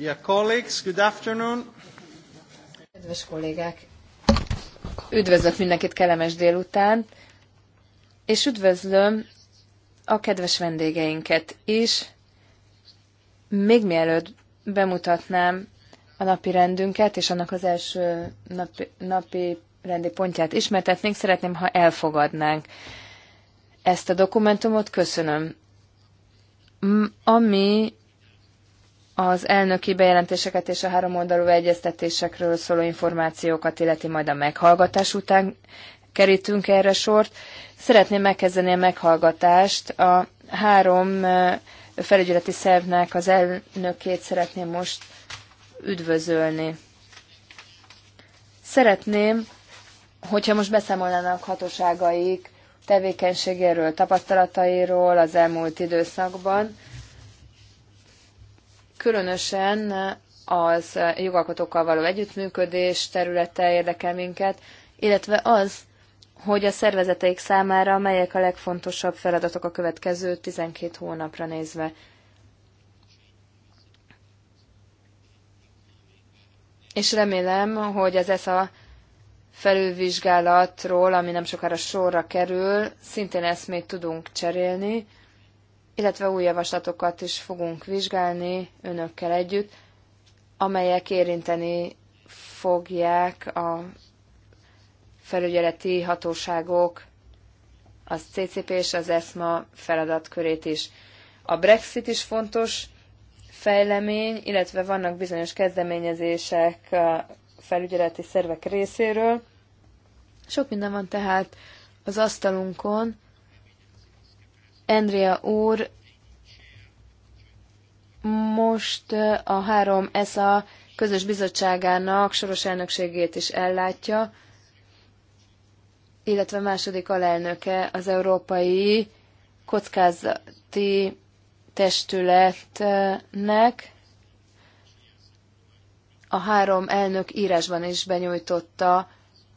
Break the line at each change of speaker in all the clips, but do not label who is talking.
Dear colleagues, good afternoon.
Kedves kollégák, üdvözlök mindenkit kellemes délután, és üdvözlöm a kedves vendégeinket is. Még mielőtt bemutatnám a napi rendünket, és annak az első napi, napi rendi pontját ismertetnénk, szeretném, ha elfogadnánk ezt a dokumentumot. Köszönöm. Ami az elnöki bejelentéseket és a háromoldalú egyeztetésekről szóló információkat illeti majd a meghallgatás után kerítünk erre sort. Szeretném megkezdeni a meghallgatást. A három felügyeleti szervnek az elnökét szeretném most üdvözölni. Szeretném, hogyha most beszámolnának hatóságaik tevékenységéről, tapasztalatairól az elmúlt időszakban, Különösen az jogalkotókkal való együttműködés területe érdekel minket, illetve az, hogy a szervezeteik számára melyek a legfontosabb feladatok a következő 12 hónapra nézve. És remélem, hogy az a felülvizsgálatról, ami nem sokára sorra kerül, szintén eszmét tudunk cserélni, illetve új javaslatokat is fogunk vizsgálni önökkel együtt, amelyek érinteni fogják a felügyeleti hatóságok, az CCP és az ESMA feladatkörét is. A Brexit is fontos fejlemény, illetve vannak bizonyos kezdeményezések a felügyeleti szervek részéről. Sok minden van tehát az asztalunkon, Andrea úr most a három ESA közös bizottságának soros elnökségét is ellátja, illetve második alelnöke az Európai Kockázati Testületnek. A három elnök írásban is benyújtotta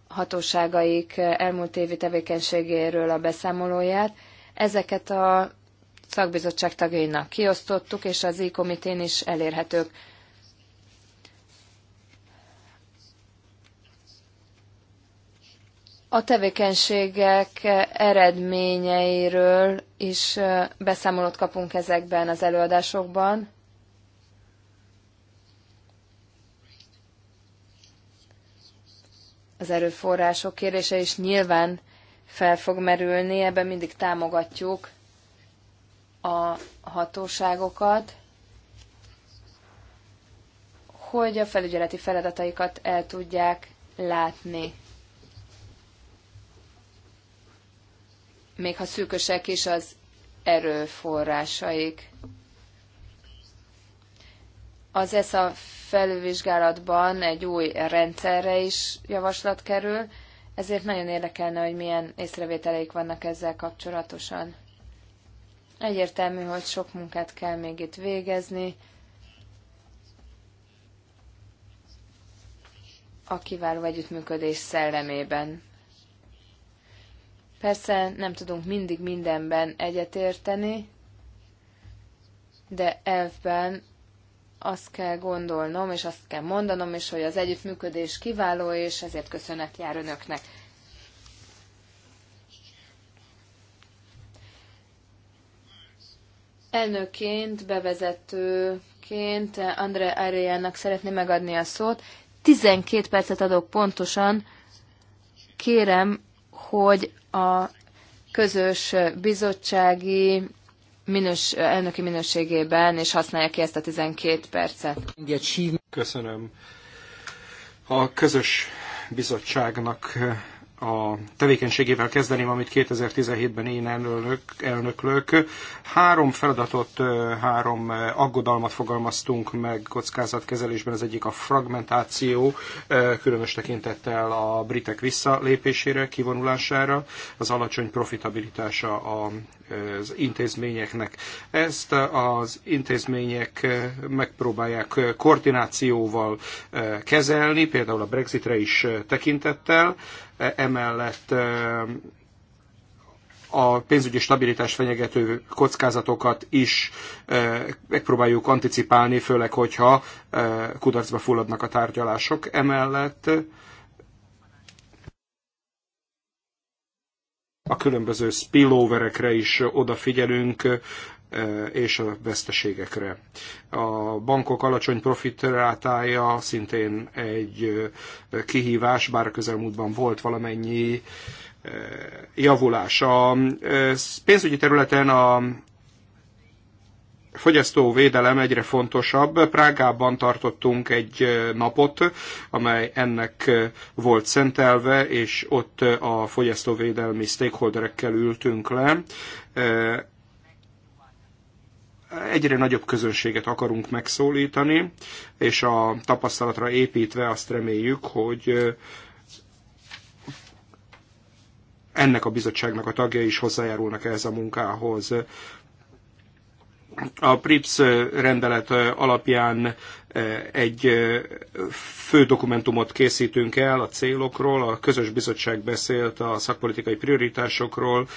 hatóságaik elmúlt évi tevékenységéről a beszámolóját. Ezeket a szakbizottság tagjainak kiosztottuk, és az i-komitén is elérhetők. A tevékenységek eredményeiről is beszámolót kapunk ezekben az előadásokban. Az erőforrások kérdése is nyilván fel fog merülni, ebben mindig támogatjuk a hatóságokat, hogy a felügyeleti feladataikat el tudják látni. Még ha szűkösek is az erőforrásaik. Az a felülvizsgálatban egy új rendszerre is javaslat kerül, ezért nagyon érdekelne, hogy milyen észrevételeik vannak ezzel kapcsolatosan. Egyértelmű, hogy sok munkát kell még itt végezni. A kiváló együttműködés szellemében. Persze nem tudunk mindig mindenben egyetérteni, de elfben azt kell gondolnom, és azt kell mondanom és hogy az együttműködés kiváló, és ezért köszönet jár önöknek. Elnökként, bevezetőként André Ariának szeretném megadni a szót. 12 percet adok pontosan. Kérem, hogy a közös bizottsági minős, elnöki minőségében, és használja ki ezt a 12 percet.
Köszönöm a közös bizottságnak a tevékenységével kezdeném, amit 2017-ben én elnök, elnöklök. Három feladatot, három aggodalmat fogalmaztunk meg kockázatkezelésben. Az egyik a fragmentáció, különös tekintettel a britek visszalépésére, kivonulására, az alacsony profitabilitása az intézményeknek. Ezt az intézmények megpróbálják koordinációval kezelni, például a Brexitre is tekintettel, E, emellett e, a pénzügyi stabilitás fenyegető kockázatokat is e, megpróbáljuk anticipálni, főleg, hogyha kudarcba fulladnak a tárgyalások. Emellett a különböző spillóverekre is odafigyelünk, és a veszteségekre. A bankok alacsony profitrátája szintén egy kihívás, bár közelmúltban volt valamennyi javulás. A pénzügyi területen a fogyasztóvédelem egyre fontosabb. Prágában tartottunk egy napot, amely ennek volt szentelve, és ott a fogyasztóvédelmi stakeholderekkel ültünk le egyre nagyobb közönséget akarunk megszólítani, és a tapasztalatra építve azt reméljük, hogy ennek a bizottságnak a tagjai is hozzájárulnak ehhez a munkához. A PRIPS rendelet alapján egy fő dokumentumot készítünk el a célokról, a közös bizottság beszélt a szakpolitikai prioritásokról,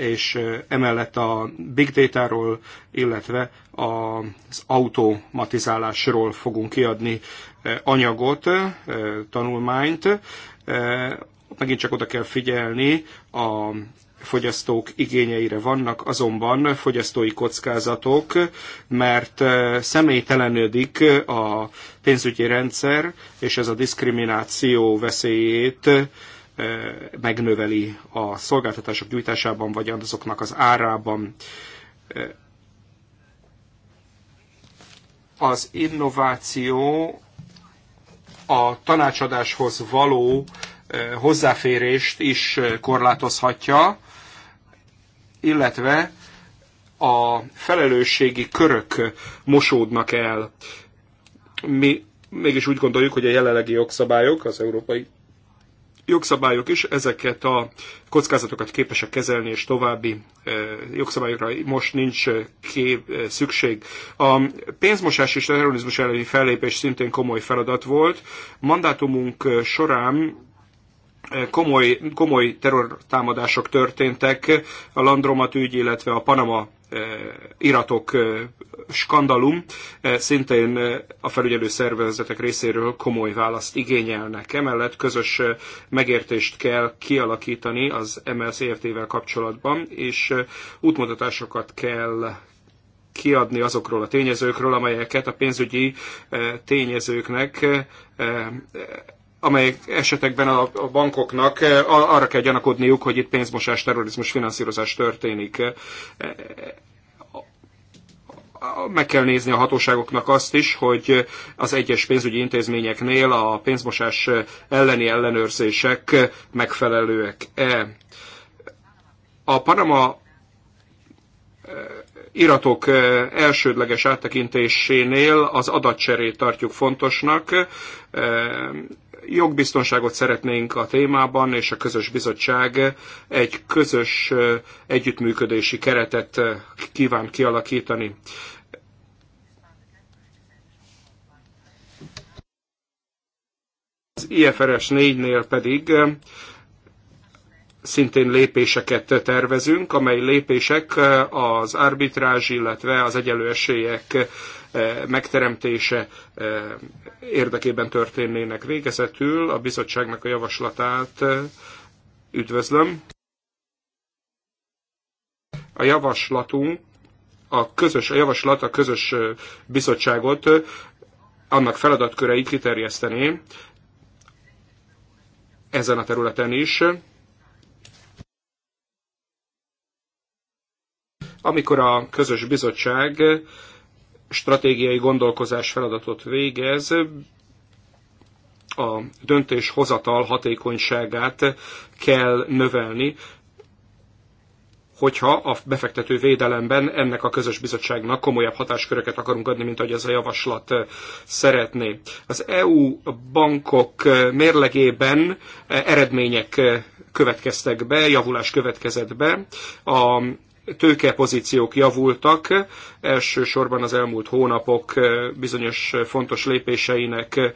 és emellett a big data-ról, illetve az automatizálásról fogunk kiadni anyagot, tanulmányt. Megint csak oda kell figyelni a fogyasztók igényeire vannak, azonban fogyasztói kockázatok, mert személytelenődik a pénzügyi rendszer, és ez a diszkrimináció veszélyét megnöveli a szolgáltatások gyújtásában, vagy azoknak az árában. Az innováció a tanácsadáshoz való hozzáférést is korlátozhatja, illetve a felelősségi körök mosódnak el. Mi mégis úgy gondoljuk, hogy a jelenlegi jogszabályok, az európai jogszabályok is ezeket a kockázatokat képesek kezelni, és további eh, jogszabályokra most nincs eh, kép, eh, szükség. A pénzmosás és terrorizmus elleni fellépés szintén komoly feladat volt. Mandátumunk során komoly, komoly terrortámadások történtek, a Landromat ügy, illetve a Panama iratok skandalum eh, szintén eh, a felügyelő szervezetek részéről komoly választ igényelnek. Emellett közös eh, megértést kell kialakítani az mlcft vel kapcsolatban, és útmutatásokat kell kiadni azokról a tényezőkről, amelyeket a pénzügyi tényezőknek amelyek esetekben a, bankoknak arra kell gyanakodniuk, hogy itt pénzmosás, terrorizmus finanszírozás történik meg kell nézni a hatóságoknak azt is, hogy az egyes pénzügyi intézményeknél a pénzmosás elleni ellenőrzések megfelelőek-e. A Panama eh, iratok eh, elsődleges áttekintésénél az adatcserét tartjuk fontosnak. Eh, jogbiztonságot szeretnénk a témában, és a közös bizottság egy közös együttműködési keretet kíván kialakítani. Az IFRS 4-nél pedig eh, szintén lépéseket tervezünk, amely lépések eh, az arbitrázs, illetve az egyenlő esélyek eh, megteremtése érdekében történnének. Végezetül a bizottságnak a javaslatát üdvözlöm. A javaslatunk, a közös a javaslat a közös bizottságot annak feladatkörei kiterjeszteni, ezen a területen is. Amikor a közös bizottság stratégiai gondolkozás feladatot végez, a döntéshozatal hatékonyságát kell növelni hogyha a befektető védelemben ennek a közös bizottságnak komolyabb hatásköröket akarunk adni, mint ahogy ez a javaslat szeretné. Az EU bankok mérlegében eredmények következtek be, javulás következett be. A tőkepozíciók javultak, elsősorban az elmúlt hónapok eh, bizonyos fontos lépéseinek eh,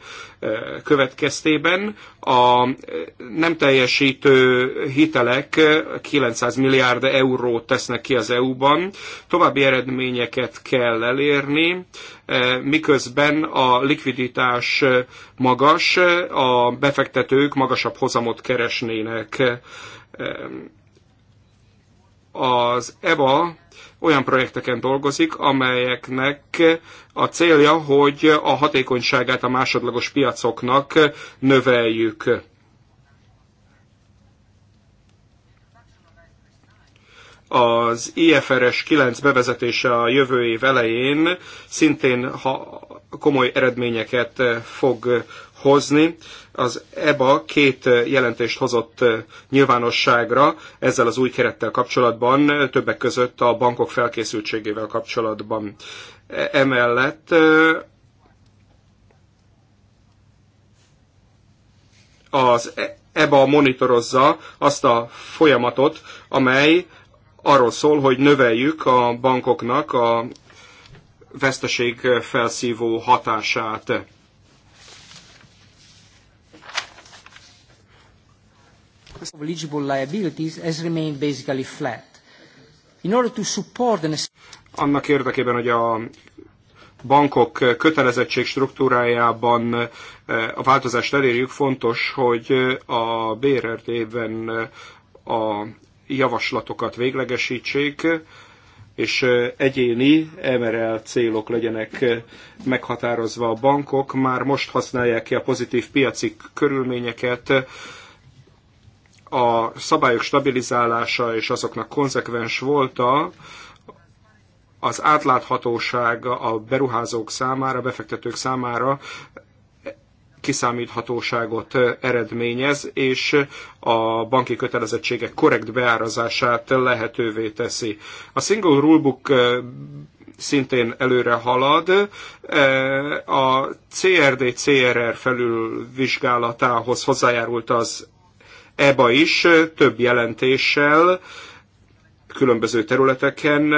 következtében. A eh, nem teljesítő hitelek 900 milliárd eurót tesznek ki az EU-ban, további eredményeket kell elérni, miközben a likviditás magas, a befektetők magasabb hozamot keresnének az EBA olyan projekteken dolgozik, amelyeknek a célja, hogy a hatékonyságát a másodlagos piacoknak növeljük. az IFRS 9 bevezetése a jövő év elején szintén ha komoly eredményeket eh, fog eh, hozni. Az EBA két eh, jelentést hozott nyilvánosságra ezzel az új kerettel kapcsolatban, többek között a bankok felkészültségével kapcsolatban. E, emellett az EBA monitorozza azt a folyamatot, amely arról szól, hogy növeljük a bankoknak a veszteség felszívó hatását. annak érdekében, hogy a bankok kötelezettség struktúrájában eh, a változást elérjük, fontos, hogy eh, a BRRD-ben eh, a javaslatokat véglegesítsék, és egyéni MRL célok legyenek meghatározva. A bankok már most használják ki a pozitív piaci körülményeket, a szabályok stabilizálása és azoknak konzekvens volta, az átláthatóság a beruházók számára, befektetők számára kiszámíthatóságot eredményez, és a banki kötelezettségek korrekt beárazását lehetővé teszi. A Single Rulebook szintén előre halad. A CRD-CRR vizsgálatához hozzájárult az EBA is több jelentéssel különböző területeken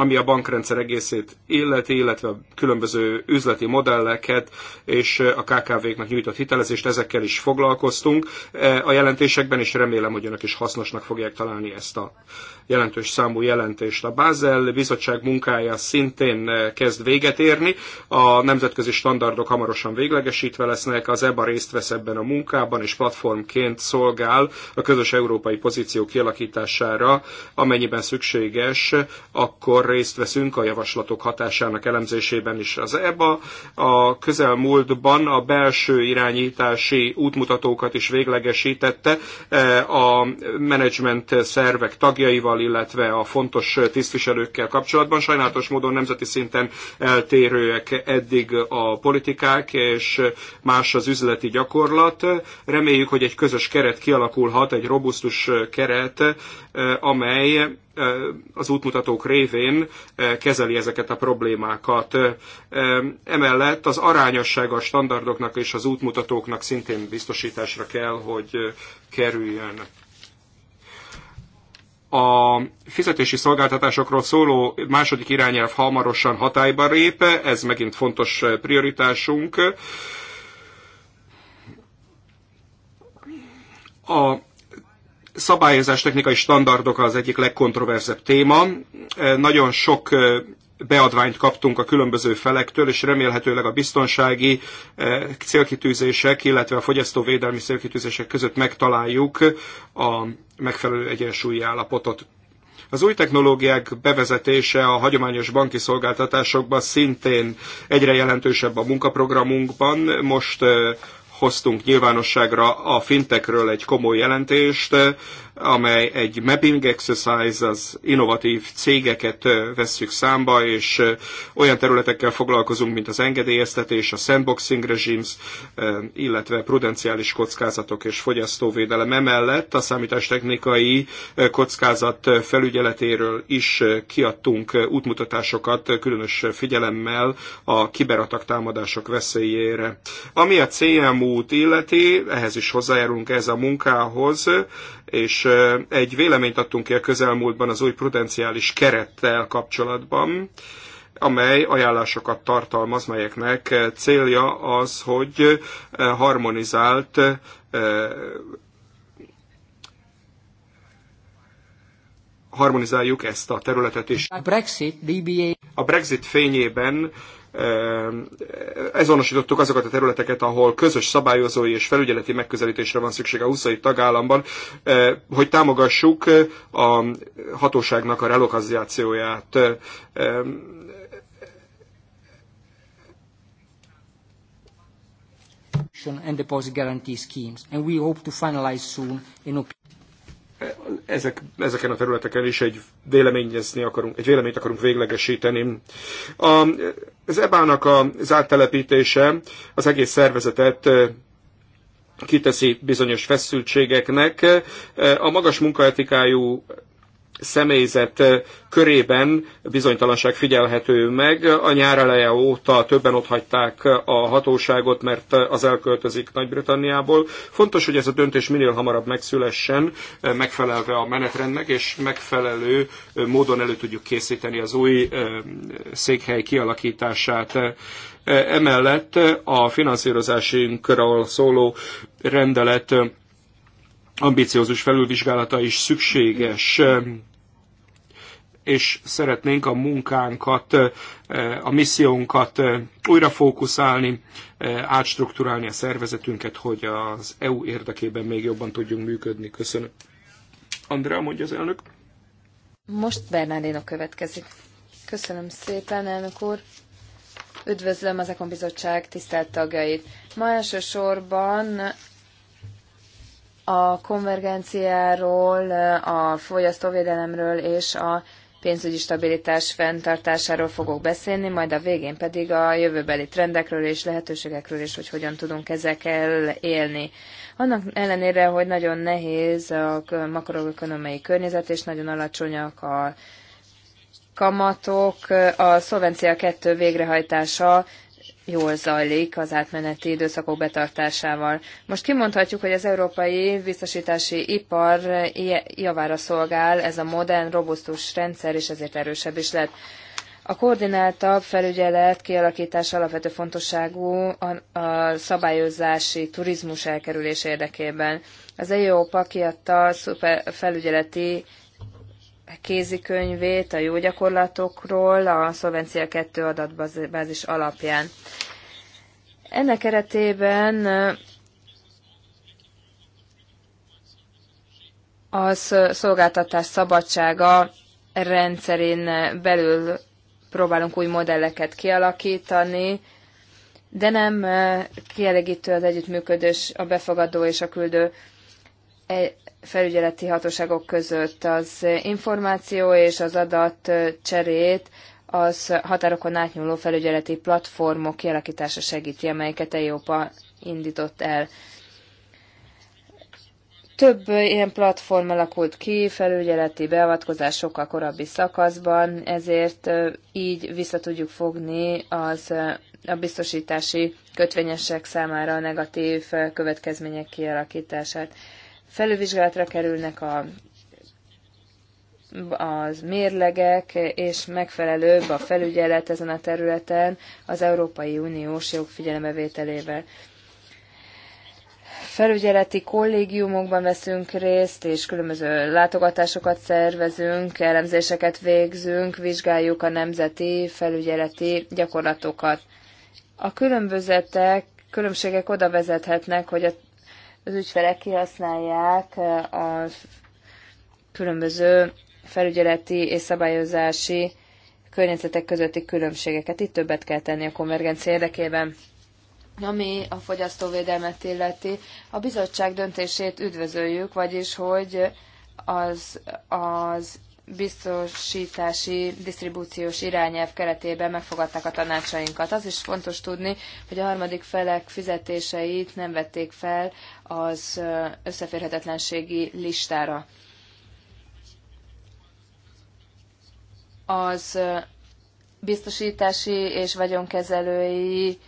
ami a bankrendszer egészét illeti, illetve a különböző üzleti modelleket és a KKV-knak nyújtott hitelezést, ezekkel is foglalkoztunk e, a jelentésekben, és remélem, hogy önök is hasznosnak fogják találni ezt a jelentős számú jelentést. A Bázel bizottság munkája szintén kezd véget érni, a nemzetközi standardok hamarosan véglegesítve lesznek, az EBA részt vesz ebben a munkában, és platformként szolgál a közös európai pozíció kialakítására, amennyiben szükséges, akkor részt veszünk a javaslatok hatásának elemzésében is. Az EBA a közelmúltban a belső irányítási útmutatókat is véglegesítette eh, a menedzsment szervek tagjaival, illetve a fontos tisztviselőkkel kapcsolatban. Sajnálatos módon nemzeti szinten eltérőek eddig a politikák, és más az üzleti gyakorlat. Reméljük, hogy egy közös keret kialakulhat, egy robusztus keret, eh, amely az útmutatók révén kezeli ezeket a problémákat. Emellett az arányossága a standardoknak és az útmutatóknak szintén biztosításra kell, hogy kerüljön a fizetési szolgáltatásokról szóló második irányelv hamarosan hatályba lép, ez megint fontos prioritásunk. A szabályozás technikai standardok az egyik legkontroverzebb téma. E, nagyon sok e, beadványt kaptunk a különböző felektől, és remélhetőleg a biztonsági e, célkitűzések, illetve a fogyasztóvédelmi célkitűzések között megtaláljuk a megfelelő egyensúlyi állapotot. Az új technológiák bevezetése a hagyományos banki szolgáltatásokban szintén egyre jelentősebb a munkaprogramunkban. Most hoztunk nyilvánosságra a fintekről egy komoly jelentést, amely egy mapping exercise, az innovatív cégeket vesszük számba, és olyan területekkel foglalkozunk, mint az engedélyeztetés, a sandboxing regimes, illetve prudenciális kockázatok és fogyasztóvédelem. Emellett a számítástechnikai kockázat felügyeletéről is kiadtunk útmutatásokat, különös figyelemmel a kiberatak támadások veszélyére. Ami a CMU-t illeti, ehhez is hozzájárulunk ez a munkához, és egy véleményt adtunk ki a közelmúltban az új prudenciális kerettel kapcsolatban, amely ajánlásokat tartalmaz, melyeknek célja az, hogy harmonizált harmonizáljuk ezt a területet is.
A Brexit, DBA.
A Brexit fényében ezonosítottuk azokat a területeket, ahol közös szabályozói és felügyeleti megközelítésre van szükség a 20 tagállamban, hogy támogassuk a hatóságnak a relokazációját. and
deposit guarantee schemes, and we hope to finalize soon in
ezek, ezeken a területeken is egy véleményezni akarunk, egy véleményt akarunk véglegesíteni. A, az EBA-nak az áttelepítése az egész szervezetet kiteszi bizonyos feszültségeknek. A magas munkaetikájú személyzet körében bizonytalanság figyelhető meg. A nyár eleje óta többen otthagyták a hatóságot, mert az elköltözik Nagy-Britanniából. Fontos, hogy ez a döntés minél hamarabb megszülessen, megfelelve a menetrendnek, és megfelelő módon elő tudjuk készíteni az új székhely kialakítását. Emellett a finanszírozásunkról szóló rendelet ambiciózus felülvizsgálata is szükséges és szeretnénk a munkánkat, a missziónkat újra fókuszálni, átstruktúrálni a szervezetünket, hogy az EU érdekében még jobban tudjunk működni. Köszönöm. Andrea, mondja az elnök.
Most Bernardino következik. Köszönöm szépen, elnök úr. Üdvözlöm az Ekon Bizottság tisztelt tagjait. Ma elsősorban a konvergenciáról, a fogyasztóvédelemről és a pénzügyi stabilitás fenntartásáról fogok beszélni, majd a végén pedig a jövőbeli trendekről és lehetőségekről is, hogy hogyan tudunk ezekkel élni. Annak ellenére, hogy nagyon nehéz a makroökonomiai környezet, és nagyon alacsonyak a kamatok, a Szolvencia 2 végrehajtása jól zajlik az átmeneti időszakok betartásával. Most kimondhatjuk, hogy az európai biztosítási ipar javára szolgál ez a modern, robusztus rendszer, és ezért erősebb is lett. A koordináltabb felügyelet kialakítás alapvető fontosságú a, szabályozási turizmus elkerülés érdekében. Az EIOPA kiadta szuper felügyeleti kézikönyvét a jó gyakorlatokról a Szolvencia 2 adatbázis alapján. Ennek keretében eh, az szolgáltatás szabadsága rendszerén belül próbálunk új modelleket kialakítani, de nem eh, kielégítő az együttműködés a befogadó és a küldő felügyeleti hatóságok között. Az információ és az adat cserét az határokon átnyúló felügyeleti platformok kialakítása segíti, amelyeket EIOPA indított el. Több ilyen platform alakult ki felügyeleti beavatkozás sokkal korábbi szakaszban, ezért így vissza tudjuk fogni az a biztosítási kötvényesek számára a negatív következmények kialakítását felülvizsgálatra kerülnek a, az mérlegek, és megfelelőbb a felügyelet ezen a területen az Európai Uniós jogfigyelemevételével. felügyeleti kollégiumokban veszünk részt, és különböző látogatásokat szervezünk, elemzéseket végzünk, vizsgáljuk a nemzeti felügyeleti gyakorlatokat. A különbözetek, különbségek oda vezethetnek, hogy a az ügyfelek kihasználják a különböző felügyeleti és szabályozási környezetek közötti különbségeket. Itt többet kell tenni a konvergencia érdekében. Ami a fogyasztóvédelmet illeti, a bizottság döntését üdvözöljük, vagyis hogy az, az biztosítási, disztribúciós irányelv keretében megfogadták a tanácsainkat. Az is fontos tudni, hogy a harmadik felek fizetéseit nem vették fel az összeférhetetlenségi listára. Az biztosítási és vagyonkezelői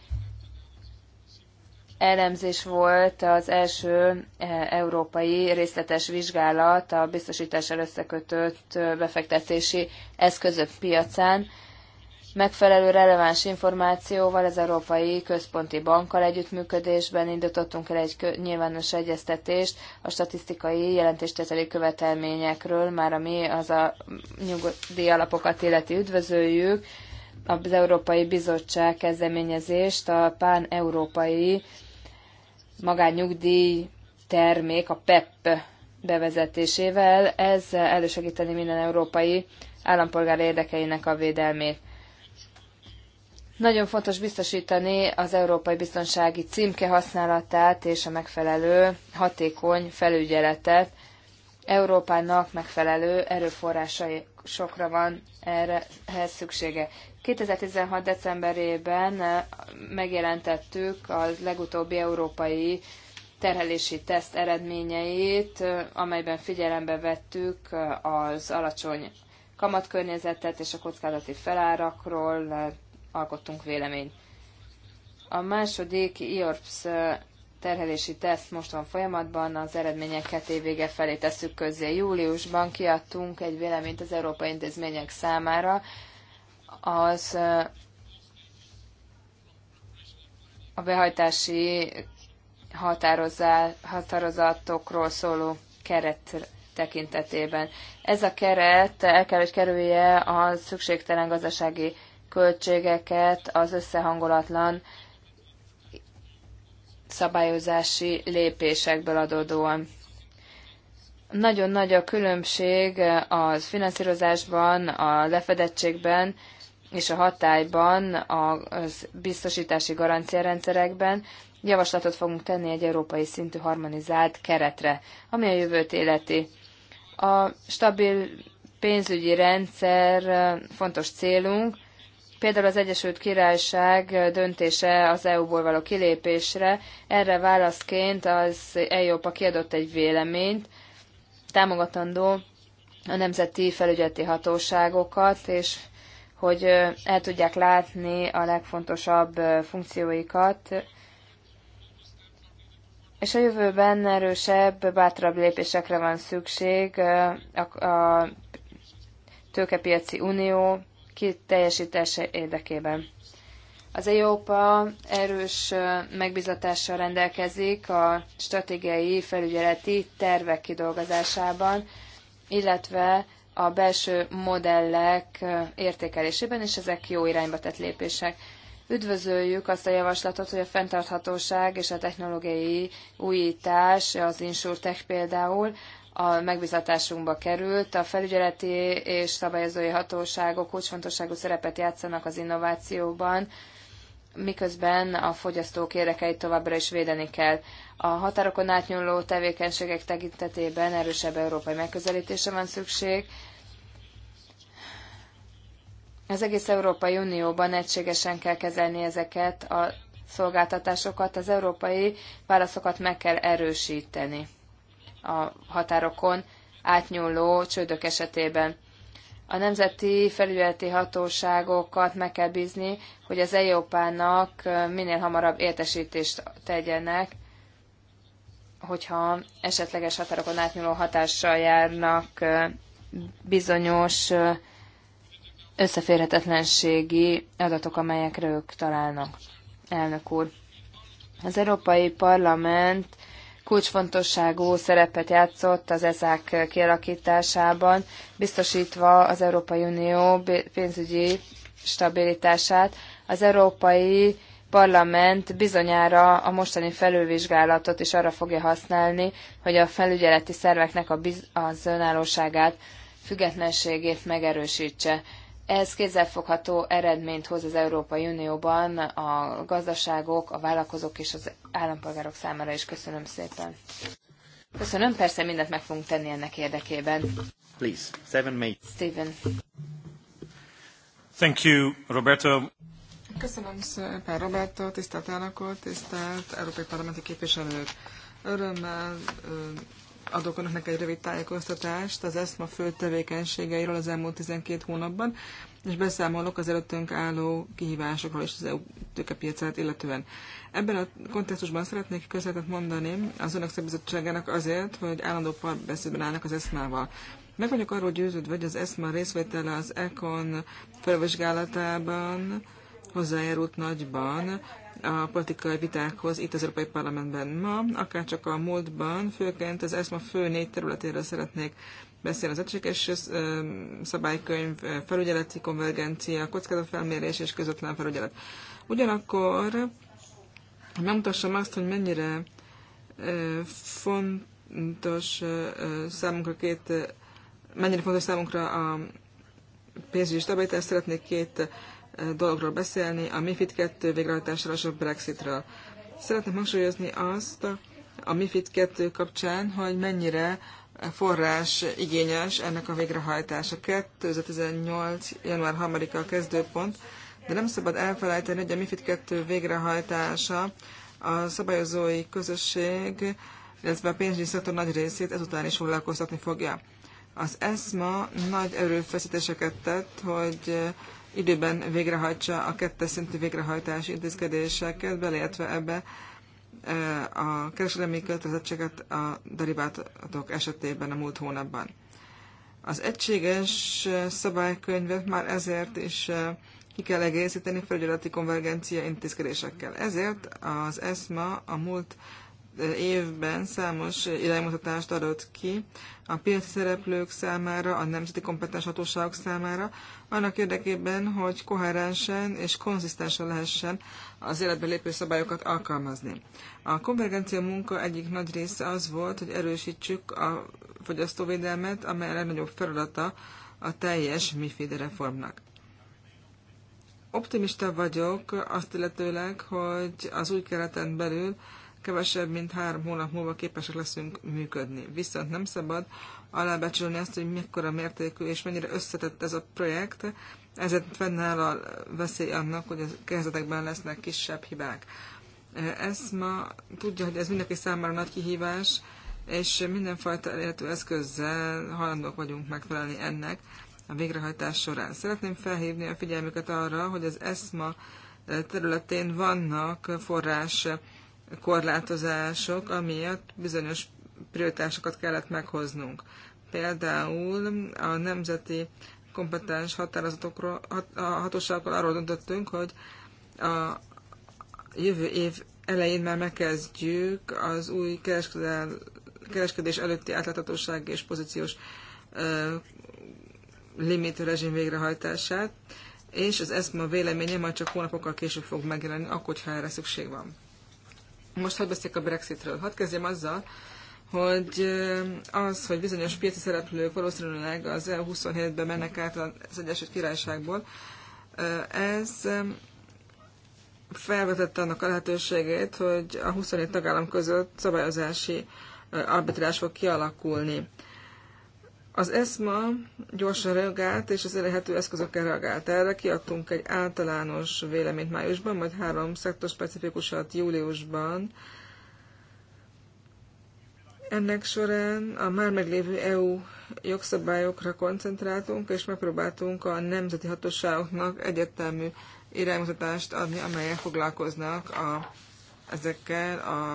elemzés volt az első e, európai részletes vizsgálat a biztosítással összekötött befektetési eszközök piacán megfelelő releváns információval az Európai Központi Bankkal együttműködésben indítottunk el egy nyilvános egyeztetést a statisztikai jelentésteteli követelményekről, már ami az a nyugdíj alapokat illeti üdvözöljük, az Európai Bizottság kezdeményezést a pán-európai magánnyugdíj termék, a PEP e bevezetésével. Ez elősegíteni minden európai állampolgár érdekeinek a védelmét. Nagyon fontos biztosítani az európai biztonsági címke használatát és a megfelelő hatékony felügyeletet. Európának megfelelő erőforrásai sokra van erre szüksége. 2016. decemberében eh, megjelentettük a legutóbbi európai terhelési teszt eredményeit, eh, amelyben figyelembe vettük eh, az alacsony kamatkörnyezetet és a kockázati felárakról alkottunk véleményt. A második IORPS eh, terhelési teszt most van folyamatban, az eredmények eredményeket vége felé tesszük közzé. Júliusban kiadtunk egy véleményt az Európai Intézmények számára, az eh, a behajtási határozatokról szóló keret tekintetében. Ez a keret el kell, hogy kerülje a szükségtelen gazdasági költségeket az összehangolatlan szabályozási lépésekből adódóan. Nagyon nagy a különbség az finanszírozásban, a lefedettségben és a hatályban, az biztosítási garanciarendszerekben. Javaslatot fogunk tenni egy európai szintű harmonizált keretre, ami a jövőt életi. A stabil pénzügyi rendszer fontos célunk, Például az Egyesült Királyság döntése az EU-ból való kilépésre, erre válaszként az EIOPA kiadott egy véleményt, támogatandó a nemzeti felügyeleti hatóságokat, és hogy el tudják látni a legfontosabb funkcióikat, és a jövőben erősebb, bátrabb lépésekre van szükség a, a tőkepiaci unió kiteljesítése érdekében. Az EIOPA erős megbizatással rendelkezik a stratégiai felügyeleti tervek kidolgozásában, illetve a belső modellek értékelésében, és ezek jó irányba tett lépések. Üdvözöljük azt a javaslatot, hogy a fenntarthatóság és a technológiai újítás, az InsurTech például, a megbizatásunkba került. A felügyeleti és szabályozói hatóságok kulcsfontosságú szerepet játszanak az innovációban, miközben a fogyasztók érdekeit továbbra is védeni kell. A határokon átnyúló tevékenységek tekintetében erősebb európai megközelítése van szükség. Az egész Európai Unióban egységesen kell kezelni ezeket a szolgáltatásokat, az európai válaszokat meg kell erősíteni a határokon átnyúló csődök esetében. A nemzeti felügyeleti hatóságokat meg kell bízni, hogy az EIOPA-nak minél hamarabb értesítést tegyenek, hogyha esetleges határokon átnyúló hatással járnak bizonyos összeférhetetlenségi adatok, amelyekre ők találnak. Elnök úr. Az Európai Parlament kulcsfontosságú szerepet játszott az ezák kialakításában, biztosítva az Európai Unió pénzügyi stabilitását. Az Európai Parlament bizonyára a mostani felülvizsgálatot is arra fogja használni, hogy a felügyeleti szerveknek a biz- az önállóságát, függetlenségét megerősítse. Ez kézzelfogható eredményt hoz az Európai Unióban a gazdaságok, a vállalkozók és az állampolgárok számára is. Köszönöm szépen. Köszönöm, persze mindent meg fogunk tenni ennek érdekében. Please, seven May. Steven.
Thank you, Roberto.
Köszönöm szépen, Roberto, tisztelt elnök tisztelt Európai Parlamenti képviselők. Örömmel adok önöknek egy rövid tájékoztatást az ESZMA fő tevékenységeiről az elmúlt 12 hónapban, és beszámolok az előttünk álló kihívásokról és az EU tőkepiacát illetően. Ebben a kontextusban szeretnék közvetet mondani az önök szabizottságának azért, hogy állandó párbeszédben állnak az ESMA-val. Meg vagyok arról győződve, hogy az ESZMA részvétele az ECON felvizsgálatában hozzájárult nagyban a politikai vitákhoz itt az Európai Parlamentben ma, akár csak a múltban, főként az ESMA fő négy területéről szeretnék beszélni az egységes szabálykönyv, felügyeleti konvergencia, kockázatfelmérés és közvetlen felügyelet. Ugyanakkor megmutassam azt, hogy mennyire fontos számunkra két, mennyire fontos számunkra a pénzügyi stabilitás, szeretnék két dologról beszélni, a MIFID 2 végrehajtásról és a Brexitről. Szeretném hangsúlyozni azt a MIFID 2 kapcsán, hogy mennyire forrás igényes ennek a végrehajtása. 2018. január 3-a a kezdőpont, de nem szabad elfelejteni, hogy a MIFID 2 végrehajtása a szabályozói közösség, illetve a pénzügyi szektor nagy részét ezután is foglalkoztatni fogja. Az ESMA nagy erőfeszítéseket tett, hogy időben végrehajtsa a kettes szintű végrehajtási intézkedéseket, beleértve ebbe a kereskedelmi kötelezettséget a derivátok esetében a múlt hónapban. Az egységes szabálykönyvet már ezért is ki kell egészíteni felügyeleti konvergencia intézkedésekkel. Ezért az ESMA a múlt évben számos iránymutatást adott ki a piaci szereplők számára, a nemzeti kompetens hatóságok számára, annak érdekében, hogy koherensen és konzisztensen lehessen az életbe lépő szabályokat alkalmazni. A konvergencia munka egyik nagy része az volt, hogy erősítsük a fogyasztóvédelmet, amely a legnagyobb feladata a teljes MIFID reformnak. Optimista vagyok azt illetőleg, hogy az új kereten belül kevesebb, mint három hónap múlva képesek leszünk működni. Viszont nem szabad alábecsülni azt, hogy mekkora mértékű és mennyire összetett ez a projekt, ezért fennáll a veszély annak, hogy a kezdetekben lesznek kisebb hibák. Ez ma tudja, hogy ez mindenki számára nagy kihívás, és mindenfajta elérhető eszközzel hajlandók vagyunk megfelelni ennek a végrehajtás során. Szeretném felhívni a figyelmüket arra, hogy az ESMA területén vannak forrás korlátozások, amiatt bizonyos prioritásokat kellett meghoznunk. Például a nemzeti kompetens határozatokról, a hatóságokról arról döntöttünk, hogy a jövő év elején már megkezdjük az új kereskedés előtti átláthatóság és pozíciós limit rezsim végrehajtását, és az ESMA véleménye majd csak hónapokkal később fog megjelenni, akkor, ha erre szükség van. Most hadd beszéljek a Brexitről. Hadd kezdjem azzal, hogy az, hogy bizonyos piaci szereplők valószínűleg az EU27-be mennek át az Egyesült Királyságból, ez felvetette annak a lehetőségét, hogy a 27 tagállam között szabályozási arbitrás fog kialakulni. Az ESMA gyorsan reagált, és az elérhető eszközökkel reagált erre. Kiadtunk egy általános véleményt májusban, majd három szektorspecifikusat júliusban. Ennek során a már meglévő EU jogszabályokra koncentráltunk, és megpróbáltunk a nemzeti hatóságoknak egyetemű iránymutatást adni, amelyek foglalkoznak a, ezekkel a,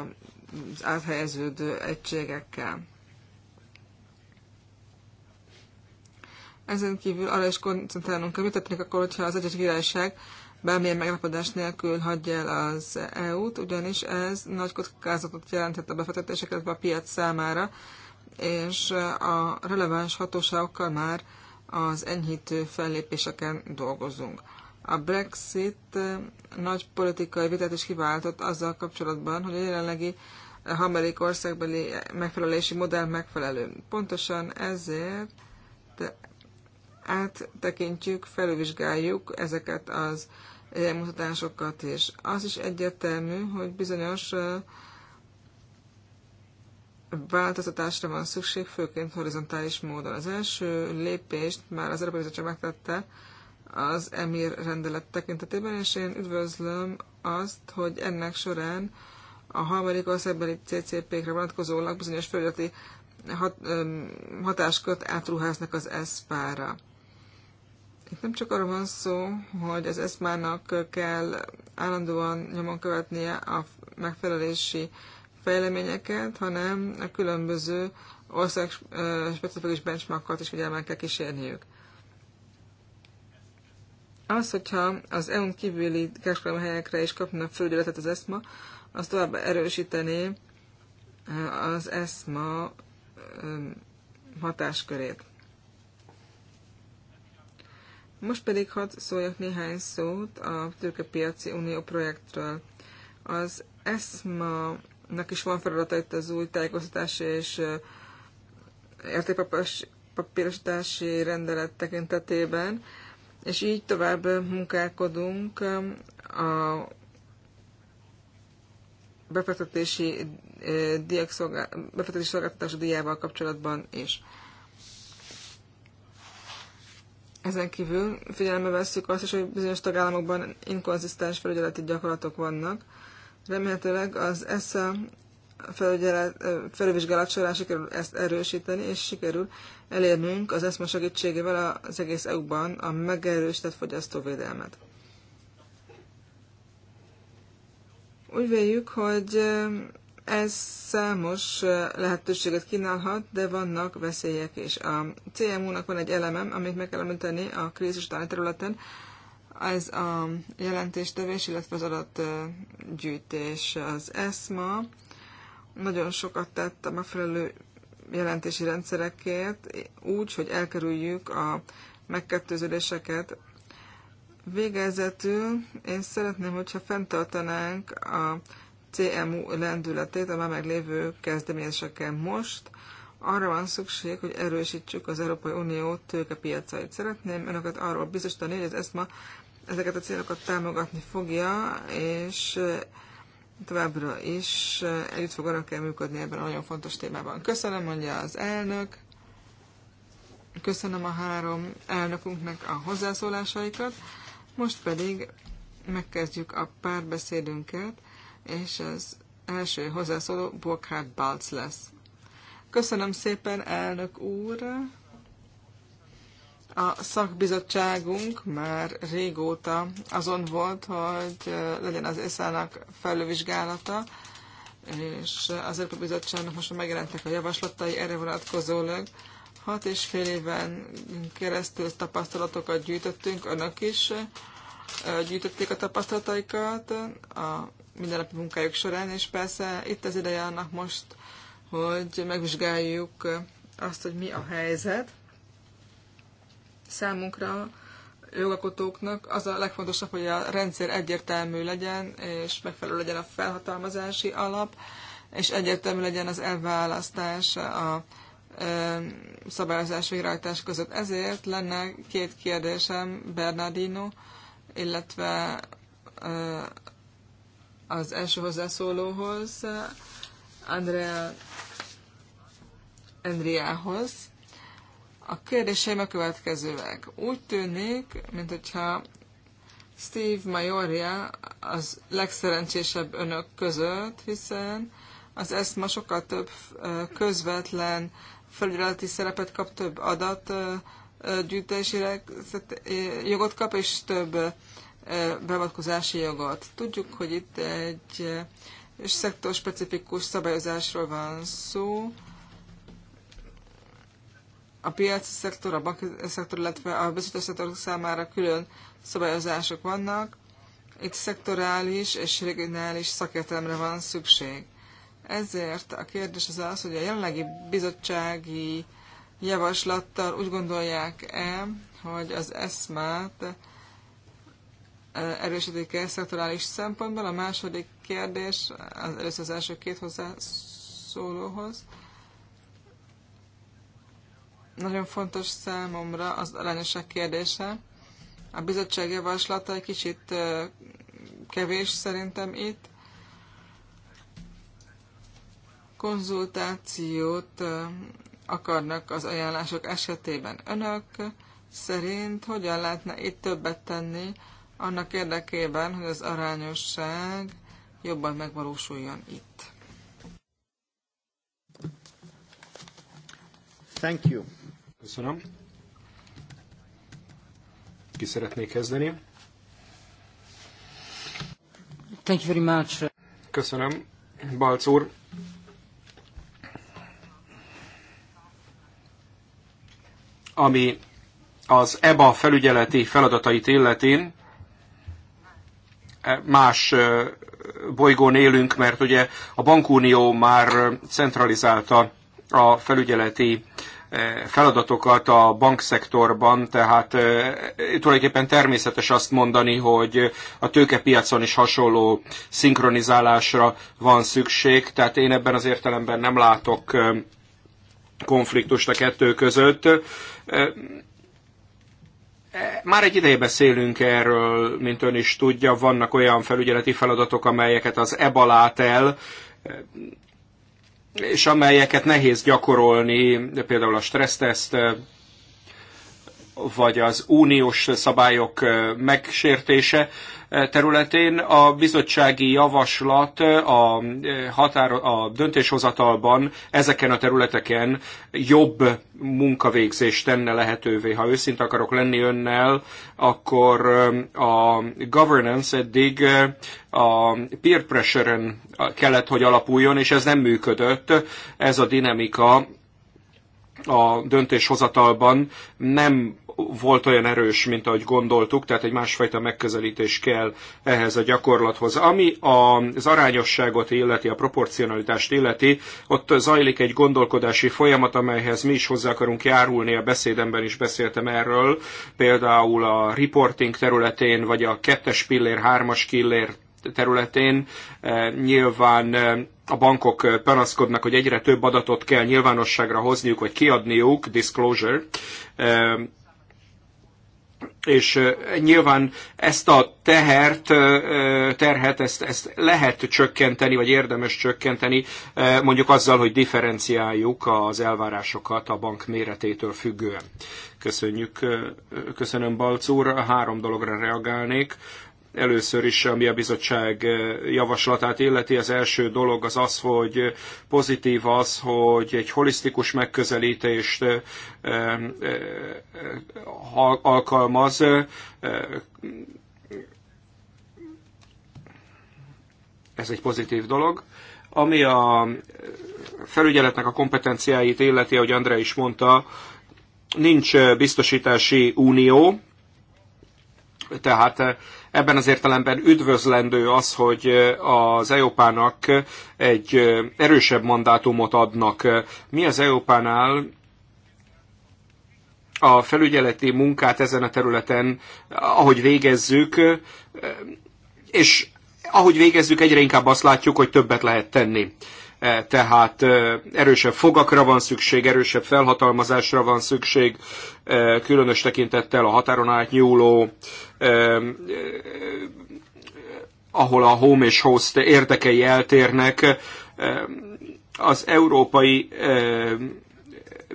az áthelyeződő egységekkel. Ezen kívül arra is koncentrálnunk kell, hogy akkor, hogyha az egyes Királyság bármilyen megállapodás nélkül hagyja el az EU-t, ugyanis ez nagy kockázatot jelenthet a befektetéseket a piac számára, és a releváns hatóságokkal már az enyhítő fellépéseken dolgozunk. A Brexit nagy politikai vitát is kiváltott azzal kapcsolatban, hogy a jelenlegi harmadik országbeli megfelelési modell megfelelő. Pontosan ezért áttekintjük, felülvizsgáljuk ezeket az jelmutatásokat is. Az is egyértelmű, hogy bizonyos változtatásra van szükség, főként horizontális módon. Az első lépést már az Európai Bizottság megtette az EMIR rendelet tekintetében, és én üdvözlöm azt, hogy ennek során a harmadik országbeli CCP-kre vonatkozólag bizonyos földeti hat, hatáskört átruháznak az S-pára. Itt nem csak arról van szó, hogy az eszmának kell állandóan nyomon követnie a megfelelési fejleményeket, hanem a különböző ország specifikus benchmarkokat is figyelmen kell kísérniük. Az, hogyha az EU-n kívüli kereskedelmi helyekre is kapna földületet az ESMA, az tovább erősítené az ESMA hatáskörét. Most pedig hadd szóljak néhány szót a Tőkepiaci Unió projektről. Az ESMA-nak is van feladata itt az új tájékoztatási és értékpapírosítási rendelet tekintetében, és így tovább munkálkodunk a befektetési, diákszolgál... befektetési szolgáltatás diával kapcsolatban is. Ezen kívül figyelembe veszük azt is, hogy bizonyos tagállamokban inkonzisztens felügyeleti gyakorlatok vannak. Remélhetőleg az ESZA felügyelet során sikerül ezt erősíteni, és sikerül elérnünk az ESZMA segítségével az egész EU-ban a megerősített fogyasztóvédelmet. Úgy véljük, hogy ez számos lehetőséget kínálhat, de vannak veszélyek is. A CMU-nak van egy elemem, amit meg kell említeni a krízis területen, ez a jelentéstevés, illetve az adatgyűjtés. Az ESMA nagyon sokat tett a megfelelő jelentési rendszerekért, úgy, hogy elkerüljük a megkettőződéseket. Végezetül én szeretném, hogyha fenntartanánk a CMU lendületét a már meglévő kezdeményezéseken most. Arra van szükség, hogy erősítsük az Európai Unió tőkepiacait. Szeretném önöket arról biztosítani, hogy az ESMA ezeket a célokat támogatni fogja, és továbbra is együtt fog kell működni ebben a nagyon fontos témában. Köszönöm, mondja az elnök. Köszönöm a három elnökünknek a hozzászólásaikat. Most pedig megkezdjük a párbeszédünket és az első hozzászóló Burkhard Balc lesz. Köszönöm szépen, elnök úr! A szakbizottságunk már régóta azon volt, hogy legyen az ESZÁ-nak felülvizsgálata, és az Európai Bizottságnak most már megjelentek a javaslatai erre vonatkozólag. Hat és fél éven keresztül tapasztalatokat gyűjtöttünk, önök is gyűjtötték a tapasztalataikat, a minden napi munkájuk során, és persze itt az ideje annak most, hogy megvizsgáljuk azt, hogy mi a helyzet. Számunkra jogakotóknak az a legfontosabb, hogy a rendszer egyértelmű legyen, és megfelelő legyen a felhatalmazási alap, és egyértelmű legyen az elválasztás a szabályozás végrehajtás között. Ezért lenne két kérdésem Bernardino, illetve az első hozzászólóhoz, Andrea Andriához. A kérdéseim a következőek. Úgy tűnik, mint hogyha Steve Majoria az legszerencsésebb önök között, hiszen az ma sokkal több közvetlen felügyeleti szerepet kap, több adat gyűjtésére jogot kap, és több beavatkozási jogot. Tudjuk, hogy itt egy szektorspecifikus szabályozásról van szó. A piaci szektor, a banki szektor, illetve a biztosító szektor számára külön szabályozások vannak. Itt szektorális és regionális szakértelemre van szükség. Ezért a kérdés az az, hogy a jelenlegi bizottsági javaslattal úgy gondolják-e, hogy az eszmát erősödik el szektorális szempontból. A második kérdés, az először az első két hozzászólóhoz. Nagyon fontos számomra az arányosság kérdése. A bizottság javaslata egy kicsit kevés szerintem itt. Konzultációt akarnak az ajánlások esetében. Önök szerint hogyan lehetne itt többet tenni annak érdekében, hogy az arányosság jobban megvalósuljon itt.
Thank you. Köszönöm. Ki szeretné kezdeni? Thank you very much. Köszönöm, Balc úr. Ami az EBA felügyeleti feladatait illetén, más bolygón élünk, mert ugye a bankunió már centralizálta a felügyeleti feladatokat a bankszektorban, tehát tulajdonképpen természetes azt mondani, hogy a tőkepiacon is hasonló szinkronizálásra van szükség, tehát én ebben az értelemben nem látok konfliktust a kettő között. Már egy ideje beszélünk erről, mint ön is tudja, vannak olyan felügyeleti feladatok, amelyeket az EBA lát el, és amelyeket nehéz gyakorolni, például a stresszteszt, vagy az uniós szabályok megsértése területén. A bizottsági javaslat a, határ, a döntéshozatalban ezeken a területeken jobb munkavégzést tenne lehetővé. Ha őszint akarok lenni önnel, akkor a governance eddig a peer pressure-en kellett, hogy alapuljon, és ez nem működött. Ez a dinamika a döntéshozatalban nem volt olyan erős, mint ahogy gondoltuk, tehát egy másfajta megközelítés kell ehhez a gyakorlathoz. Ami az arányosságot illeti, a proporcionalitást illeti, ott zajlik egy gondolkodási folyamat, amelyhez mi is hozzá akarunk járulni, a beszédemben is beszéltem erről, például a reporting területén, vagy a kettes pillér, hármas pillér területén e, nyilván e, a bankok panaszkodnak, hogy egyre több adatot kell nyilvánosságra hozniuk, vagy kiadniuk, disclosure, e, és nyilván ezt a tehert, terhet, ezt, ezt lehet csökkenteni, vagy érdemes csökkenteni, mondjuk azzal, hogy differenciáljuk az elvárásokat a bank méretétől függően. Köszönjük, köszönöm Balc úr, három dologra reagálnék. Először is, ami a bizottság eh, javaslatát illeti, az első dolog az az, hogy pozitív az, hogy egy holisztikus megközelítést eh, eh, alkalmaz, ez egy pozitív dolog. Ami a felügyeletnek a kompetenciáit illeti, ahogy Andrea is mondta, nincs biztosítási unió, tehát Ebben az értelemben üdvözlendő az, hogy az EOPának egy erősebb mandátumot adnak. Mi az EOPánál a felügyeleti munkát ezen a területen, ahogy végezzük, és ahogy végezzük, egyre inkább azt látjuk, hogy többet lehet tenni. E, tehát e, erősebb fogakra van szükség, erősebb felhatalmazásra van szükség, e, különös tekintettel a határon átnyúló ahol a home és host érdekei eltérnek, az európai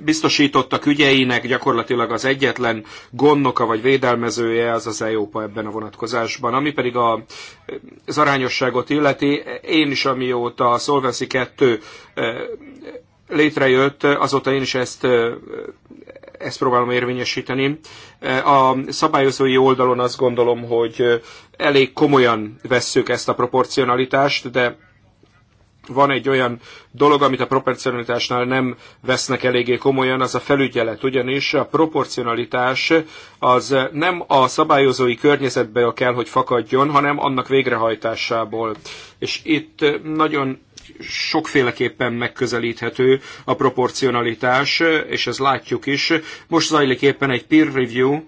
biztosítottak ügyeinek gyakorlatilag az egyetlen gondnoka vagy védelmezője az az EOPA ebben a vonatkozásban. Ami pedig a, az arányosságot illeti, én is amióta a Solvency 2 e, létrejött, azóta én is ezt, e, ezt próbálom érvényesíteni. E, a szabályozói oldalon azt gondolom, hogy elég komolyan vesszük ezt a proporcionalitást, de van egy olyan dolog, amit a proporcionalitásnál nem vesznek eléggé komolyan, az a felügyelet. Ugyanis a proporcionalitás az nem a szabályozói környezetből kell, hogy fakadjon, hanem annak végrehajtásából. És itt nagyon sokféleképpen megközelíthető a proporcionalitás, és ez látjuk is. Most zajlik éppen egy peer review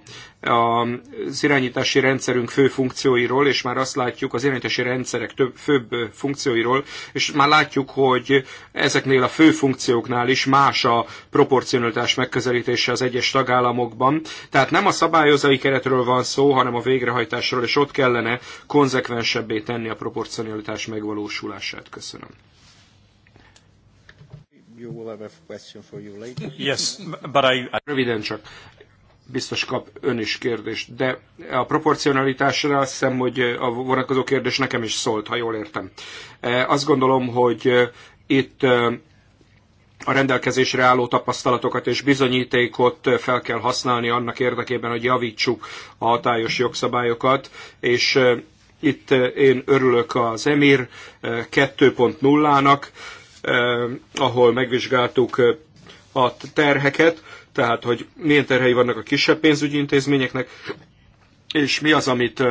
az irányítási rendszerünk fő funkcióiról, és már azt látjuk az irányítási rendszerek több, főbb funkcióiról, és már látjuk, hogy ezeknél a fő funkcióknál is más a proporcionalitás megközelítése az egyes tagállamokban. Tehát nem a szabályozói keretről van szó, hanem a végrehajtásról, és ott kellene konzekvensebbé tenni a proporcionalitás megvalósulását. Köszönöm you will have a question for you later. Yes, but I... Röviden csak biztos kap ön is kérdést, de a proporcionalitásra azt hiszem, hogy a vonatkozó kérdés nekem is szólt, ha jól értem. E, azt gondolom, hogy e, itt e, a rendelkezésre álló tapasztalatokat és bizonyítékot fel kell használni annak érdekében, hogy javítsuk a hatályos jogszabályokat, és itt én örülök az EMIR 2.0-nak, ahol megvizsgáltuk a terheket, tehát hogy milyen terhei vannak a kisebb pénzügyi intézményeknek, és mi az, amit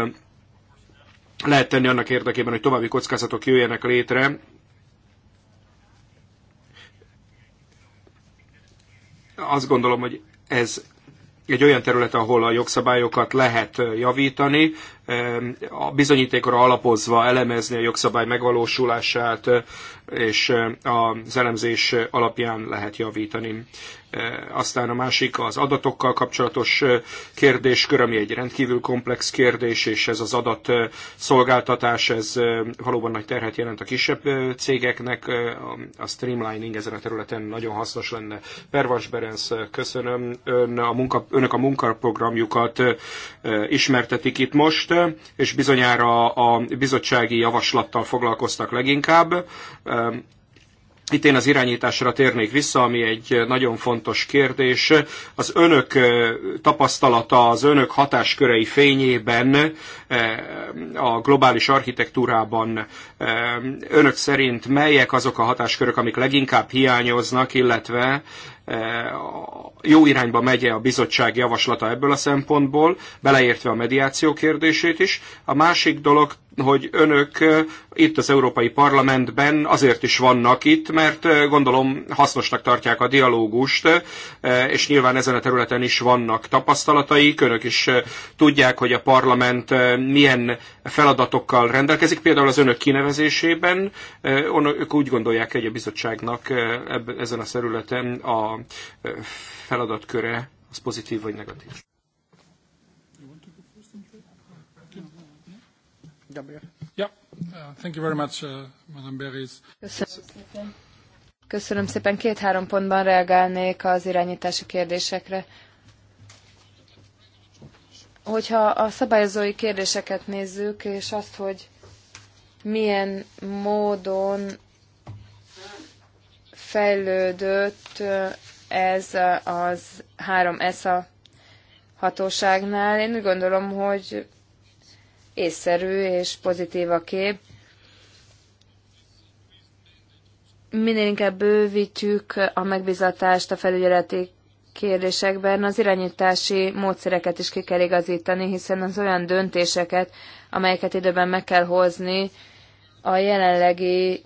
lehet tenni annak érdekében, hogy további kockázatok jöjjenek létre. Azt gondolom, hogy ez egy olyan terület, ahol a jogszabályokat lehet javítani, a bizonyítékra alapozva elemezni a jogszabály megvalósulását, és az elemzés alapján lehet javítani. Aztán a másik az adatokkal kapcsolatos kérdéskör, ami egy rendkívül komplex kérdés, és ez az adat szolgáltatás, ez valóban nagy terhet jelent a kisebb cégeknek. A streamlining ezen a területen nagyon hasznos lenne. Pervas Berenc, köszönöm. Ön a munka, önök a munkaprogramjukat ismertetik itt most és bizonyára a bizottsági javaslattal foglalkoztak leginkább. Itt én az irányításra térnék vissza, ami egy nagyon fontos kérdés. Az önök tapasztalata, az önök hatáskörei fényében eh, a globális architektúrában eh, önök szerint melyek azok a hatáskörök, amik leginkább hiányoznak, illetve E, jó irányba megy a bizottság javaslata ebből a szempontból, beleértve a mediáció kérdését is. A másik dolog, hogy önök e, itt az Európai Parlamentben azért is vannak itt, mert e, gondolom hasznosnak tartják a dialógust, és nyilván ezen a területen is vannak tapasztalataik. Önök is tudják, hogy a parlament milyen feladatokkal rendelkezik, például az önök kinevezésében. Önök úgy gondolják, hogy a bizottságnak ezen a területen a feladatköre az pozitív vagy negatív. Uh, thank you very much, uh, Köszönöm
szépen. Köszönöm szépen. Két-három pontban reagálnék az irányítási kérdésekre. Hogyha a szabályozói kérdéseket nézzük, és azt, hogy milyen módon fejlődött ez az három ESA hatóságnál. Én úgy gondolom, hogy észszerű és pozitív a kép. Minél inkább bővítjük a megbizatást a felügyeleti kérdésekben, az irányítási módszereket is ki kell igazítani, hiszen az olyan döntéseket, amelyeket időben meg kell hozni, a jelenlegi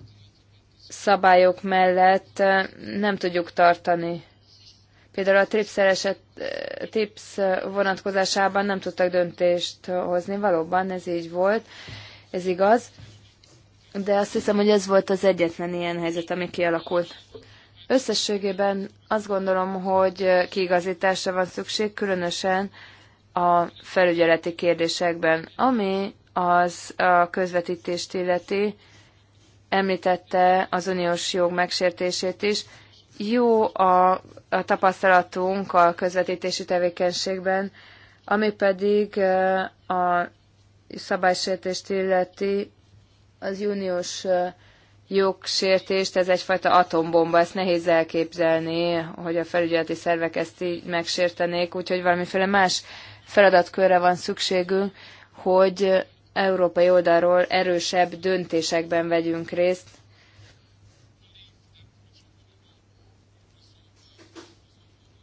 szabályok mellett nem tudjuk tartani. Például a TRIPS, eset, TRIPS vonatkozásában nem tudtak döntést hozni, valóban ez így volt, ez igaz, de azt hiszem, hogy ez volt az egyetlen ilyen helyzet, ami kialakult. Összességében azt gondolom, hogy kiigazításra van szükség, különösen a felügyeleti kérdésekben, ami az a közvetítést illeti, említette az uniós jog megsértését is. Jó a, a tapasztalatunk a közvetítési tevékenységben, ami pedig eh, a szabálysértést illeti, az uniós eh, jogsértést, ez egyfajta atombomba, ezt nehéz elképzelni, hogy a felügyeleti szervek ezt így megsértenék, úgyhogy valamiféle más feladatkörre van szükségünk, hogy európai oldalról erősebb döntésekben vegyünk részt.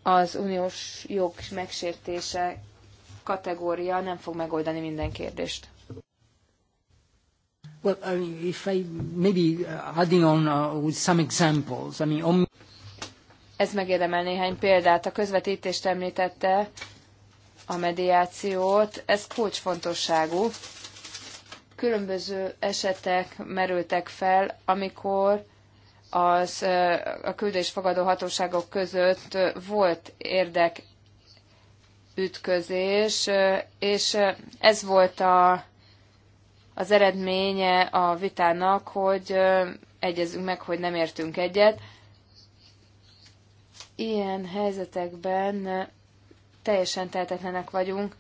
Az uniós jog megsértése kategória nem fog megoldani minden kérdést. Well, I mean, if I maybe adding on uh, with some examples, I mean, on... Ez megérdemel néhány példát. A közvetítést említette, a mediációt, ez kulcsfontosságú különböző esetek merültek fel, amikor az, a küldésfogadó hatóságok között volt érdek ütközés, és ez volt a, az eredménye a vitának, hogy egyezünk meg, hogy nem értünk egyet. Ilyen helyzetekben teljesen tehetetlenek vagyunk,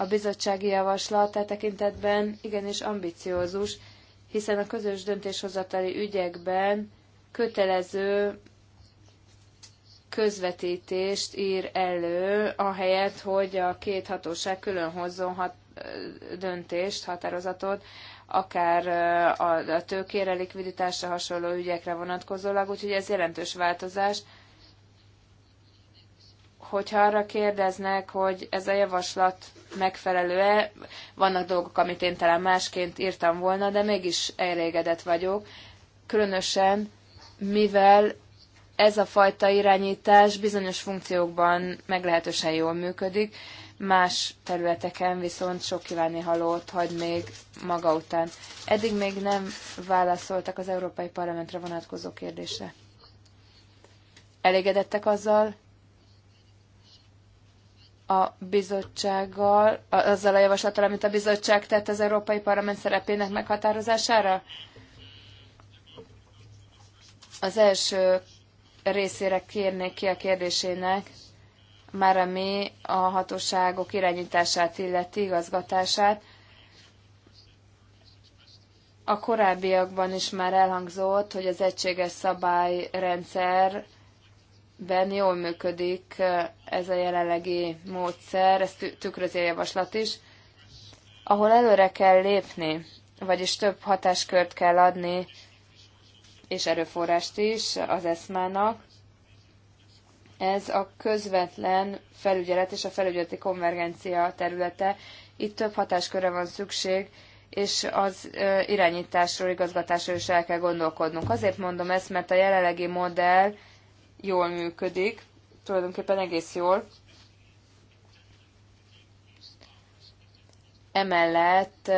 a bizottsági javaslat e tekintetben igenis ambiciózus, hiszen a közös döntéshozatali ügyekben kötelező közvetítést ír elő, ahelyett, hogy a két hatóság külön hozzon hat, döntést, határozatot, akár a, a tőkére, likviditásra hasonló ügyekre vonatkozólag, úgyhogy ez jelentős változás hogyha arra kérdeznek, hogy ez a javaslat megfelelő-e, vannak dolgok, amit én talán másként írtam volna, de mégis elégedett vagyok, különösen mivel ez a fajta irányítás bizonyos funkciókban meglehetősen jól működik, más területeken viszont sok kívánni halót hagy még maga után. Eddig még nem válaszoltak az Európai Parlamentre vonatkozó kérdésre. Elégedettek azzal, a bizottsággal, azzal a javaslattal, amit a bizottság tett az Európai Parlament szerepének meghatározására? Az első részére kérnék ki a kérdésének, már ami a hatóságok irányítását illeti, igazgatását. A korábbiakban is már elhangzott, hogy az egységes szabályrendszer ben jól működik eh, ez a jelenlegi módszer, ez tükrözi a javaslat is, ahol előre kell lépni, vagyis több hatáskört kell adni, és erőforrást is az eszmának. Ez a közvetlen felügyelet és a felügyeleti konvergencia területe. Itt több hatáskörre van szükség, és az eh, irányításról, igazgatásról is el kell gondolkodnunk. Azért mondom ezt, mert a jelenlegi modell jól működik, tulajdonképpen egész jól. Emellett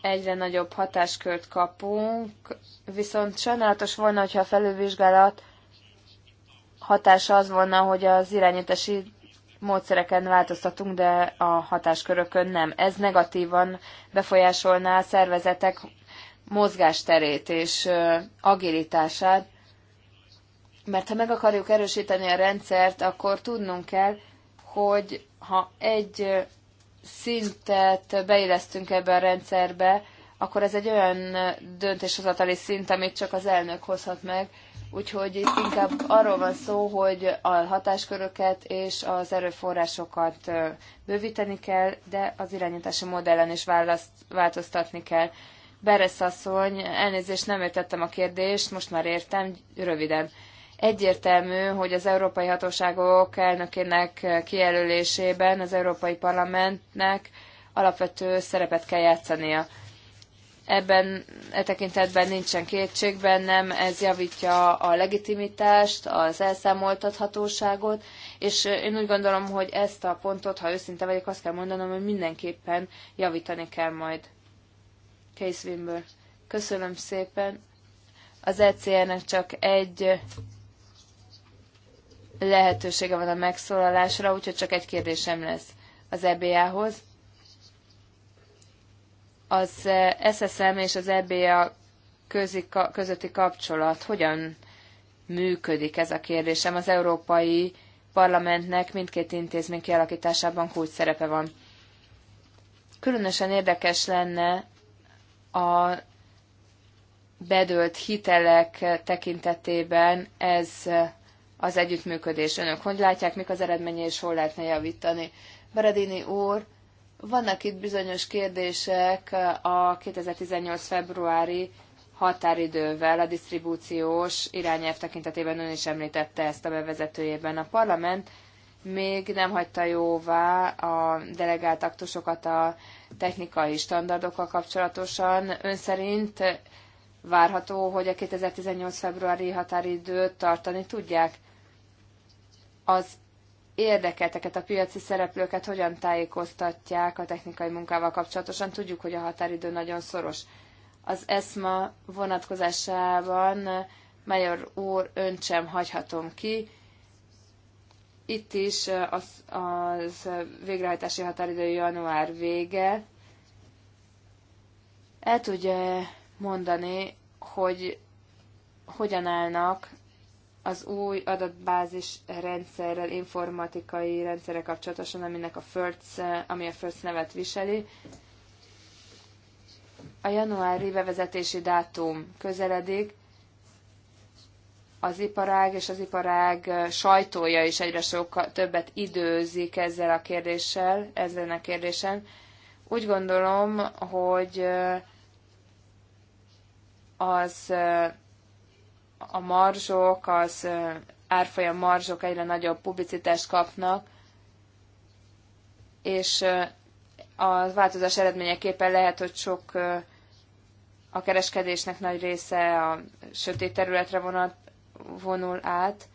egyre nagyobb hatáskört kapunk, viszont sajnálatos volna, hogyha a felülvizsgálat hatása az volna, hogy az irányítási módszereken változtatunk, de a hatáskörökön nem. Ez negatívan befolyásolná a szervezetek mozgásterét és agilitását, mert ha meg akarjuk erősíteni a rendszert, akkor tudnunk kell, hogy ha egy szintet beillesztünk ebbe a rendszerbe, akkor ez egy olyan döntéshozatali szint, amit csak az elnök hozhat meg. Úgyhogy itt inkább arról van szó, hogy a hatásköröket és az erőforrásokat bővíteni kell, de az irányítási modellen is választ, változtatni kell. Beresz asszony, elnézést nem értettem a kérdést, most már értem, röviden. Egyértelmű, hogy az európai hatóságok elnökének kijelölésében az Európai Parlamentnek alapvető szerepet kell játszania. Ebben e tekintetben nincsen kétség bennem, ez javítja a legitimitást, az elszámoltathatóságot, és én úgy gondolom, hogy ezt a pontot, ha őszinte vagyok, azt kell mondanom, hogy mindenképpen javítani kell majd. Case Wimber. Köszönöm szépen. Az ECN-nek csak egy lehetősége van a megszólalásra, úgyhogy csak egy kérdésem lesz az EBA-hoz. Az eh, SSM és az EBA közi, közötti kapcsolat hogyan működik ez a kérdésem? Az Európai Parlamentnek mindkét intézmény kialakításában kulcs szerepe van. Különösen érdekes lenne a bedölt hitelek tekintetében ez eh, az együttműködés. Önök hogy látják, mik az eredménye, és hol lehetne javítani? Beredini úr, vannak itt bizonyos kérdések a 2018. februári határidővel a disztribúciós irányelv tekintetében ön is említette ezt a bevezetőjében. A parlament még nem hagyta jóvá a delegált aktusokat a technikai standardokkal kapcsolatosan. Ön szerint várható, hogy a 2018. februári határidőt tartani tudják? az érdekelteket, a piaci szereplőket hogyan tájékoztatják a technikai munkával kapcsolatosan. Tudjuk, hogy a határidő nagyon szoros. Az ESMA vonatkozásában Major úr, ön sem hagyhatom ki. Itt is az, az végrehajtási határidő január vége. El tudja mondani, hogy hogyan állnak az új adatbázis rendszerrel, informatikai rendszerrel kapcsolatosan, aminek a FIRTS, ami a FIRTS nevet viseli. A januári bevezetési dátum közeledik, az iparág és az iparág sajtója is egyre sokkal többet időzik ezzel a kérdéssel, ezzel a kérdésen. Úgy gondolom, hogy az a marzsok, az árfolyam marzsok egyre nagyobb publicitást kapnak, és a változás eredményeképpen lehet, hogy sok a kereskedésnek nagy része a sötét területre vonat, vonul át.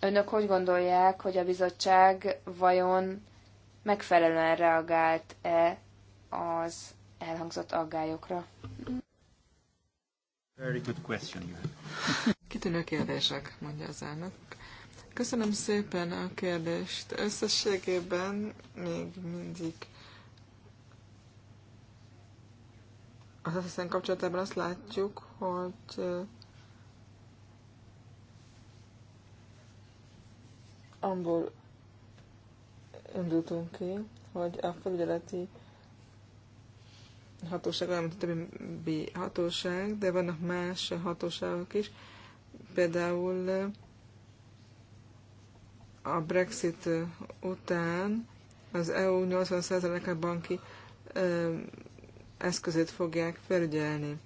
Önök hogy gondolják, hogy a bizottság vajon megfelelően reagált-e az elhangzott aggályokra?
Very good question Kitűnő kérdések, mondja az elnök. Köszönöm szépen a kérdést. Összességében még mindig az Assassin kapcsolatában azt látjuk, hogy eh, abból indultunk ki, hogy a felügyeleti hatóság olyan, mint a többi hatóság, de vannak más hatóságok is, például eh, a Brexit eh, után az EU 80%-a banki eh, eszközét fogják felügyelni.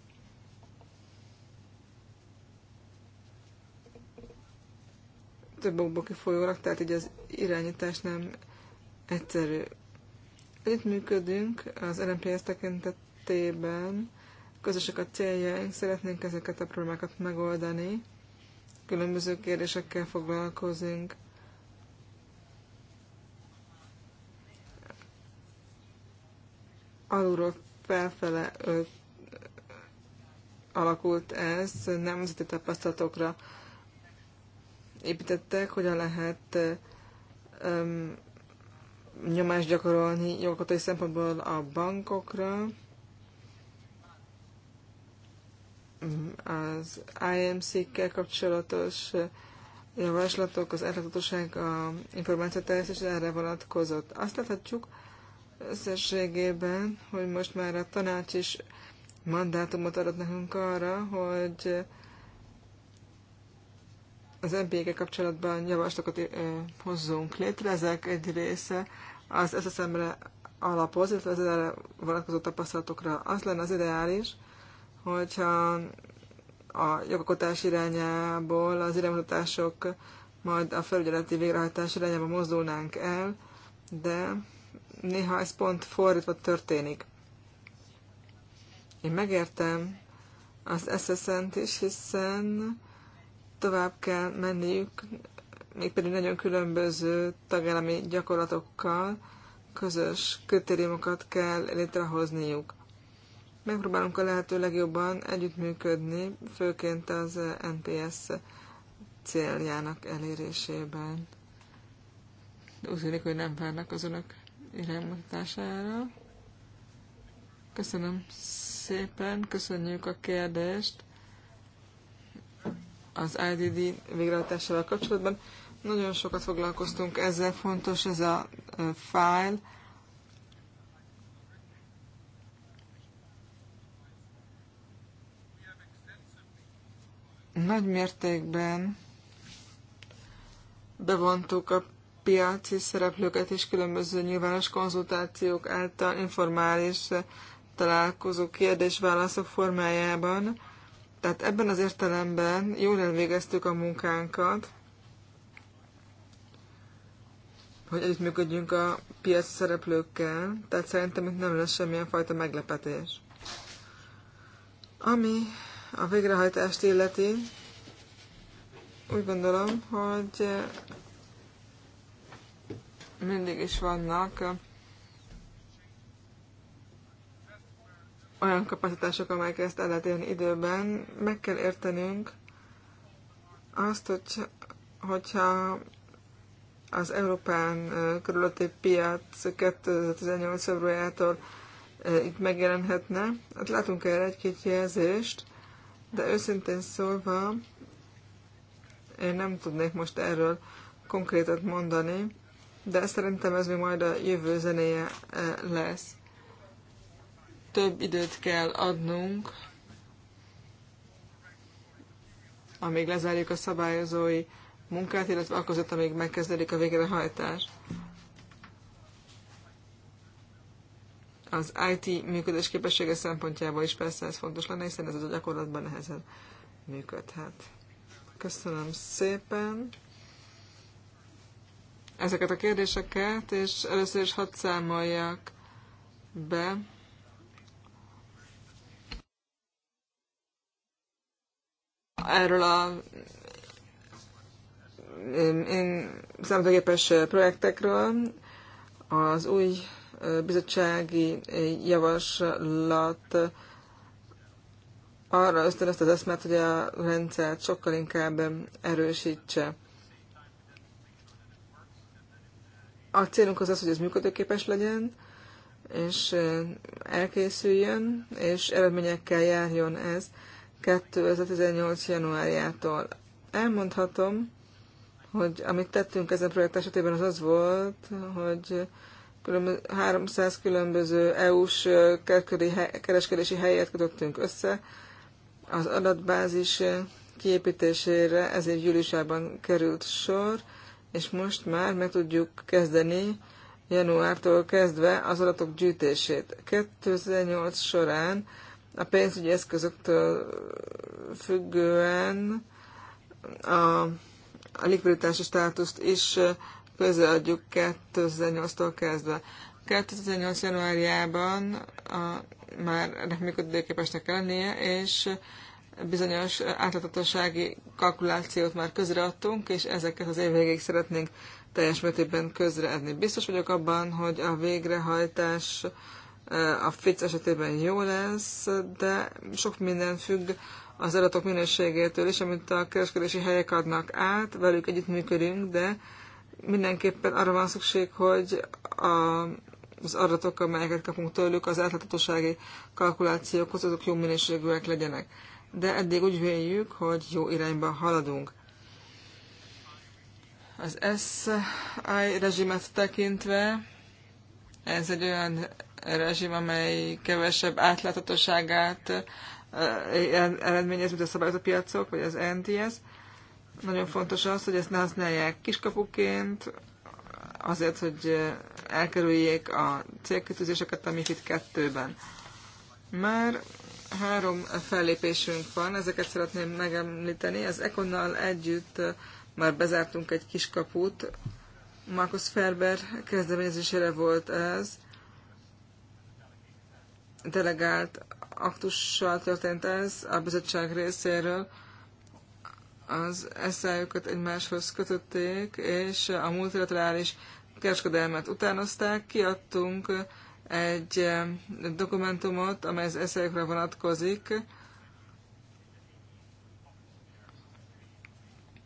Több okból kifolyólag, tehát így az irányítás nem egyszerű. Együtt működünk az LNPS tekintet, esetében közösek a céljaink, szeretnénk ezeket a problémákat megoldani, különböző kérdésekkel foglalkozunk. Alulról felfele ö, alakult ez, nemzeti tapasztalatokra építettek, hogyan lehet ö, nyomást gyakorolni jogalkotói szempontból a bankokra, az IMC-kkel kapcsolatos eh, javaslatok, az átláthatóság, a információ teljesítés erre vonatkozott. Azt láthatjuk összességében, hogy most már a tanács is mandátumot adott nekünk arra, hogy az mp kapcsolatban javaslatokat eh, hozzunk létre. Ezek egy része az SSM-re alapoz, illetve az erre vonatkozó tapasztalatokra. Az lenne az ideális, hogyha a jogalkotás irányából az iránymutatások majd a felügyeleti végrehajtás irányába mozdulnánk el, de néha ez pont fordítva történik. Én megértem az SSN-t is, hiszen tovább kell menniük, mégpedig nagyon különböző tagállami gyakorlatokkal közös kritériumokat kell létrehozniuk. Megpróbálunk a lehető legjobban együttműködni, főként az NPS céljának elérésében. Úgy tűnik, hogy nem várnak az önök irányítására. Köszönöm szépen, köszönjük a kérdést az IDD végrehajtásával kapcsolatban. Nagyon sokat foglalkoztunk ezzel, fontos ez a fájl. nagy mértékben bevontuk a piaci szereplőket és különböző nyilvános konzultációk által informális találkozó kérdés-válaszok formájában. Tehát ebben az értelemben jól elvégeztük a munkánkat, hogy együttműködjünk a piaci szereplőkkel, tehát szerintem itt nem lesz semmilyen fajta meglepetés. Ami a végrehajtást illeti, úgy gondolom, hogy mindig is vannak olyan kapacitások, amelyek ezt el lehet élni időben. Meg kell értenünk azt, hogy, hogyha az Európán körülötti piac 2018. februárjától itt megjelenhetne. Hát látunk erre egy-két jelzést, de őszintén szólva én nem tudnék most erről konkrétat mondani, de szerintem ez még majd a jövő zenéje eh, lesz. Több időt kell adnunk, amíg lezárjuk a szabályozói munkát, illetve akkor, amíg megkezdődik a végrehajtás. az IT működés képessége szempontjából is persze ez fontos lenne, hiszen ez a gyakorlatban nehezen működhet. Köszönöm szépen ezeket a kérdéseket, és először is hadd számoljak be. Erről a én számítógépes projektekről az új bizottsági javaslat arra ösztönözte az eszmet, hogy a rendszert sokkal inkább erősítse. A célunk az az, hogy ez működőképes legyen, és elkészüljön, és eredményekkel járjon ez 2018. januárjától. Elmondhatom, hogy amit tettünk ezen projekt esetében az az volt, hogy 300 különböző EU-s kereskedési helyet kötöttünk össze. Az adatbázis kiépítésére ezért júliusában került sor, és most már meg tudjuk kezdeni januártól kezdve az adatok gyűjtését. 2008 során a pénzügyi eszközöktől függően a, a likviditási státuszt is közreadjuk 2008-tól kezdve. 2008. januárjában a, már működőképesnek kell lennie, és bizonyos átláthatósági kalkulációt már közreadtunk, és ezeket az év végéig szeretnénk teljes mértékben közreadni. Biztos vagyok abban, hogy a végrehajtás eh, a FIC esetében jó lesz, de sok minden függ az adatok minőségétől is, amit a kereskedési helyek adnak át, velük együttműködünk, de mindenképpen arra van szükség, hogy a, az adatok, amelyeket kapunk tőlük, az átláthatósági kalkulációkhoz, azok jó minőségűek legyenek. De eddig úgy véljük, hogy jó irányba haladunk. Az SI rezsimet tekintve ez egy olyan rezsim, amely kevesebb átláthatóságát eh, eredményez, mint a szabályozó piacok, vagy az NTS. Nagyon fontos az, hogy ezt ne használják kiskapuként, azért, hogy elkerüljék a célkötőzéseket a MIFID 2-ben. Már három fellépésünk van, ezeket szeretném megemlíteni. Az Econnal együtt már bezártunk egy kiskaput, Markus Ferber kezdeményezésére volt ez, delegált aktussal történt ez a bizottság részéről, az eszályukat egymáshoz kötötték, és a multilaterális kereskedelmet utánozták. Kiadtunk egy eh, dokumentumot, amely az eszályokra vonatkozik.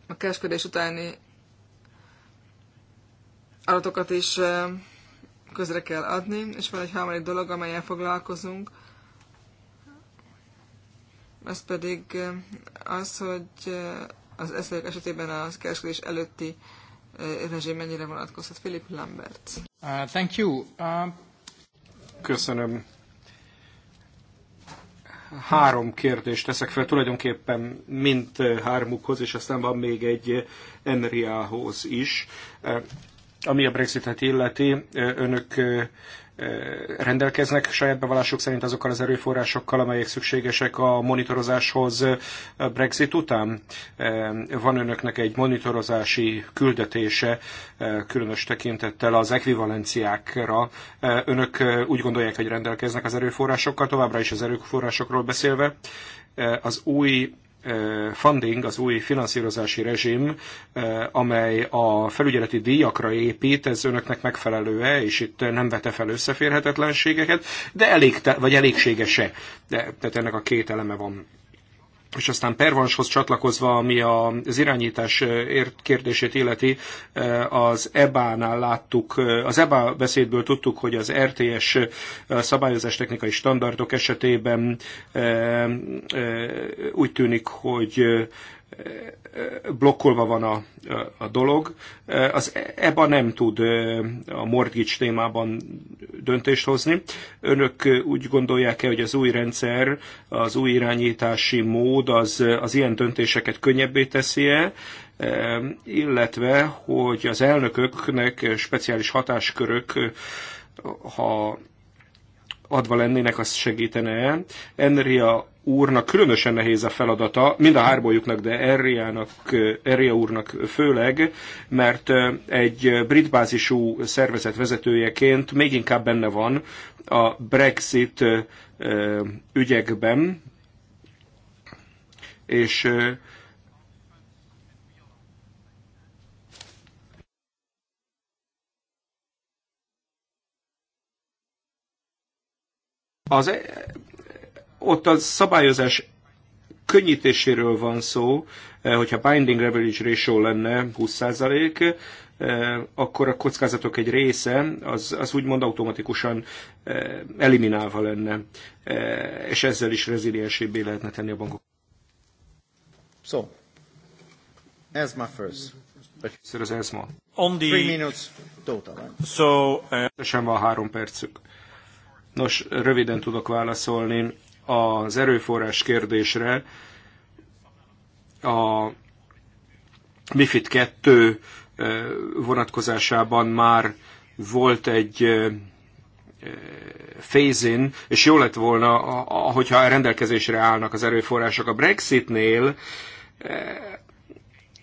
A kereskedés utáni adatokat is eh, közre kell adni, és van egy harmadik dolog, amelyen foglalkozunk – az pedig eh, az, hogy eh, az eszélyek esetében a kereskedés előtti eh, rezsim mennyire vonatkozhat. Philip Lambert. Uh,
thank you. Uh... Köszönöm. Három kérdést teszek fel, tulajdonképpen mint hármukhoz, és aztán van még egy Enriához is. Ami a Brexit-et illeti, önök rendelkeznek saját bevallásuk szerint azokkal az erőforrásokkal, amelyek szükségesek a monitorozáshoz Brexit után? Van önöknek egy monitorozási küldetése, különös tekintettel az ekvivalenciákra. Önök úgy gondolják, hogy rendelkeznek az erőforrásokkal, továbbra is az erőforrásokról beszélve. Az új funding, az új finanszírozási rezsim, amely a felügyeleti díjakra épít, ez önöknek megfelelő-e, és itt nem vete fel összeférhetetlenségeket, de elég, vagy elégséges-e. De, tehát ennek a két eleme van és aztán Pervanshoz csatlakozva, ami az irányítás kérdését illeti, az EBA-nál láttuk, az EBA beszédből tudtuk, hogy az RTS szabályozás technikai standardok esetében úgy tűnik, hogy blokkolva van a, a dolog. Az EBA nem tud a mortgage témában döntést hozni. Önök úgy gondolják-e, hogy az új rendszer, az új irányítási mód az, az ilyen döntéseket könnyebbé teszi-e, illetve hogy az elnököknek speciális hatáskörök, ha adva lennének, az segítene -e. Enria úrnak különösen nehéz a feladata, mind a hárbolyuknak, de Erriának, Erria úrnak főleg, mert egy brit bázisú szervezet vezetőjeként még inkább benne van a Brexit ügyekben, és az ott a szabályozás könnyítéséről van szó, eh, hogyha binding leverage ratio lenne 20%, eh, akkor a kockázatok egy része az, az úgymond automatikusan eh, eliminálva lenne, és ezzel is reziliensébbé lehetne tenni a bankok. So, ESMA first. Először az ESMA. On the... Three minutes total. So, uh... Sem van három percük. Nos, röviden tudok válaszolni az erőforrás kérdésre a MIFID 2 vonatkozásában már volt egy phase és jó lett volna, hogyha rendelkezésre állnak az erőforrások. A Brexitnél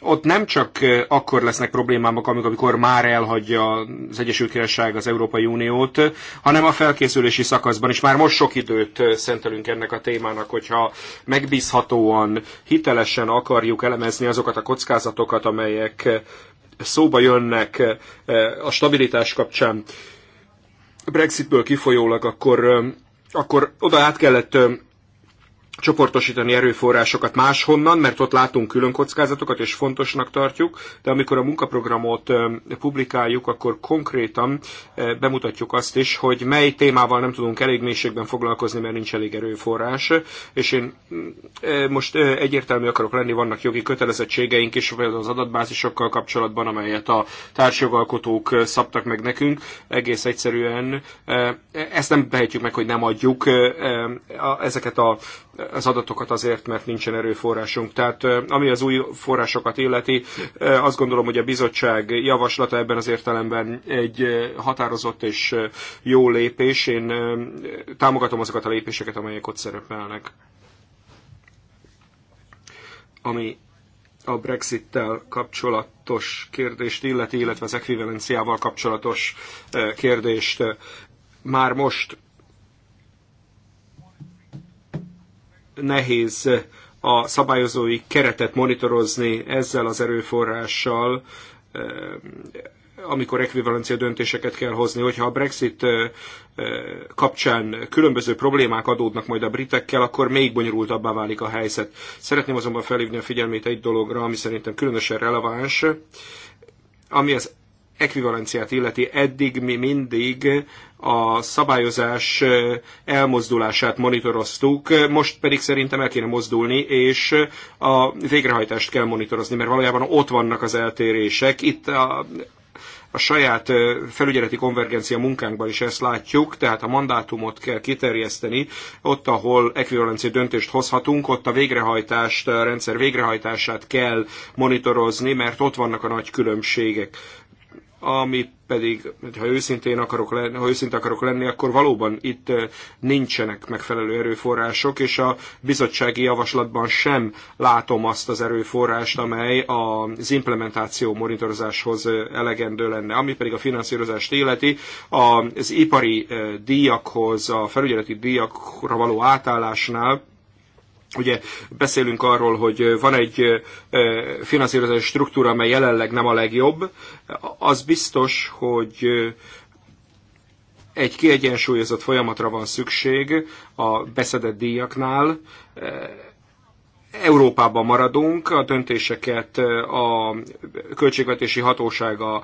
ott nem csak akkor lesznek problémámak, amikor, amikor már elhagyja az Egyesült Királyság az Európai Uniót, hanem a felkészülési szakaszban is. Már most sok időt szentelünk ennek a témának, hogyha megbízhatóan, hitelesen akarjuk elemezni azokat a kockázatokat, amelyek szóba jönnek a stabilitás kapcsán Brexitből kifolyólag, akkor, akkor oda át kellett csoportosítani erőforrásokat máshonnan, mert ott látunk külön kockázatokat, és fontosnak tartjuk, de amikor a munkaprogramot publikáljuk, akkor konkrétan bemutatjuk azt is, hogy mely témával nem tudunk elég mélységben foglalkozni, mert nincs elég erőforrás, és én most egyértelmű akarok lenni, vannak jogi kötelezettségeink is az adatbázisokkal kapcsolatban, amelyet a társjogalkotók szabtak meg nekünk, egész egyszerűen e, ezt nem tehetjük meg, hogy nem adjuk ezeket a az adatokat azért, mert nincsen erőforrásunk. Tehát ami az új forrásokat illeti, azt gondolom, hogy a bizottság javaslata ebben az értelemben egy határozott és jó lépés. Én támogatom azokat a lépéseket, amelyek ott szerepelnek. Ami a Brexit-tel kapcsolatos kérdést illeti, illetve az ekvivalenciával kapcsolatos kérdést. Már most nehéz eh, a szabályozói keretet monitorozni ezzel az erőforrással, eh, amikor ekvivalencia döntéseket kell hozni. Hogyha a Brexit eh, kapcsán különböző problémák adódnak majd a britekkel, akkor még bonyolultabbá válik a helyzet. Szeretném azonban felhívni a figyelmét egy dologra, ami szerintem különösen releváns, ami az ekvivalenciát illeti, eddig mi mindig a szabályozás elmozdulását monitoroztuk, most pedig szerintem el kéne mozdulni, és a végrehajtást kell monitorozni, mert valójában ott vannak az eltérések. Itt a, a saját felügyeleti konvergencia munkánkban is ezt látjuk, tehát a mandátumot kell kiterjeszteni, ott, ahol ekvivalenci döntést hozhatunk, ott a végrehajtást, a rendszer végrehajtását kell monitorozni, mert ott vannak a nagy különbségek ami pedig, ha őszintén akarok lenni, ha őszintén akarok lenni, akkor valóban itt nincsenek megfelelő erőforrások, és a bizottsági javaslatban sem látom azt az erőforrást, amely az implementáció monitorozáshoz elegendő lenne. Ami pedig a finanszírozást illeti, az ipari díjakhoz, a felügyeleti díjakra való átállásnál Ugye beszélünk arról, hogy van egy finanszírozási struktúra, amely jelenleg nem a legjobb. Az biztos, hogy egy kiegyensúlyozott folyamatra van szükség a beszedett díjaknál. Európában maradunk, a döntéseket a költségvetési hatóság, a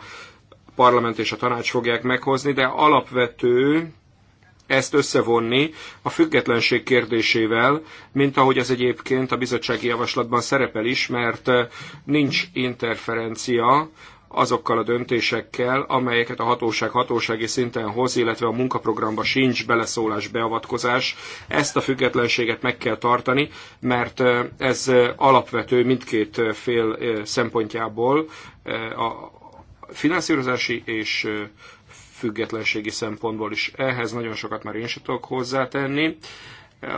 parlament és a tanács fogják meghozni, de alapvető ezt összevonni a függetlenség kérdésével, mint ahogy ez egyébként a bizottsági javaslatban szerepel is, mert nincs interferencia azokkal a döntésekkel, amelyeket a hatóság hatósági szinten hoz, illetve a munkaprogramba sincs beleszólás, beavatkozás. Ezt a függetlenséget meg kell tartani, mert ez alapvető mindkét fél szempontjából a finanszírozási és függetlenségi szempontból is. Ehhez nagyon sokat már én sem tudok hozzátenni.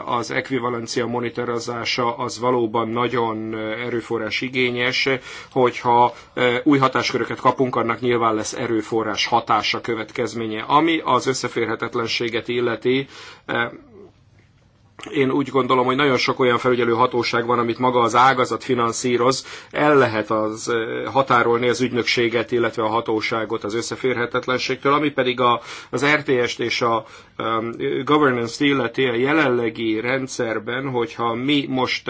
Az ekvivalencia monitorozása az valóban nagyon erőforrás igényes, hogyha e, új hatásköröket kapunk, annak nyilván lesz erőforrás hatása következménye. Ami az összeférhetetlenséget illeti, e, én úgy gondolom, hogy nagyon sok olyan felügyelő hatóság van, amit maga az ágazat finanszíroz, el lehet az eh, határolni az ügynökséget, illetve a hatóságot az összeférhetetlenségtől, ami pedig a, az RTS-t és a um, governance-t illeti a jelenlegi rendszerben, hogyha mi most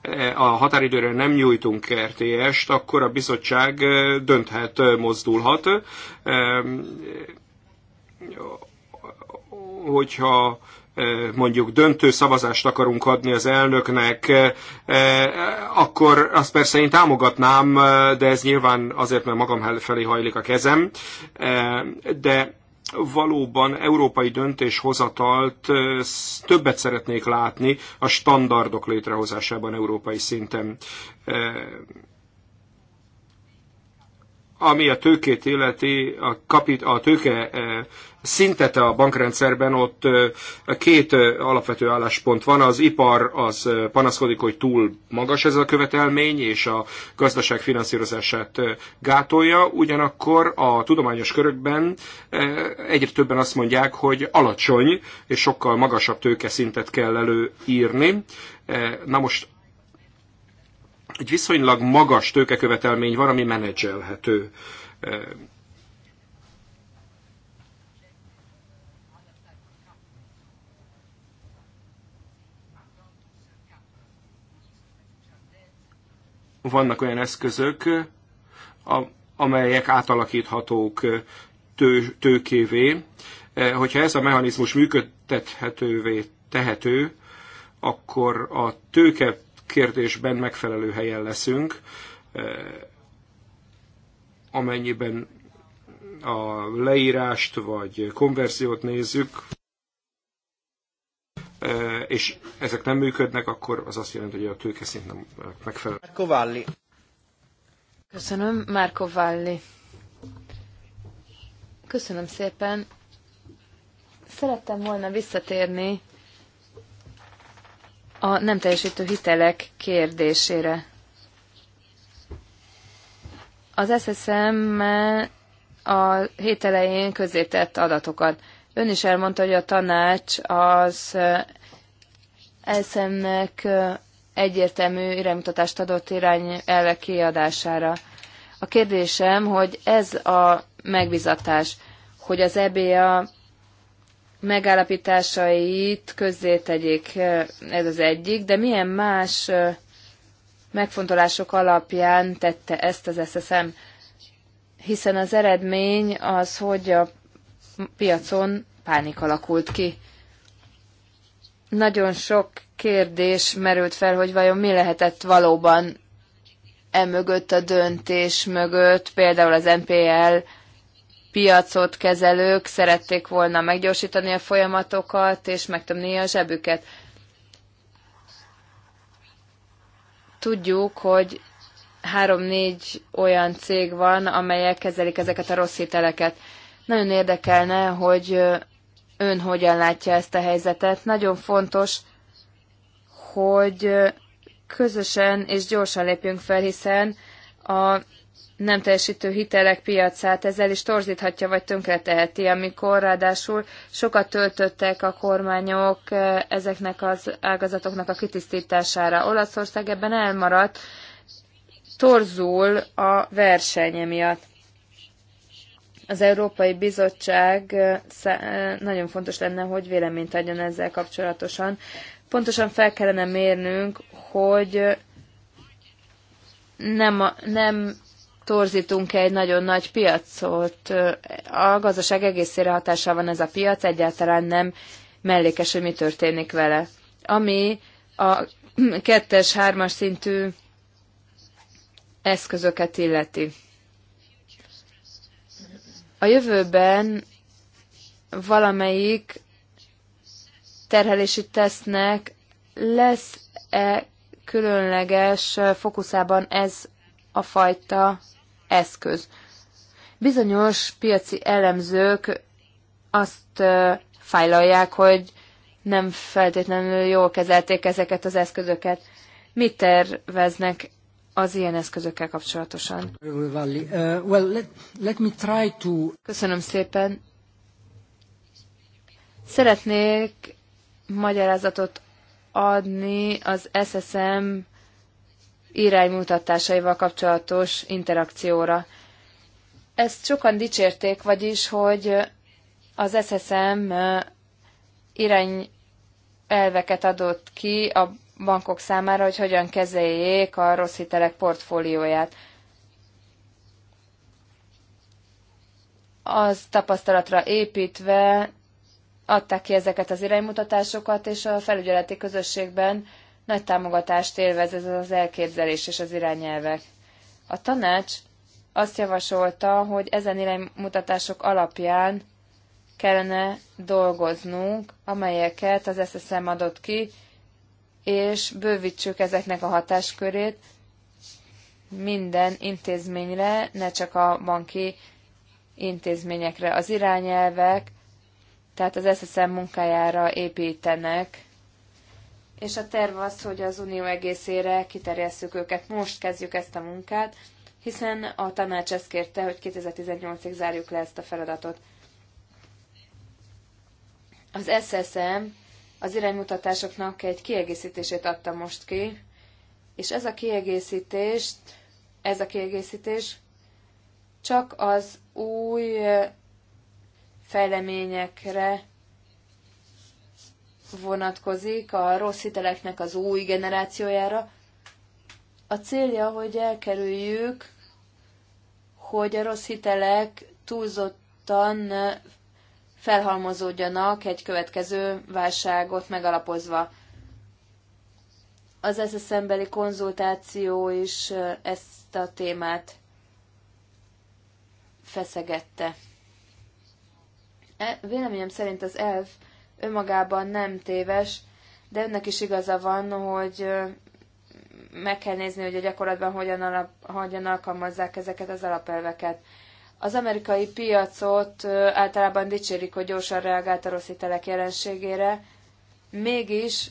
eh, a határidőre nem nyújtunk RTS-t, akkor a bizottság eh, dönthet, mozdulhat. Um, hogyha mondjuk döntő szavazást akarunk adni az elnöknek, akkor azt persze én támogatnám, de ez nyilván azért, mert magam felé hajlik a kezem, de valóban európai döntéshozatalt többet szeretnék látni a standardok létrehozásában európai szinten. Ami a tőkét illeti, a, kapit, a tőke szintet a bankrendszerben, ott két alapvető álláspont van. Az ipar az panaszkodik, hogy túl magas ez a követelmény, és a gazdaság finanszírozását gátolja. Ugyanakkor a tudományos körökben egyre többen azt mondják, hogy alacsony, és sokkal magasabb szintet kell előírni. Na most egy viszonylag magas tőkekövetelmény van, ami menedzselhető vannak olyan eszközök, amelyek átalakíthatók tő, tőkévé. Hogyha ez a mechanizmus működtethetővé tehető, akkor a tőke kérdésben megfelelő helyen leszünk, amennyiben a leírást vagy konverziót nézzük, és ezek nem működnek, akkor az azt jelenti, hogy a tőkeszint nem megfelel. Marco Valli.
Köszönöm, Marco Valli. Köszönöm szépen. Szerettem volna visszatérni a nem teljesítő hitelek kérdésére. Az SSM a hét elején tett adatokat. Ön is elmondta, hogy a tanács az elszemnek eh, eh, egyértelmű iránymutatást adott irány elve kiadására. A kérdésem, hogy ez a megbizatás, hogy az EBA megállapításait közzé tegyék, eh, ez az egyik, de milyen más megfontolások alapján tette ezt az SSM? Hiszen az eredmény az, hogy a piacon pánik alakult ki. Nagyon sok kérdés merült fel, hogy vajon mi lehetett valóban e mögött a döntés mögött, például az NPL piacot kezelők szerették volna meggyorsítani a folyamatokat és megtömni a zsebüket. Tudjuk, hogy három-négy olyan cég van, amelyek kezelik ezeket a rossz hiteleket. Nagyon érdekelne, hogy ön hogyan látja ezt a helyzetet. Nagyon fontos, hogy közösen és gyorsan lépjünk fel, hiszen a nem teljesítő hitelek piacát ezzel is torzíthatja vagy tönkreteheti, amikor ráadásul sokat töltöttek a kormányok ezeknek az ágazatoknak a kitisztítására. Olaszország ebben elmaradt, torzul a versenye miatt az Európai Bizottság nagyon fontos lenne, hogy véleményt adjon ezzel kapcsolatosan. Pontosan fel kellene mérnünk, hogy nem, nem torzítunk egy nagyon nagy piacot. A gazdaság egészére hatással van ez a piac, egyáltalán nem mellékes, hogy mi történik vele. Ami a kettes, hármas szintű eszközöket illeti a jövőben valamelyik terhelési tesznek lesz-e különleges fókuszában ez a fajta eszköz. Bizonyos piaci elemzők azt fájlalják, hogy nem feltétlenül jól kezelték ezeket az eszközöket. Mit terveznek az ilyen eszközökkel kapcsolatosan. Uh, Köszönöm szépen. Szeretnék magyarázatot adni az SSM iránymutatásaival kapcsolatos interakcióra. Ezt sokan dicsérték, vagyis, hogy az SSM uh, irány elveket adott ki a bankok számára, hogy hogyan kezeljék a rossz hitelek portfólióját. Az tapasztalatra építve adták ki ezeket az iránymutatásokat, és a felügyeleti közösségben nagy támogatást élvez ez az elképzelés és az irányelvek. A tanács azt javasolta, hogy ezen iránymutatások alapján kellene dolgoznunk, amelyeket az SSM adott ki, és bővítsük ezeknek a hatáskörét minden intézményre, ne csak a banki intézményekre. Az irányelvek, tehát az SSM munkájára építenek, és a terv az, hogy az unió egészére kiterjesszük őket. Most kezdjük ezt a munkát, hiszen a tanács ezt kérte, hogy 2018-ig zárjuk le ezt a feladatot. Az SSM az iránymutatásoknak egy kiegészítését adtam most ki, és ez a kiegészítést, ez a kiegészítés csak az új fejleményekre vonatkozik, a rossz hiteleknek az új generációjára. A célja, hogy elkerüljük, hogy a rossz hitelek túlzottan felhalmozódjanak egy következő válságot megalapozva. Az SSM-beli konzultáció is ezt a témát feszegette. E, véleményem szerint az elv önmagában nem téves, de önnek is igaza van, hogy meg kell nézni, hogy a gyakorlatban hogyan, alap, hogyan alkalmazzák ezeket az alapelveket. Az amerikai piacot általában dicsérik, hogy gyorsan reagált a rossz hitelek jelenségére, mégis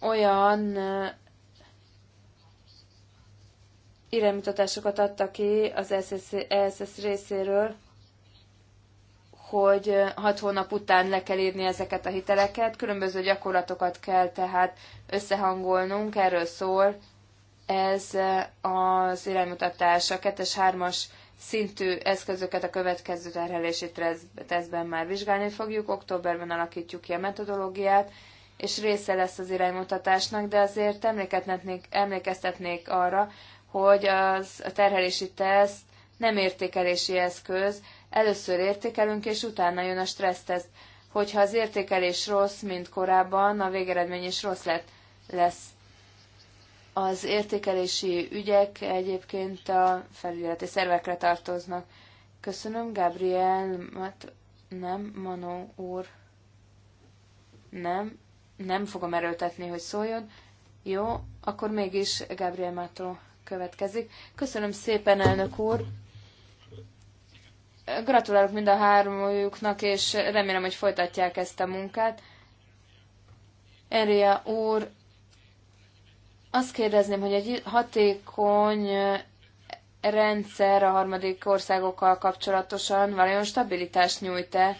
olyan iránymutatásokat adtak ki az SSS e részéről, hogy hat hónap után le kell írni ezeket a hiteleket, különböző gyakorlatokat kell tehát összehangolnunk, erről szól ez az iránymutatás. A 2-es, 3-as szintű eszközöket a következő terhelési tesztben már vizsgálni fogjuk, októberben alakítjuk ki a metodológiát, és része lesz az iránymutatásnak, de azért emlékeztetnék, arra, hogy az, a terhelési teszt nem értékelési eszköz, először értékelünk, és utána jön a stresszteszt. Hogyha az értékelés rossz, mint korábban, a végeredmény is rossz lett, lesz. Az értékelési ügyek egyébként a felügyeleti szervekre tartoznak. Köszönöm, Gabriel, mert nem, Manó úr. Nem, nem fogom erőltetni, hogy szóljon. Jó, akkor mégis Gabriel Mátó következik. Köszönöm szépen, elnök úr. Gratulálok mind a hármójuknak, és remélem, hogy folytatják ezt a munkát. Enria úr azt kérdezném, hogy egy hatékony rendszer a harmadik országokkal kapcsolatosan valójában stabilitást nyújt-e?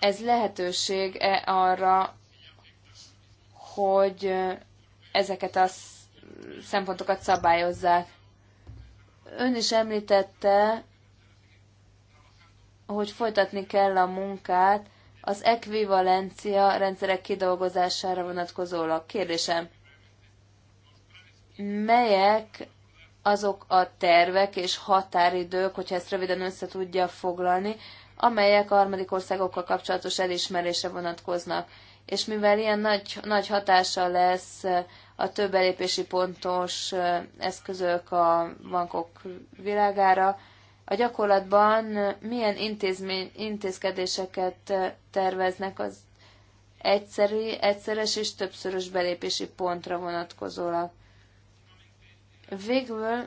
Ez lehetőség-e arra, hogy ezeket a szempontokat szabályozzák? Ön is említette, hogy folytatni kell a munkát, az ekvivalencia rendszerek kidolgozására vonatkozólag. Kérdésem, melyek azok a tervek és határidők, hogyha ezt röviden össze tudja foglalni, amelyek a harmadik országokkal kapcsolatos elismerésre vonatkoznak. És mivel ilyen nagy, nagy hatása lesz a több elépési pontos eszközök a bankok világára, a gyakorlatban milyen intézmény, intézkedéseket terveznek az egyszerű, egyszeres és többszörös belépési pontra vonatkozólag. Végül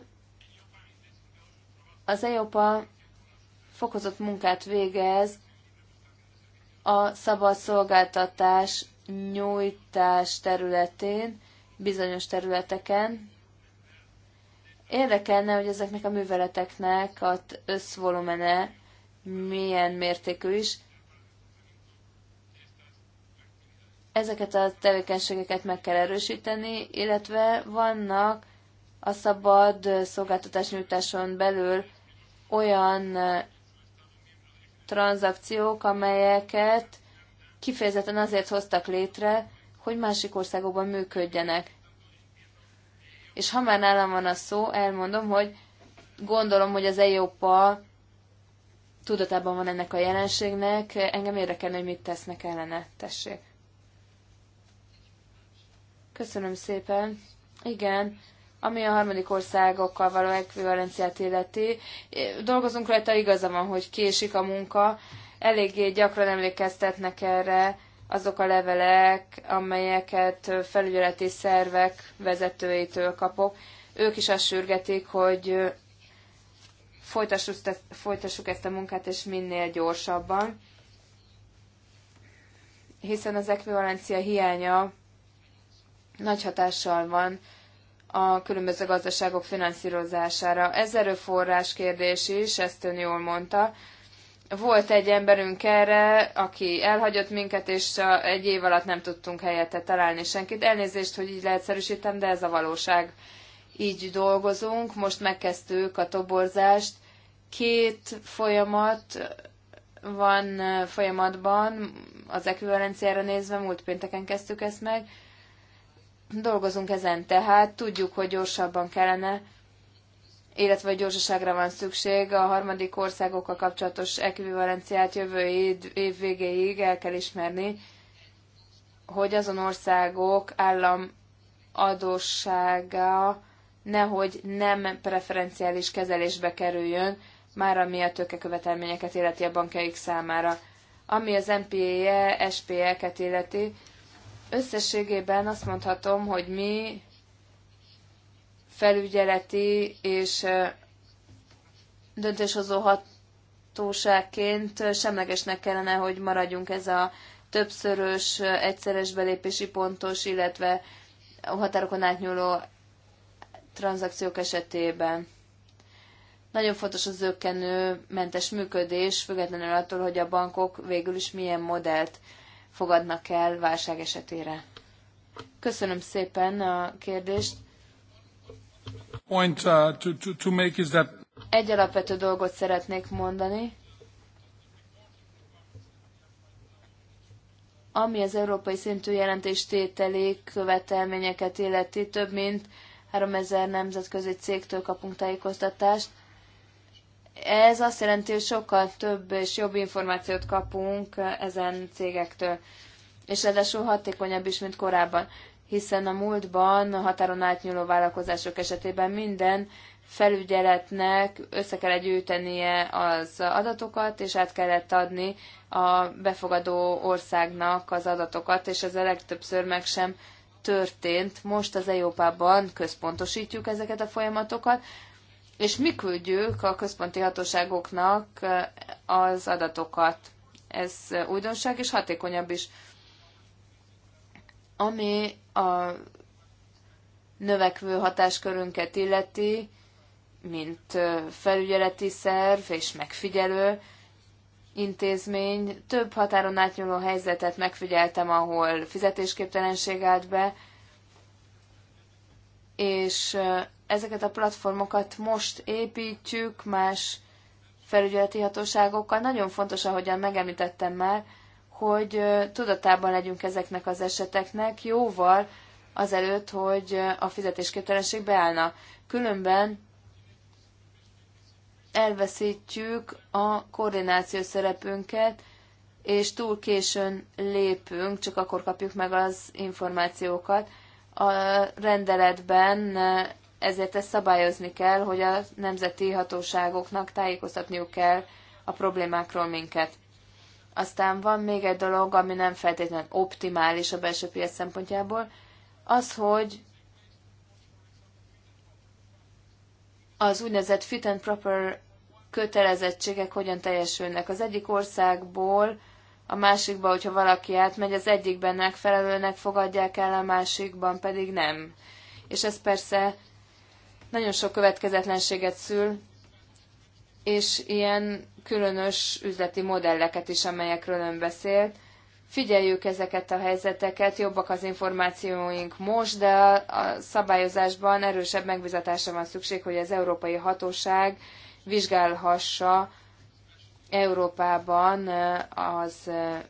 az EOPA fokozott munkát végez a szabad szolgáltatás nyújtás területén, bizonyos területeken, Érdekelne, hogy ezeknek a műveleteknek az összvolumene milyen mértékű is. Ezeket a tevékenységeket meg kell erősíteni, illetve vannak a szabad szolgáltatás nyújtáson belül olyan tranzakciók, amelyeket kifejezetten azért hoztak létre, hogy másik országokban működjenek és ha már nálam van a szó, elmondom, hogy gondolom, hogy az Európa tudatában van ennek a jelenségnek, engem érdekelne, hogy mit tesznek ellene, tessék. Köszönöm szépen. Igen, ami a harmadik országokkal való ekvivalenciát illeti, dolgozunk rajta, igaza van, hogy késik a munka, eléggé gyakran emlékeztetnek erre, azok a levelek, amelyeket felügyeleti szervek vezetőitől kapok. Ők is azt sürgetik, hogy folytassuk, folytassuk ezt a munkát, és minél gyorsabban, hiszen az ekvivalencia hiánya nagy hatással van a különböző gazdaságok finanszírozására. Ez erőforrás kérdés is, ezt ön jól mondta. Volt egy emberünk erre, aki elhagyott minket, és egy év alatt nem tudtunk helyette találni senkit. Elnézést, hogy így leegyszerűsítem, de ez a valóság. Így dolgozunk, most megkezdtük a toborzást. Két folyamat van folyamatban, az ekvivalenciára nézve, múlt pénteken kezdtük ezt meg. Dolgozunk ezen, tehát tudjuk, hogy gyorsabban kellene illetve gyorsaságra van szükség. A harmadik országokkal kapcsolatos ekvivalenciát jövő év végéig el kell ismerni, hogy azon országok állam adóssága nehogy nem preferenciális kezelésbe kerüljön, már ami a tőkekövetelményeket illeti a bankjaik számára. Ami az MPE, SPE-ket illeti, összességében azt mondhatom, hogy mi felügyeleti és döntéshozó hatóságként semlegesnek kellene, hogy maradjunk ez a többszörös, egyszeres belépési pontos, illetve a határokon átnyúló tranzakciók esetében. Nagyon fontos az zöggenő mentes működés, függetlenül attól, hogy a bankok végül is milyen modellt fogadnak el válság esetére. Köszönöm szépen a kérdést point uh, to,
to, to make is that
egy alapvető dolgot szeretnék mondani. Ami az európai szintű jelentéstételi követelményeket illeti, több mint 3000 nemzetközi cégtől kapunk tájékoztatást. Ez azt jelenti, hogy sokkal több és jobb információt kapunk ezen cégektől, és ráadásul hatékonyabb is, mint korábban hiszen a múltban a határon átnyúló vállalkozások esetében minden felügyeletnek össze kellett gyűjtenie az adatokat, és át kellett adni a befogadó országnak az adatokat, és ez a legtöbbször meg sem történt. Most az Európában központosítjuk ezeket a folyamatokat, és mi küldjük a központi hatóságoknak az adatokat. Ez újdonság, és hatékonyabb is. Ami a növekvő hatáskörünket illeti, mint felügyeleti szerv és megfigyelő intézmény. Több határon átnyúló helyzetet megfigyeltem, ahol fizetésképtelenség állt be, és ezeket a platformokat most építjük más felügyeleti hatóságokkal. Nagyon fontos, ahogyan megemlítettem már, hogy tudatában legyünk ezeknek az eseteknek jóval azelőtt, hogy a fizetésképtelenség beállna. Különben elveszítjük a koordináció szerepünket, és túl későn lépünk, csak akkor kapjuk meg az információkat. A rendeletben ezért ezt szabályozni kell, hogy a nemzeti hatóságoknak tájékoztatniuk kell a problémákról minket. Aztán van még egy dolog, ami nem feltétlenül optimális a belső piac szempontjából, az, hogy az úgynevezett fit and proper kötelezettségek hogyan teljesülnek. Az egyik országból a másikba, hogyha valaki átmegy, az egyikben megfelelőnek fogadják el, a másikban pedig nem. És ez persze nagyon sok következetlenséget szül, és ilyen különös üzleti modelleket is, amelyekről ön beszélt. Figyeljük ezeket a helyzeteket, jobbak az információink most, de a szabályozásban erősebb megbizatásra van szükség, hogy az európai hatóság vizsgálhassa Európában az,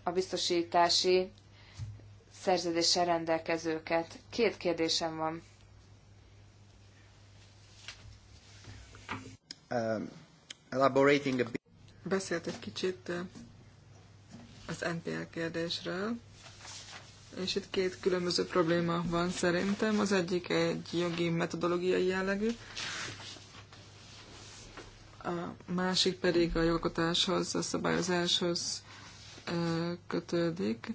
a biztosítási szerződéssel rendelkezőket. Két kérdésem van.
Um elaborating a bit.
Beszélt egy kicsit az NPL kérdésről, és itt két különböző probléma van szerintem. Az egyik egy jogi metodológiai jellegű, a másik pedig a jogalkotáshoz, a szabályozáshoz kötődik,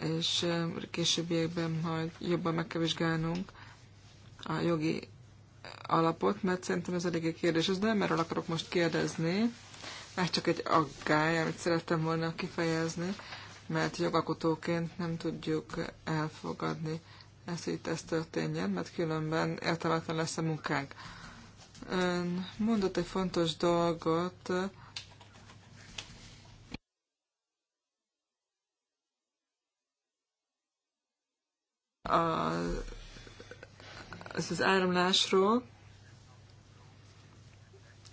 és későbbiekben majd jobban megkevizsgálnunk a jogi alapot, mert szerintem ez eléggé kérdés, ez nem erről akarok most kérdezni, ez csak egy aggály, amit szerettem volna kifejezni, mert jogalkotóként nem tudjuk elfogadni ezt, hogy itt ez történjen, mert különben értelmetlen lesz a munkánk. Ön mondott egy fontos dolgot, a az az áramlásról.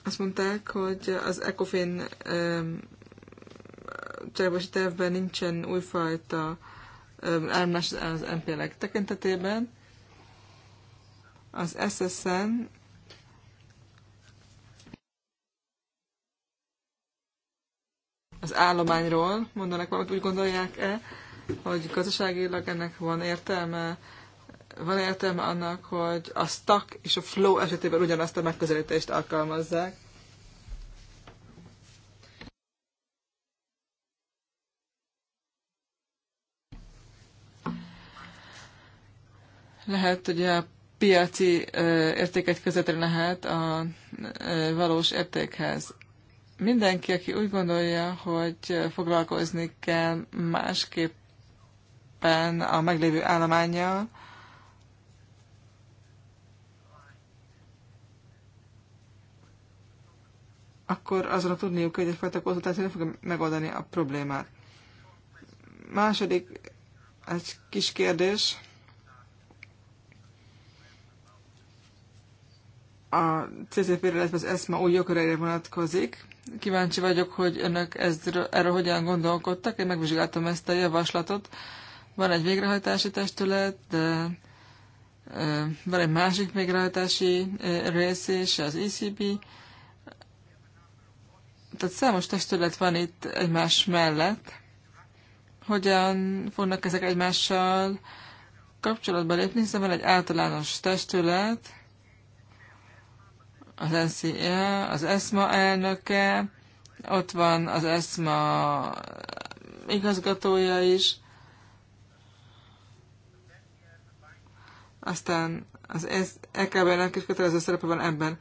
Azt mondták, hogy az ECOFIN cselekvési tervben nincsen újfajta áramlás az MPL-ek tekintetében. Az SSN az állományról mondanak valamit, úgy gondolják-e, hogy gazdaságilag ennek van értelme, van értelme annak, hogy a stack és a flow esetében ugyanazt a megközelítést alkalmazzák. Lehet, hogy a piaci érték egy közvetlen lehet a valós értékhez. Mindenki, aki úgy gondolja, hogy foglalkozni kell másképpen a meglévő állományjal, akkor azon tudniuk, hogy egyfajta konzultáció nem fogja megoldani a problémát. Második, egy kis kérdés. A CCP, illetve az ESMA új jogköreire vonatkozik. Kíváncsi vagyok, hogy önök ezről, erről hogyan gondolkodtak. Én megvizsgáltam ezt a javaslatot. Van egy végrehajtási testület, de van egy másik végrehajtási rész is, az ECB tehát számos testület van itt egymás mellett. Hogyan fognak ezek egymással kapcsolatba lépni, hiszen van egy általános testület, az NCA, az ESMA elnöke, ott van az ESMA igazgatója is, aztán az EKB-nek is kötelező szerepe van ebben.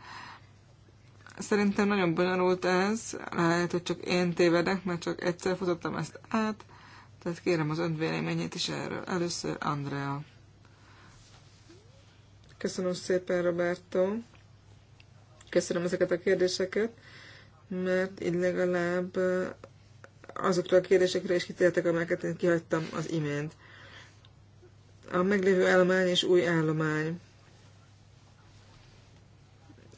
Szerintem nagyon bonyolult ez, lehet, hogy csak én tévedek, mert csak egyszer futottam ezt át, tehát kérem az önvéleményét is erről. Először Andrea. Köszönöm szépen, Roberto. Köszönöm ezeket a kérdéseket, mert így legalább eh, azokra a kérdésekre is kitértek, amelyeket én kihagytam az imént. A meglévő állomány és új állomány.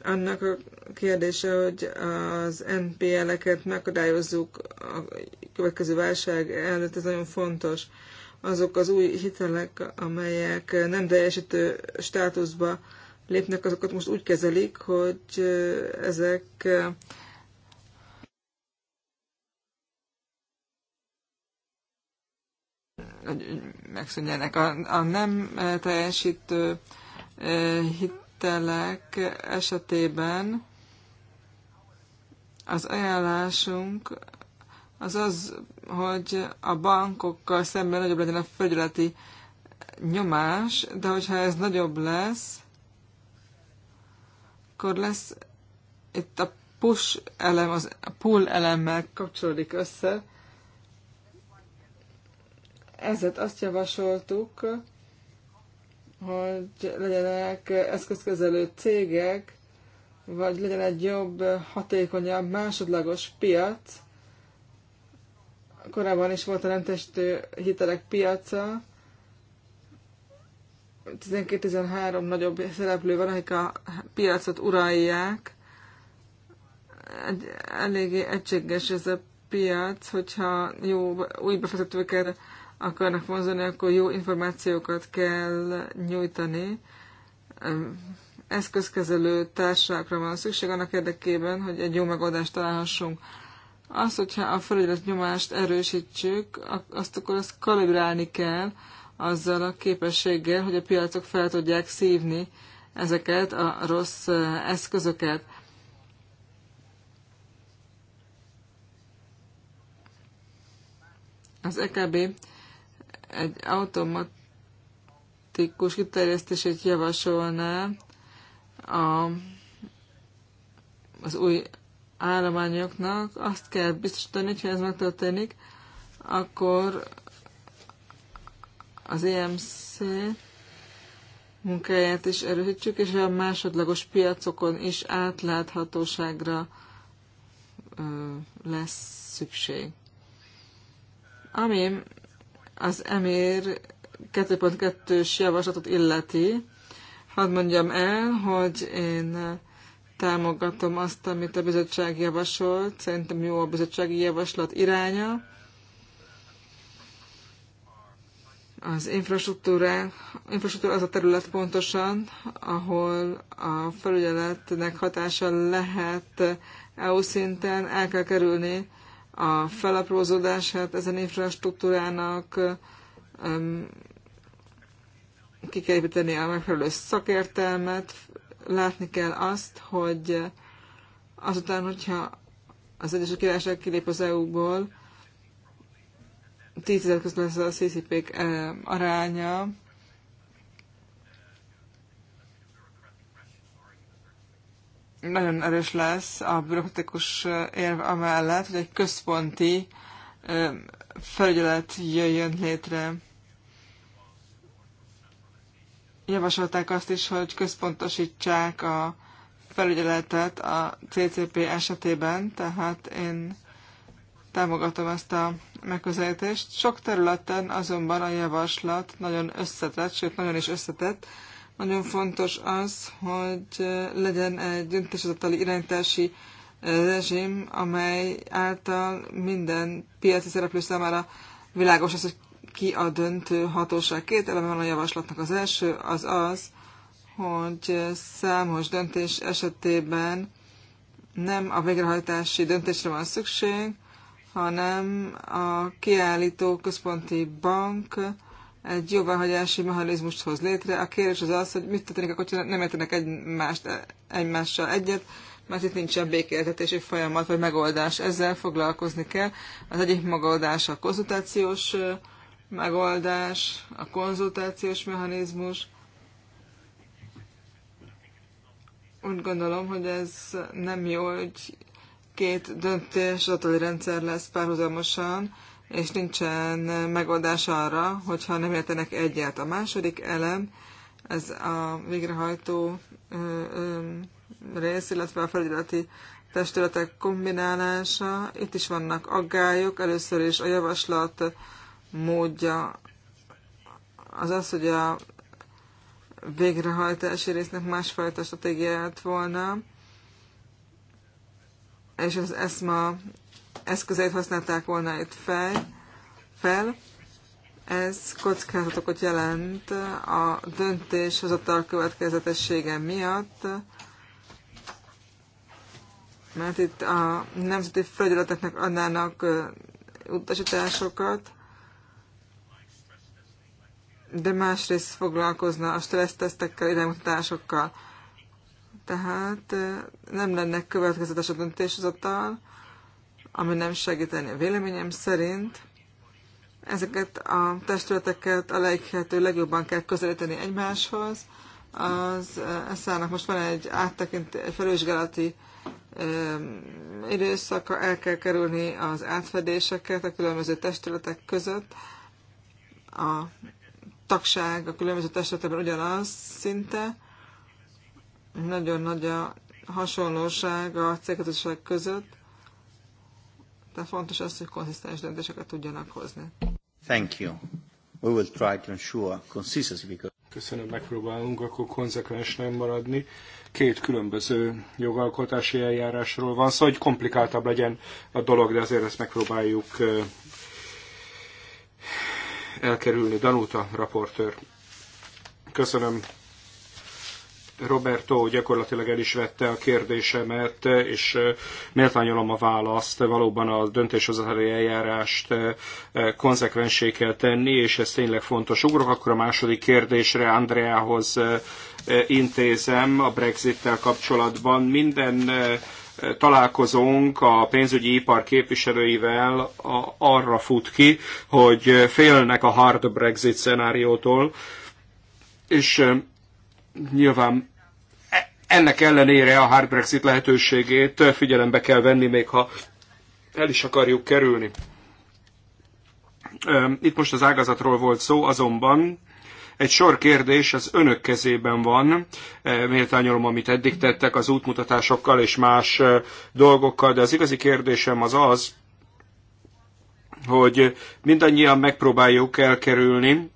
Annak a kérdése, hogy az NPL-eket megadályozzuk a következő válság előtt, ez nagyon fontos. Azok az új hitelek, amelyek nem teljesítő státuszba lépnek, azokat most úgy kezelik, hogy ezek hogy megszűnjenek. A, a nem teljesítő eh, hitelek esetében az ajánlásunk az az, hogy a bankokkal szemben nagyobb legyen a felügyeleti nyomás, de hogyha ez nagyobb lesz, akkor lesz itt a push elem, az a pull elemmel kapcsolódik össze. Ezért azt javasoltuk, hogy legyenek eszközkezelő cégek, vagy legyen egy jobb, hatékonyabb, másodlagos piac. Korábban is volt a rendtestő hitelek piaca. 12-13 nagyobb szereplő van, akik a piacot uralják. Egy, eléggé egységes ez a piac, hogyha jó új befektetőket akarnak vonzani, akkor jó információkat kell nyújtani eszközkezelő társakra van szükség annak érdekében, hogy egy jó megoldást találhassunk. Az, hogyha a felügyelet nyomást erősítsük, azt akkor azt kalibrálni kell azzal a képességgel, hogy a piacok fel tudják szívni ezeket a rossz eszközöket. Az EKB egy automatikus kiterjesztését javasolná a, az új állományoknak azt kell biztosítani, hogy ez megtörténik, akkor az EMC munkáját is erősítsük, és a másodlagos piacokon is átláthatóságra ö, lesz szükség. Ami az EMIR 2.2-s javaslatot illeti, Hadd mondjam el, hogy én támogatom azt, amit a bizottság javasolt. Szerintem jó a bizottsági javaslat iránya. Az infrastruktúra, infrastruktúra az a terület pontosan, ahol a felügyeletnek hatása lehet EU szinten, el kell kerülni a felaprózódását ezen infrastruktúrának, ki kell építeni a megfelelő szakértelmet, látni kell azt, hogy azután, hogyha az Egyesült Királyság kilép az EU-ból, 10 között lesz a ccp eh, aránya, nagyon erős lesz a bürokratikus eh, érv amellett, hogy egy központi eh, felügyelet jöjjön létre javasolták azt is, hogy központosítsák a felügyeletet a CCP esetében, tehát én támogatom ezt a megközelítést. Sok területen azonban a javaslat nagyon összetett, sőt nagyon is összetett. Nagyon fontos az, hogy legyen egy döntéshozatali irányítási rezsim, amely által minden piaci szereplő számára világos az, hogy ki a döntő hatóság. Két eleme van a javaslatnak. Az első az az, hogy számos döntés esetében nem a végrehajtási döntésre van szükség, hanem a kiállító központi bank egy jóváhagyási mechanizmust hoz létre. A kérdés az az, hogy mit történik, akkor nem értenek egymást, egymással egyet, mert itt nincsen békéltetési folyamat vagy megoldás. Ezzel foglalkozni kell. Az egyik megoldás a konzultációs megoldás, a konzultációs mechanizmus. Úgy gondolom, hogy ez nem jó, hogy két döntés adali rendszer lesz párhuzamosan, és nincsen megoldás arra, hogyha nem értenek egyet. A második elem, ez a végrehajtó rész, illetve a felügyeleti testületek kombinálása. Itt is vannak aggályok, először is a javaslat módja az az, hogy a végrehajtási résznek másfajta stratégiát volna, és az eszma eszközeit használták volna itt fel, fel. Ez kockázatokat jelent a döntéshozatal következetessége miatt, mert itt a nemzeti felügyeleteknek adnának utasításokat, de másrészt foglalkozna a stressztesztekkel, iránymutatásokkal. Tehát nem lenne következetes a döntéshozatal, ami nem segíteni. Véleményem szerint ezeket a testületeket a lehető legjobban kell közelíteni egymáshoz. Az eszának most van egy áttekintés, egy felvizsgálati időszaka, el kell kerülni az átfedéseket a különböző testületek között. A tagság a különböző testületekben ugyanaz szinte. Nagyon nagy a hasonlóság a cégközösség között, de fontos az, hogy konzisztens döntéseket tudjanak hozni.
Thank you. We will try to ensure
consistency because... Köszönöm, megpróbálunk akkor konzekvens nem maradni. Két különböző jogalkotási eljárásról van szó, szóval, hogy komplikáltabb legyen a dolog, de azért ezt megpróbáljuk elkerülni. Danuta raportőr. Köszönöm. Roberto gyakorlatilag el is vette a kérdésemet, és méltányolom a választ. Valóban a döntéshozatali eljárást konzekvensé kell tenni, és ez tényleg fontos. Ugrok akkor a második kérdésre Andreához intézem a Brexit-tel kapcsolatban. Minden találkozónk a pénzügyi ipar képviselőivel a, arra fut ki, hogy félnek a hard Brexit szenáriótól, és nyilván e, ennek ellenére a hard Brexit lehetőségét figyelembe kell venni, még ha el is akarjuk kerülni. Itt most az ágazatról volt szó, azonban egy sor kérdés az önök kezében van, e, méltányolom, amit eddig tettek az útmutatásokkal és más e, dolgokkal, de az igazi kérdésem az az, hogy mindannyian megpróbáljuk elkerülni,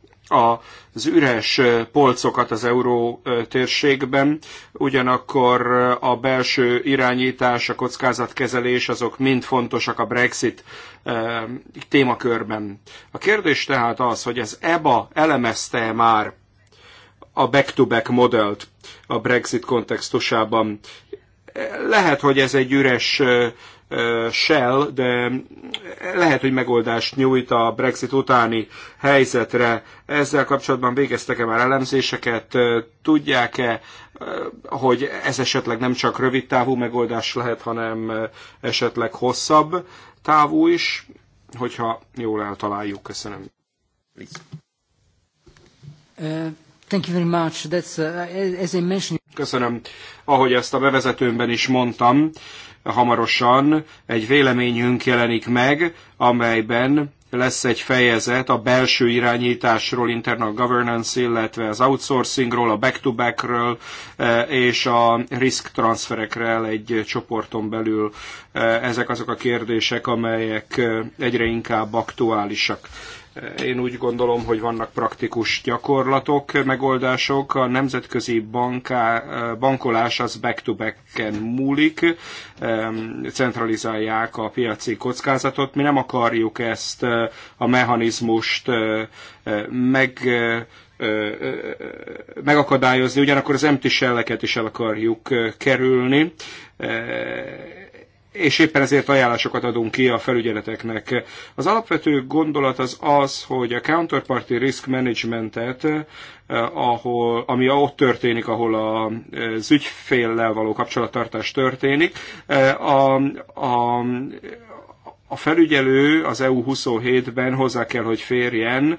az üres polcokat az euró térségben, ugyanakkor a belső irányítás, a kockázatkezelés, azok mind fontosak a Brexit témakörben. A kérdés tehát az, hogy az EBA elemezte már a back-to-back -back modellt a Brexit kontextusában. Lehet, hogy ez egy üres Shell, de lehet, hogy megoldást nyújt a Brexit utáni helyzetre. Ezzel kapcsolatban végeztek-e már elemzéseket? Tudják-e, hogy ez esetleg nem csak rövid távú megoldás lehet, hanem esetleg hosszabb távú is, hogyha jól eltaláljuk. Köszönöm.
Uh, thank you very much. That's, uh, as I mentioned...
Köszönöm. Ahogy ezt a bevezetőmben is mondtam, hamarosan egy véleményünk jelenik meg, amelyben lesz egy fejezet a belső irányításról, internal governance, illetve az outsourcingról, a back-to-backről eh, és a risk transferekről egy csoporton belül. Eh, ezek azok a kérdések, amelyek eh, egyre inkább aktuálisak. Én úgy gondolom, hogy vannak praktikus gyakorlatok, megoldások. A nemzetközi banká, bankolás az back-to-back-en múlik, centralizálják a piaci kockázatot. Mi nem akarjuk ezt eh, a mechanizmust eh, eh, meg megakadályozni, ugyanakkor az empty shell is el akarjuk kerülni és éppen ezért ajánlásokat adunk ki a felügyeleteknek. Az alapvető gondolat az az, hogy a counterparty risk managementet, eh, ahol, ami ott történik, ahol a, eh, az ügyféllel való kapcsolattartás történik, eh, a, a, a felügyelő az EU27-ben hozzá kell, hogy férjen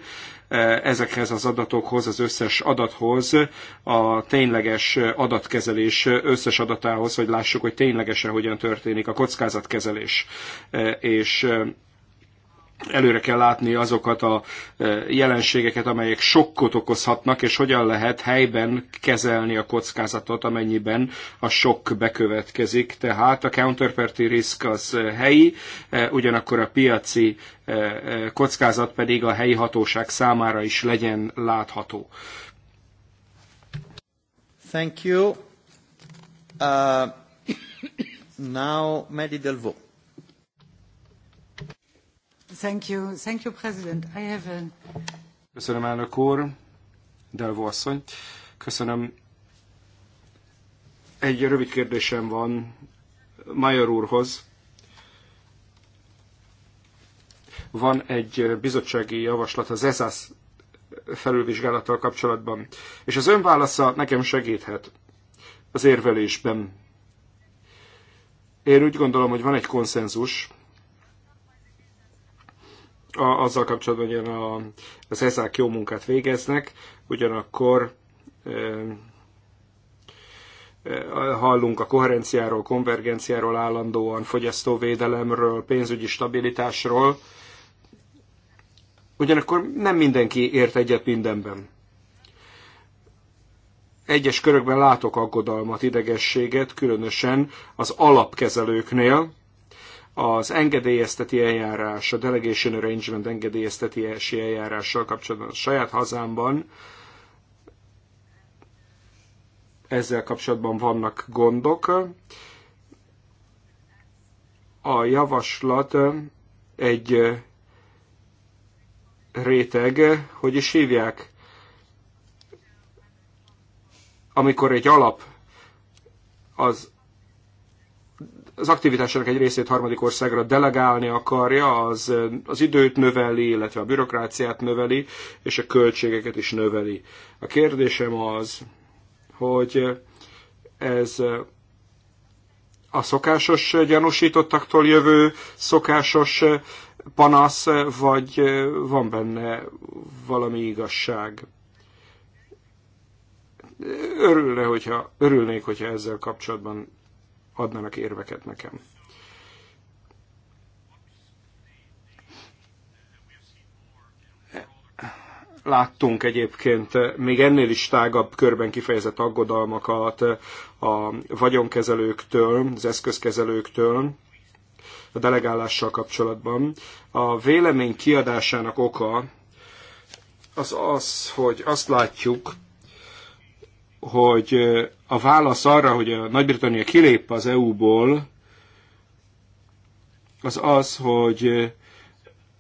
Eh, ezekhez az adatokhoz, az összes adathoz, a tényleges adatkezelés összes adatához, hogy lássuk, hogy ténylegesen hogyan történik a kockázatkezelés. Eh, és eh, előre kell látni azokat a e, jelenségeket, amelyek sokkot okozhatnak, és hogyan lehet helyben kezelni a kockázatot, amennyiben a sok bekövetkezik. Tehát a counterparty risk az e, helyi, e, ugyanakkor a piaci kockázat pedig a helyi hatóság számára is legyen látható.
Thank you. Uh, now, Medi Delvaux.
Köszönöm, elnök úr, Delvo asszony. Köszönöm. Egy rövid kérdésem van Major úrhoz. Van egy bizottsági javaslat az ESAS felülvizsgálattal kapcsolatban, és az ön válasza nekem segíthet az érvelésben. Én úgy gondolom, hogy van egy konszenzus a, azzal kapcsolatban, hogy a, az ezák jó munkát végeznek, ugyanakkor hallunk a koherenciáról, konvergenciáról állandóan, fogyasztóvédelemről, pénzügyi stabilitásról. Ugyanakkor nem mindenki ért egyet mindenben. Egyes körökben látok aggodalmat, idegességet, különösen az alapkezelőknél, az engedélyezteti eljárás, a delegation arrangement engedélyeztetési eljárással kapcsolatban a saját hazámban, ezzel kapcsolatban vannak gondok. A javaslat egy réteg, hogy is hívják, amikor egy alap az az aktivitásának egy részét harmadik országra delegálni akarja, az, az időt növeli, illetve a bürokráciát növeli, és a költségeket is növeli. A kérdésem az, hogy ez a szokásos gyanúsítottaktól jövő szokásos panasz, vagy van benne valami igazság? Örülne, hogyha, örülnék, hogyha ezzel kapcsolatban adnának érveket nekem. láttunk egyébként még ennél is tágabb körben kifejezett aggodalmakat a vagyonkezelőktől, az eszközkezelőktől, a delegálással kapcsolatban. A vélemény kiadásának oka az az, hogy azt látjuk, hogy a válasz arra, hogy a Nagy-Britannia kilép az EU-ból, az az, hogy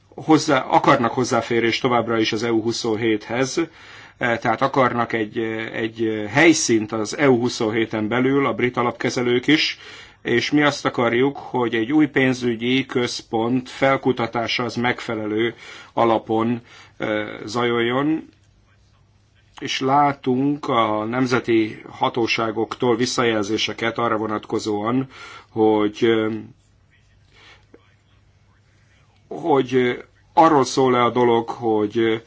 hozzá, akarnak hozzáférés továbbra is az EU27-hez, tehát akarnak egy, egy helyszínt az EU27-en belül, a brit alapkezelők is, és mi azt akarjuk, hogy egy új pénzügyi központ felkutatása az megfelelő alapon zajoljon, és látunk a nemzeti hatóságoktól visszajelzéseket arra vonatkozóan, hogy hogy arról szól-e a dolog, hogy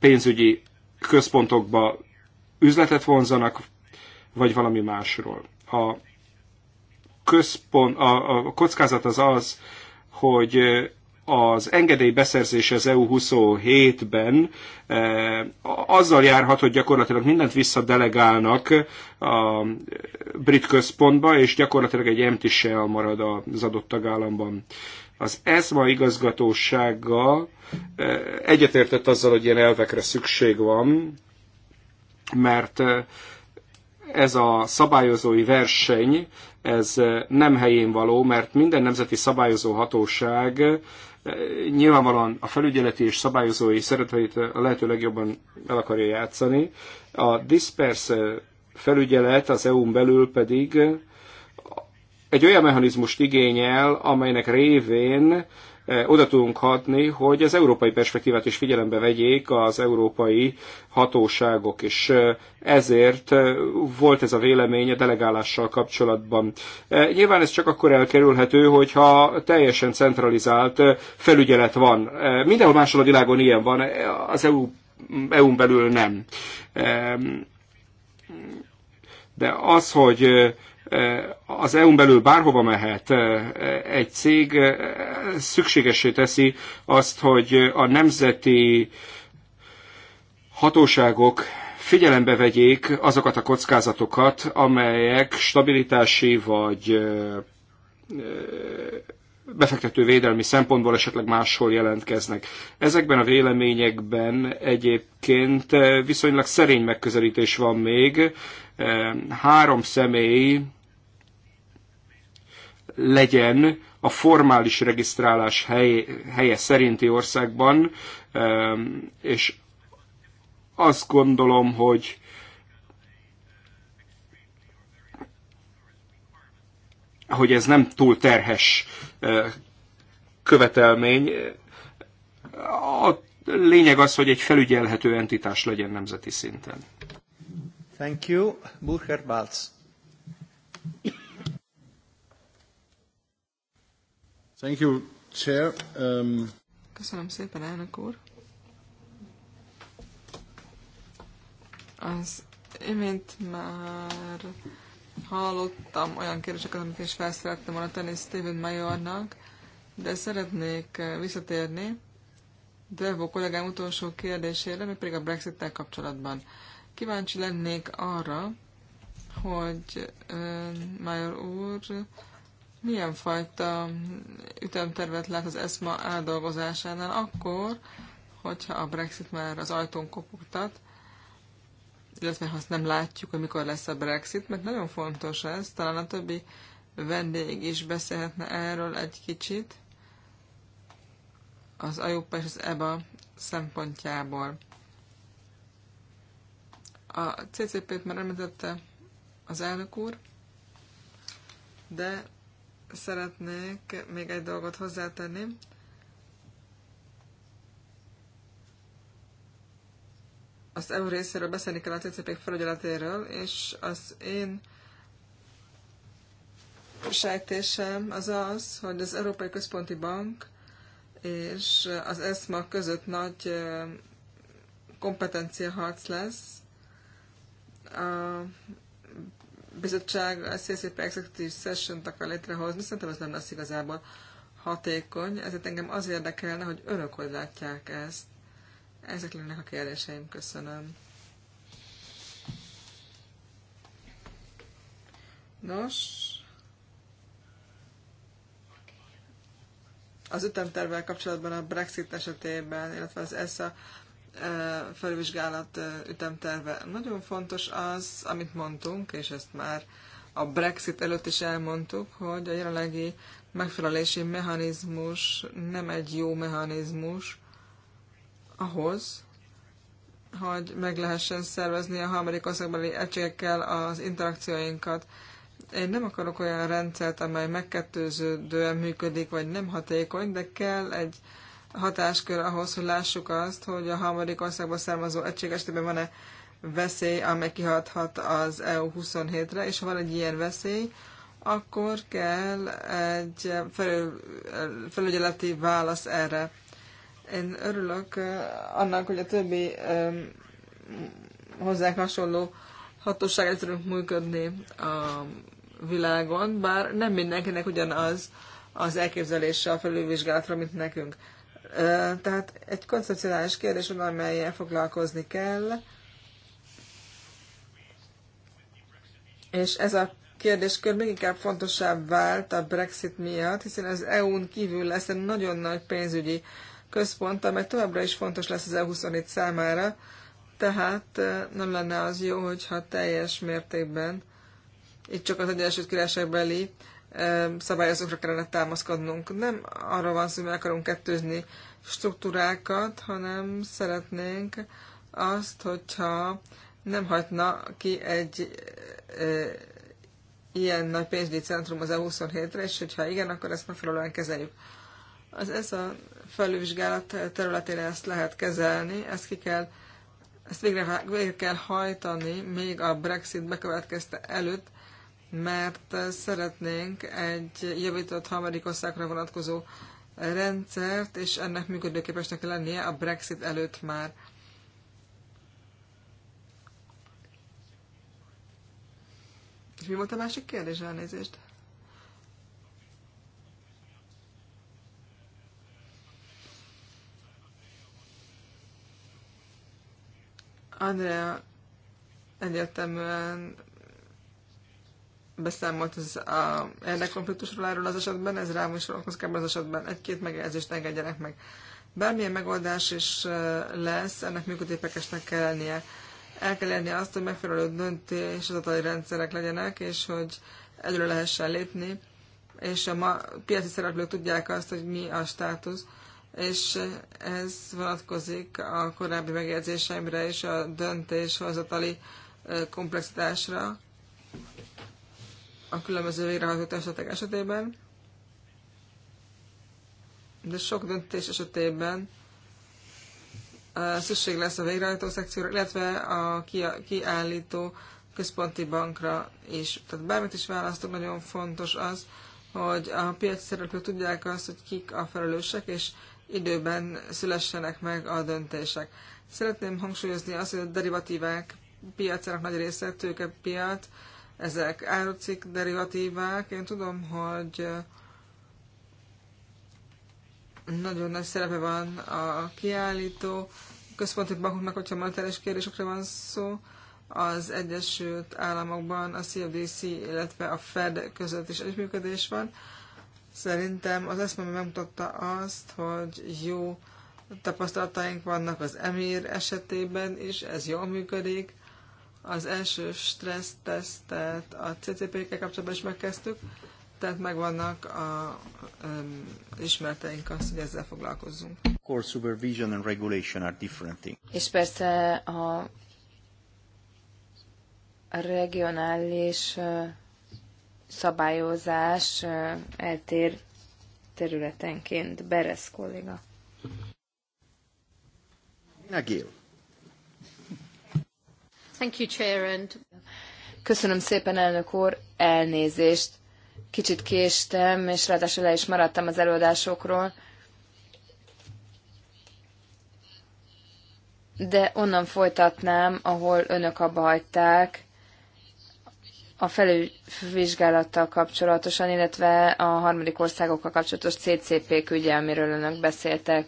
pénzügyi központokba üzletet vonzanak, vagy valami másról. A, központ, a, a kockázat az az, hogy az engedély beszerzése az EU27-ben eh, azzal járhat, hogy gyakorlatilag mindent visszadelegálnak a brit központba, és gyakorlatilag egy empty shell marad az adott tagállamban. Az ESMA igazgatósága eh, egyetértett azzal, hogy ilyen elvekre szükség van, mert eh, ez a szabályozói verseny, ez nem helyén való, mert minden nemzeti szabályozó hatóság nyilvánvalóan a felügyeleti és szabályozói szeretveit a lehető legjobban el akarja játszani. A disperse felügyelet az EU-n belül pedig egy olyan mechanizmust igényel, amelynek révén E, oda tudunk hatni, hogy az európai perspektívát is figyelembe vegyék az európai hatóságok, és e, ezért e, volt ez a vélemény a delegálással kapcsolatban. Nyilván ez csak akkor elkerülhető, hogyha teljesen centralizált felügyelet van. Mindenhol máshol a világon ilyen van, az EU, EU-n belül nem. De az, hogy Eh, az EU-n belül bárhova mehet eh, egy cég, eh, szükségessé teszi azt, hogy a nemzeti hatóságok figyelembe vegyék azokat a kockázatokat, amelyek stabilitási vagy befektető védelmi szempontból esetleg máshol jelentkeznek. Ezekben a véleményekben egyébként viszonylag szerény megközelítés van még. Három személy legyen a formális regisztrálás hely, helye szerinti országban, és azt gondolom, hogy hogy ez nem túl terhes követelmény. A lényeg az, hogy egy felügyelhető entitás legyen nemzeti szinten. Thank you. Burkhard Balz. Thank you, Chair. Um...
Köszönöm szépen, elnök úr. Az imént már hallottam olyan kérdéseket, amit is felszerettem volna tenni Steven Majornak, de szeretnék eh, visszatérni Devo kollégám utolsó kérdésére, mi pedig a Brexit-tel kapcsolatban. Kíváncsi lennék arra, hogy eh, Major úr milyen fajta ütemtervet lát az ESMA áldolgozásánál akkor, hogyha a Brexit már az ajtón kopogtat, illetve ha azt nem látjuk, hogy mikor lesz a Brexit, mert nagyon fontos ez, talán a többi vendég is beszélhetne erről egy kicsit az AJOPA és az EBA szempontjából. A CCP-t már említette az elnök úr, de szeretnék még egy dolgot hozzátenni. Az EU részéről beszélni kell a TCP felügyeletéről, és az én sejtésem az az, hogy az Európai Központi Bank és az ESMA között nagy kompetenciaharc lesz. A bizottság a CCP Executive Session-t akar létrehozni, szerintem ez nem lesz igazából hatékony, ezért engem az érdekelne, hogy önök hogy látják ezt. Ezek lennek a kérdéseim, köszönöm. Nos, az ütemtervvel kapcsolatban a Brexit esetében, illetve az ESA felvizsgálat ütemterve. Nagyon fontos az, amit mondtunk, és ezt már a Brexit előtt is elmondtuk, hogy a jelenlegi megfelelési mechanizmus nem egy jó mechanizmus ahhoz, hogy meg lehessen szervezni a harmadik országbeli egységekkel az interakcióinkat. Én nem akarok olyan rendszert, amely megkettőződően működik, vagy nem hatékony, de kell egy uh, hatáskör ahhoz, hogy lássuk azt, hogy a harmadik országból származó egység esetében van-e veszély, amely kihathat az EU 27-re, és ha van egy ilyen veszély, akkor kell egy felügyeleti válasz erre. Én örülök eh, annak, hogy a többi hozzánk hasonló hatóság tudunk működni a világon, bár nem mindenkinek ugyanaz az elképzelése a felülvizsgálatra, mint nekünk. Tehát egy koncepcionális kérdés van, amelyel foglalkozni kell. És ez a kérdéskör még inkább fontosabb vált a Brexit miatt, hiszen az EU-n kívül lesz egy nagyon nagy pénzügyi központ, amely továbbra is fontos lesz az EU27 számára, tehát nem lenne az jó, hogyha teljes mértékben itt csak az Egyesült Királyságbeli szabályozókra kellene támaszkodnunk. Nem arról van szó, hogy meg akarunk kettőzni struktúrákat, hanem szeretnénk azt, hogyha nem hagyna ki egy e, e, ilyen nagy pénzügyi centrum az E27-re, és hogyha igen, akkor ezt megfelelően kezeljük. Az ez a felülvizsgálat területére ezt lehet kezelni, ezt ki kell ezt végre, végre kell hajtani még a Brexit bekövetkezte előtt, mert szeretnénk egy javított harmadik országra vonatkozó rendszert, és ennek működőképesnek lennie a Brexit előtt már. És mi volt a másik kérdés? Elnézést. Andrea egyértelműen beszámolt az a érdekkonfliktusról erről az esetben, ez rám is kockában az esetben egy-két megjegyzést engedjenek meg. Bármilyen megoldás is lesz, ennek működőképesnek kell lennie. El kell lennie azt, hogy megfelelő döntéshozatali rendszerek legyenek, és hogy előre lehessen lépni, és a ma piaci szereplők tudják azt, hogy mi a státusz, és ez vonatkozik a korábbi megjegyzéseimre és a döntéshozatali komplexitásra a különböző végrehajtott esetek esetében, de sok döntés esetében szükség lesz a végrehajtó szekcióra, illetve a kiállító központi bankra is. Tehát bármit is választunk, nagyon fontos az, hogy a piaci szereplők tudják azt, hogy kik a felelősek, és időben szülessenek meg a döntések. Szeretném hangsúlyozni azt, hogy a derivatívák piacának nagy része tőkepiac, piac, ezek árucik derivatívák. Én tudom, hogy nagyon nagy szerepe van a kiállító központi bankoknak, hogyha monetáris kérdésekre van szó, az Egyesült Államokban a CFDC, illetve a Fed között is együttműködés van. Szerintem az eszme megmutatta azt, hogy jó tapasztalataink vannak az Emir esetében is, ez jól működik. Az első stressztesztet a CCP-kkel kapcsolatban is megkezdtük, tehát megvannak a, az ismerteink azt, hogy ezzel foglalkozzunk.
Core supervision and regulation are different things.
És persze a regionális szabályozás eltér területenként. Beresz kolléga. Nagil. Thank you, Chair, and... Köszönöm szépen, elnök úr, elnézést. Kicsit késtem, és ráadásul le is maradtam az előadásokról. De onnan folytatnám, ahol önök abba hagyták a felülvizsgálattal kapcsolatosan, illetve a harmadik országokkal kapcsolatos CCP-k ügye, amiről önök beszéltek.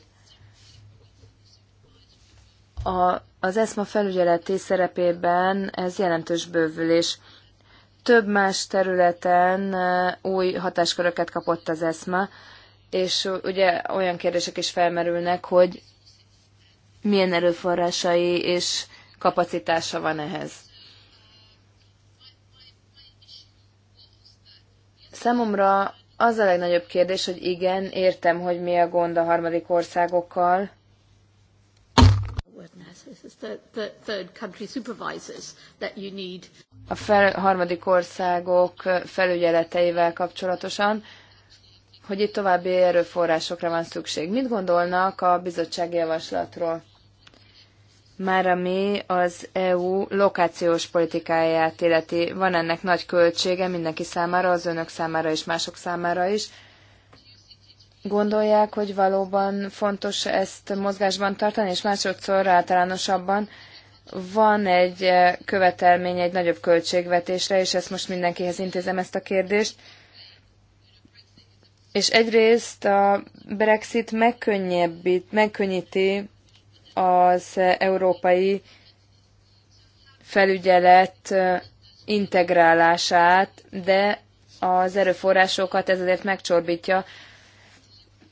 A, az ESMA felügyeleti szerepében ez jelentős bővülés. Több más területen új hatásköröket kapott az ESMA, és ugye olyan kérdések is felmerülnek, hogy milyen erőforrásai és kapacitása van ehhez. Számomra az a legnagyobb kérdés, hogy igen, értem, hogy mi a gond a harmadik országokkal, a fel, harmadik országok felügyeleteivel kapcsolatosan, hogy itt további erőforrásokra van szükség. Mit gondolnak a bizottság javaslatról? Már ami az EU lokációs politikáját illeti, van ennek nagy költsége mindenki számára, az önök számára és mások számára is gondolják, hogy valóban fontos ezt mozgásban tartani, és másodszor általánosabban van egy eh, követelmény egy nagyobb költségvetésre, és ezt most mindenkihez intézem ezt a kérdést. És egyrészt a Brexit megkönnyebbít, megkönnyíti az európai felügyelet eh, integrálását, de az erőforrásokat ez azért megcsorbítja,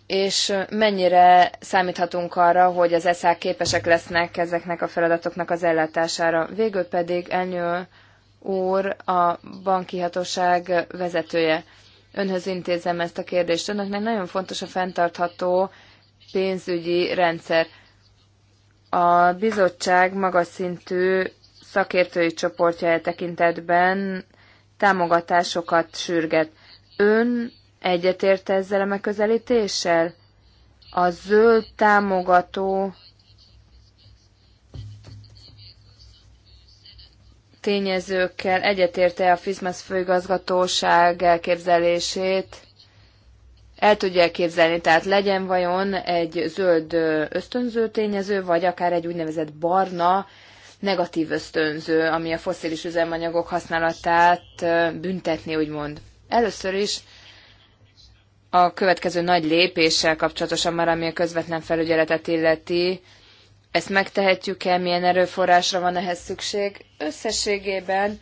és mennyire számíthatunk arra, hogy az eszák képesek lesznek ezeknek a feladatoknak az ellátására. Végül pedig Elnyő úr, a banki hatóság vezetője. Önhöz intézem ezt a kérdést. Önöknek nagyon fontos a fenntartható pénzügyi rendszer. A bizottság magas szintű szakértői csoportja e tekintetben támogatásokat sürget. Ön Egyetért ezzel a megközelítéssel? A zöld támogató tényezőkkel egyetérte a FISMAS főigazgatóság elképzelését? El tudja elképzelni, tehát legyen vajon egy zöld ösztönző tényező, vagy akár egy úgynevezett barna negatív ösztönző, ami a foszilis üzemanyagok használatát büntetni, úgymond. Először is a következő nagy lépéssel kapcsolatosan már, ami a közvetlen felügyeletet illeti, ezt megtehetjük-e, milyen erőforrásra van ehhez szükség? Összességében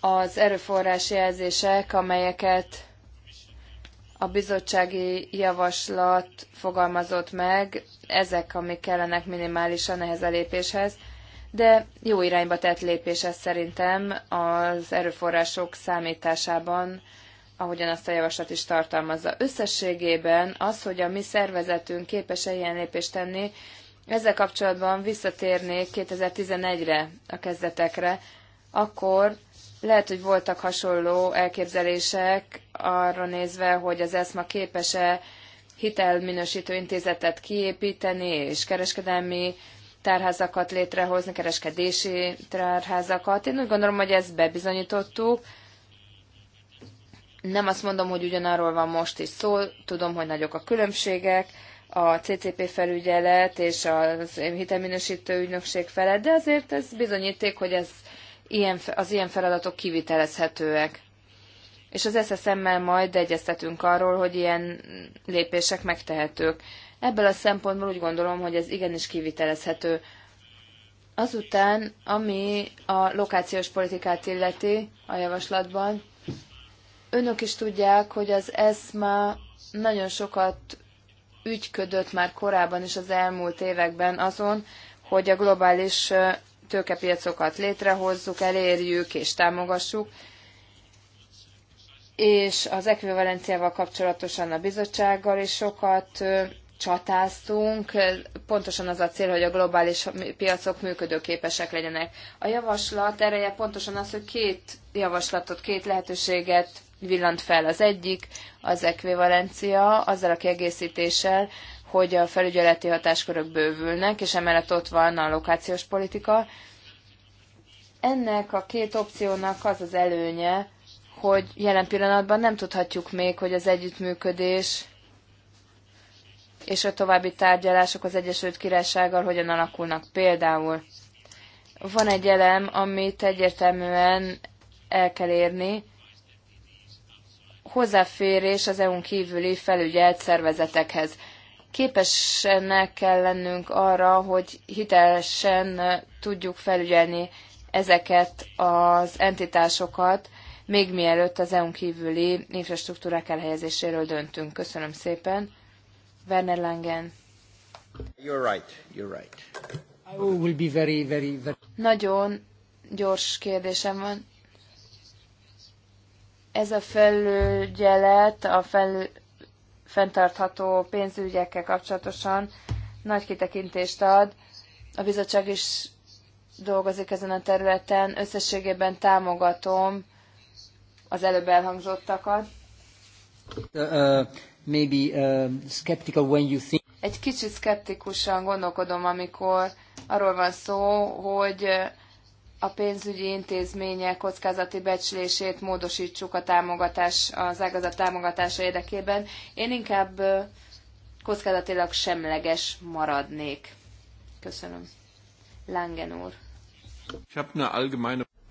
az erőforrás jelzések, amelyeket a bizottsági javaslat fogalmazott meg, ezek, amik kellenek minimálisan ehhez a lépéshez, de jó irányba tett lépés ez szerintem az erőforrások számításában, ahogyan azt a javaslat is tartalmazza. Összességében az, hogy a mi szervezetünk képes-e ilyen lépést tenni, ezzel kapcsolatban visszatérnék 2011-re, a kezdetekre, akkor lehet, hogy voltak hasonló elképzelések arra nézve, hogy az ESMA képes-e hitelminősítő intézetet kiépíteni és kereskedelmi tárházakat létrehozni, kereskedési tárházakat. Én úgy gondolom, hogy ezt bebizonyítottuk, nem azt mondom, hogy ugyanarról van most is szó, tudom, hogy nagyok a különbségek, a CCP felügyelet és az hitelminősítő ügynökség felett, de azért ez bizonyíték, hogy ez ilyen, az ilyen feladatok kivitelezhetőek. És az SSM-mel majd egyeztetünk arról, hogy ilyen lépések megtehetők. Ebből a szempontból úgy gondolom, hogy ez igenis kivitelezhető. Azután, ami a lokációs politikát illeti a javaslatban, Önök is tudják, hogy az ESMA nagyon sokat ügyködött már korábban is az elmúlt években azon, hogy a globális tőkepiacokat létrehozzuk, elérjük és támogassuk, és az ekvivalenciával kapcsolatosan a bizottsággal is sokat csatáztunk. Pontosan az a cél, hogy a globális piacok működőképesek legyenek. A javaslat ereje pontosan az, hogy két javaslatot, két lehetőséget villant fel az egyik, az ekvivalencia, azzal a kiegészítéssel, hogy a felügyeleti hatáskörök bővülnek, és emellett ott van a lokációs politika. Ennek a két opciónak az az előnye, hogy jelen pillanatban nem tudhatjuk még, hogy az együttműködés és a további tárgyalások az Egyesült Királysággal hogyan alakulnak. Például van egy elem, amit egyértelműen el kell érni, hozzáférés az EU-n kívüli felügyelt szervezetekhez. Képesnek kell lennünk arra, hogy hitelesen tudjuk felügyelni ezeket az entitásokat, még mielőtt az EU-n kívüli infrastruktúrák elhelyezéséről döntünk. Köszönöm szépen. Werner Langen. You're right, you're right. I will be very, very, very... Nagyon gyors kérdésem van. Ez a felügyelet a fel, fenntartható pénzügyekkel kapcsolatosan nagy kitekintést ad. A bizottság is dolgozik ezen a területen. Összességében támogatom az előbb elhangzottakat. Uh, uh, maybe uh, skeptical when you think... Egy kicsit skeptikusan gondolkodom, amikor arról van szó, hogy a pénzügyi intézmények kockázati becslését módosítsuk a támogatás, az ágazat támogatása érdekében. Én inkább kockázatilag semleges maradnék. Köszönöm. Langen úr.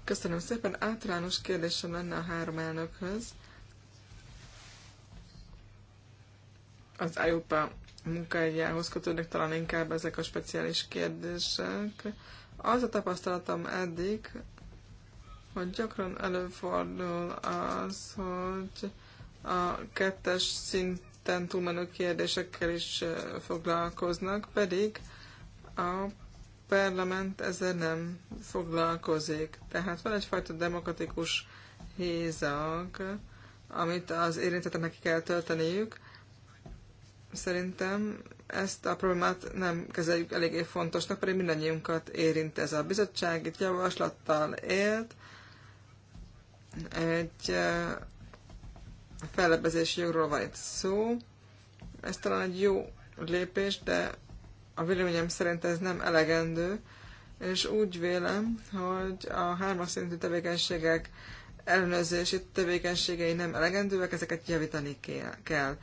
Köszönöm szépen. Általános kérdésem lenne a három elnökhöz. Az IOPA munkájához kötődnek talán inkább ezek a speciális kérdések. Az a tapasztalatom eddig, hogy gyakran előfordul az, hogy a kettes szinten túlmenő kérdésekkel is foglalkoznak, pedig a parlament ezzel nem foglalkozik. Tehát van egyfajta demokratikus hézag, amit az érintetteknek kell tölteniük. Szerintem ezt a problémát nem kezeljük eléggé fontosnak, pedig mindannyiunkat érint ez a bizottság. Itt javaslattal élt egy fellebezési jogról van itt szó. Ez talán egy jó lépés, de a véleményem szerint ez nem elegendő, és úgy vélem, hogy a hármas szintű tevékenységek ellenőrzési tevékenységei nem elegendőek, ezeket javítani kell.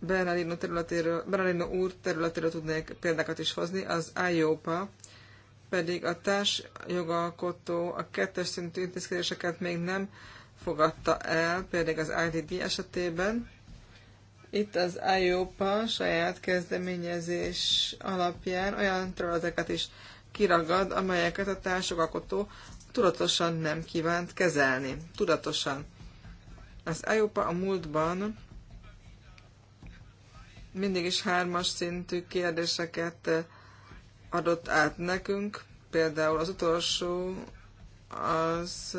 Bernardino, területéről, Bernardino úr területéről tudnék példákat is hozni, az IOPA, pedig a társjogalkotó a kettes szintű intézkedéseket még nem fogadta el, például az IDD esetében. Itt az IOPA saját kezdeményezés alapján olyan területeket is kiragad, amelyeket a társjogalkotó tudatosan nem kívánt kezelni. Tudatosan. Az IOPA a múltban mindig is hármas szintű kérdéseket eh, adott át nekünk. Például az utolsó az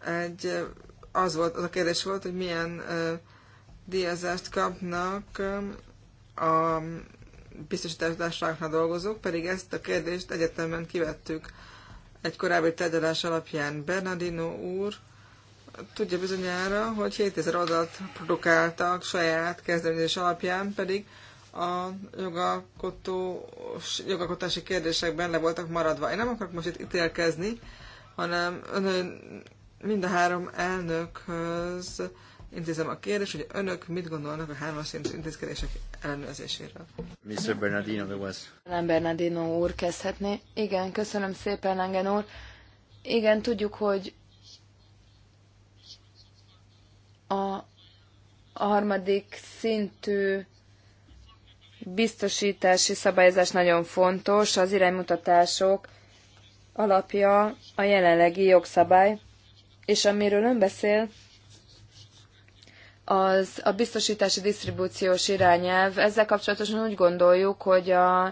eh, egy, eh, az volt, az a kérdés volt, hogy milyen díjazást kapnak a biztosításoknál dolgozók, pedig ezt a kérdést egyetemen kivettük egy korábbi tárgyalás alapján. Bernardino úr tudja bizonyára, hogy 7000 adat produkáltak saját kezdeményezés alapján, pedig a jogalkotós, jogalkotási kérdésekben le voltak maradva. Én nem akarok most itt ítélkezni, hanem önön, mind a három elnökhöz intézem a kérdést, hogy önök mit gondolnak a hármas szintű
intézkedések ellenőrzéséről. Mr. Bernardino, Was. Nem Bernardino úr kezdhetné. Igen, köszönöm szépen, Engen úr. Igen, tudjuk, hogy a harmadik szintű biztosítási szabályozás nagyon fontos, az iránymutatások alapja a jelenlegi jogszabály, és amiről ön beszél, az a biztosítási disztribúciós irányelv. Ezzel kapcsolatosan úgy gondoljuk, hogy a,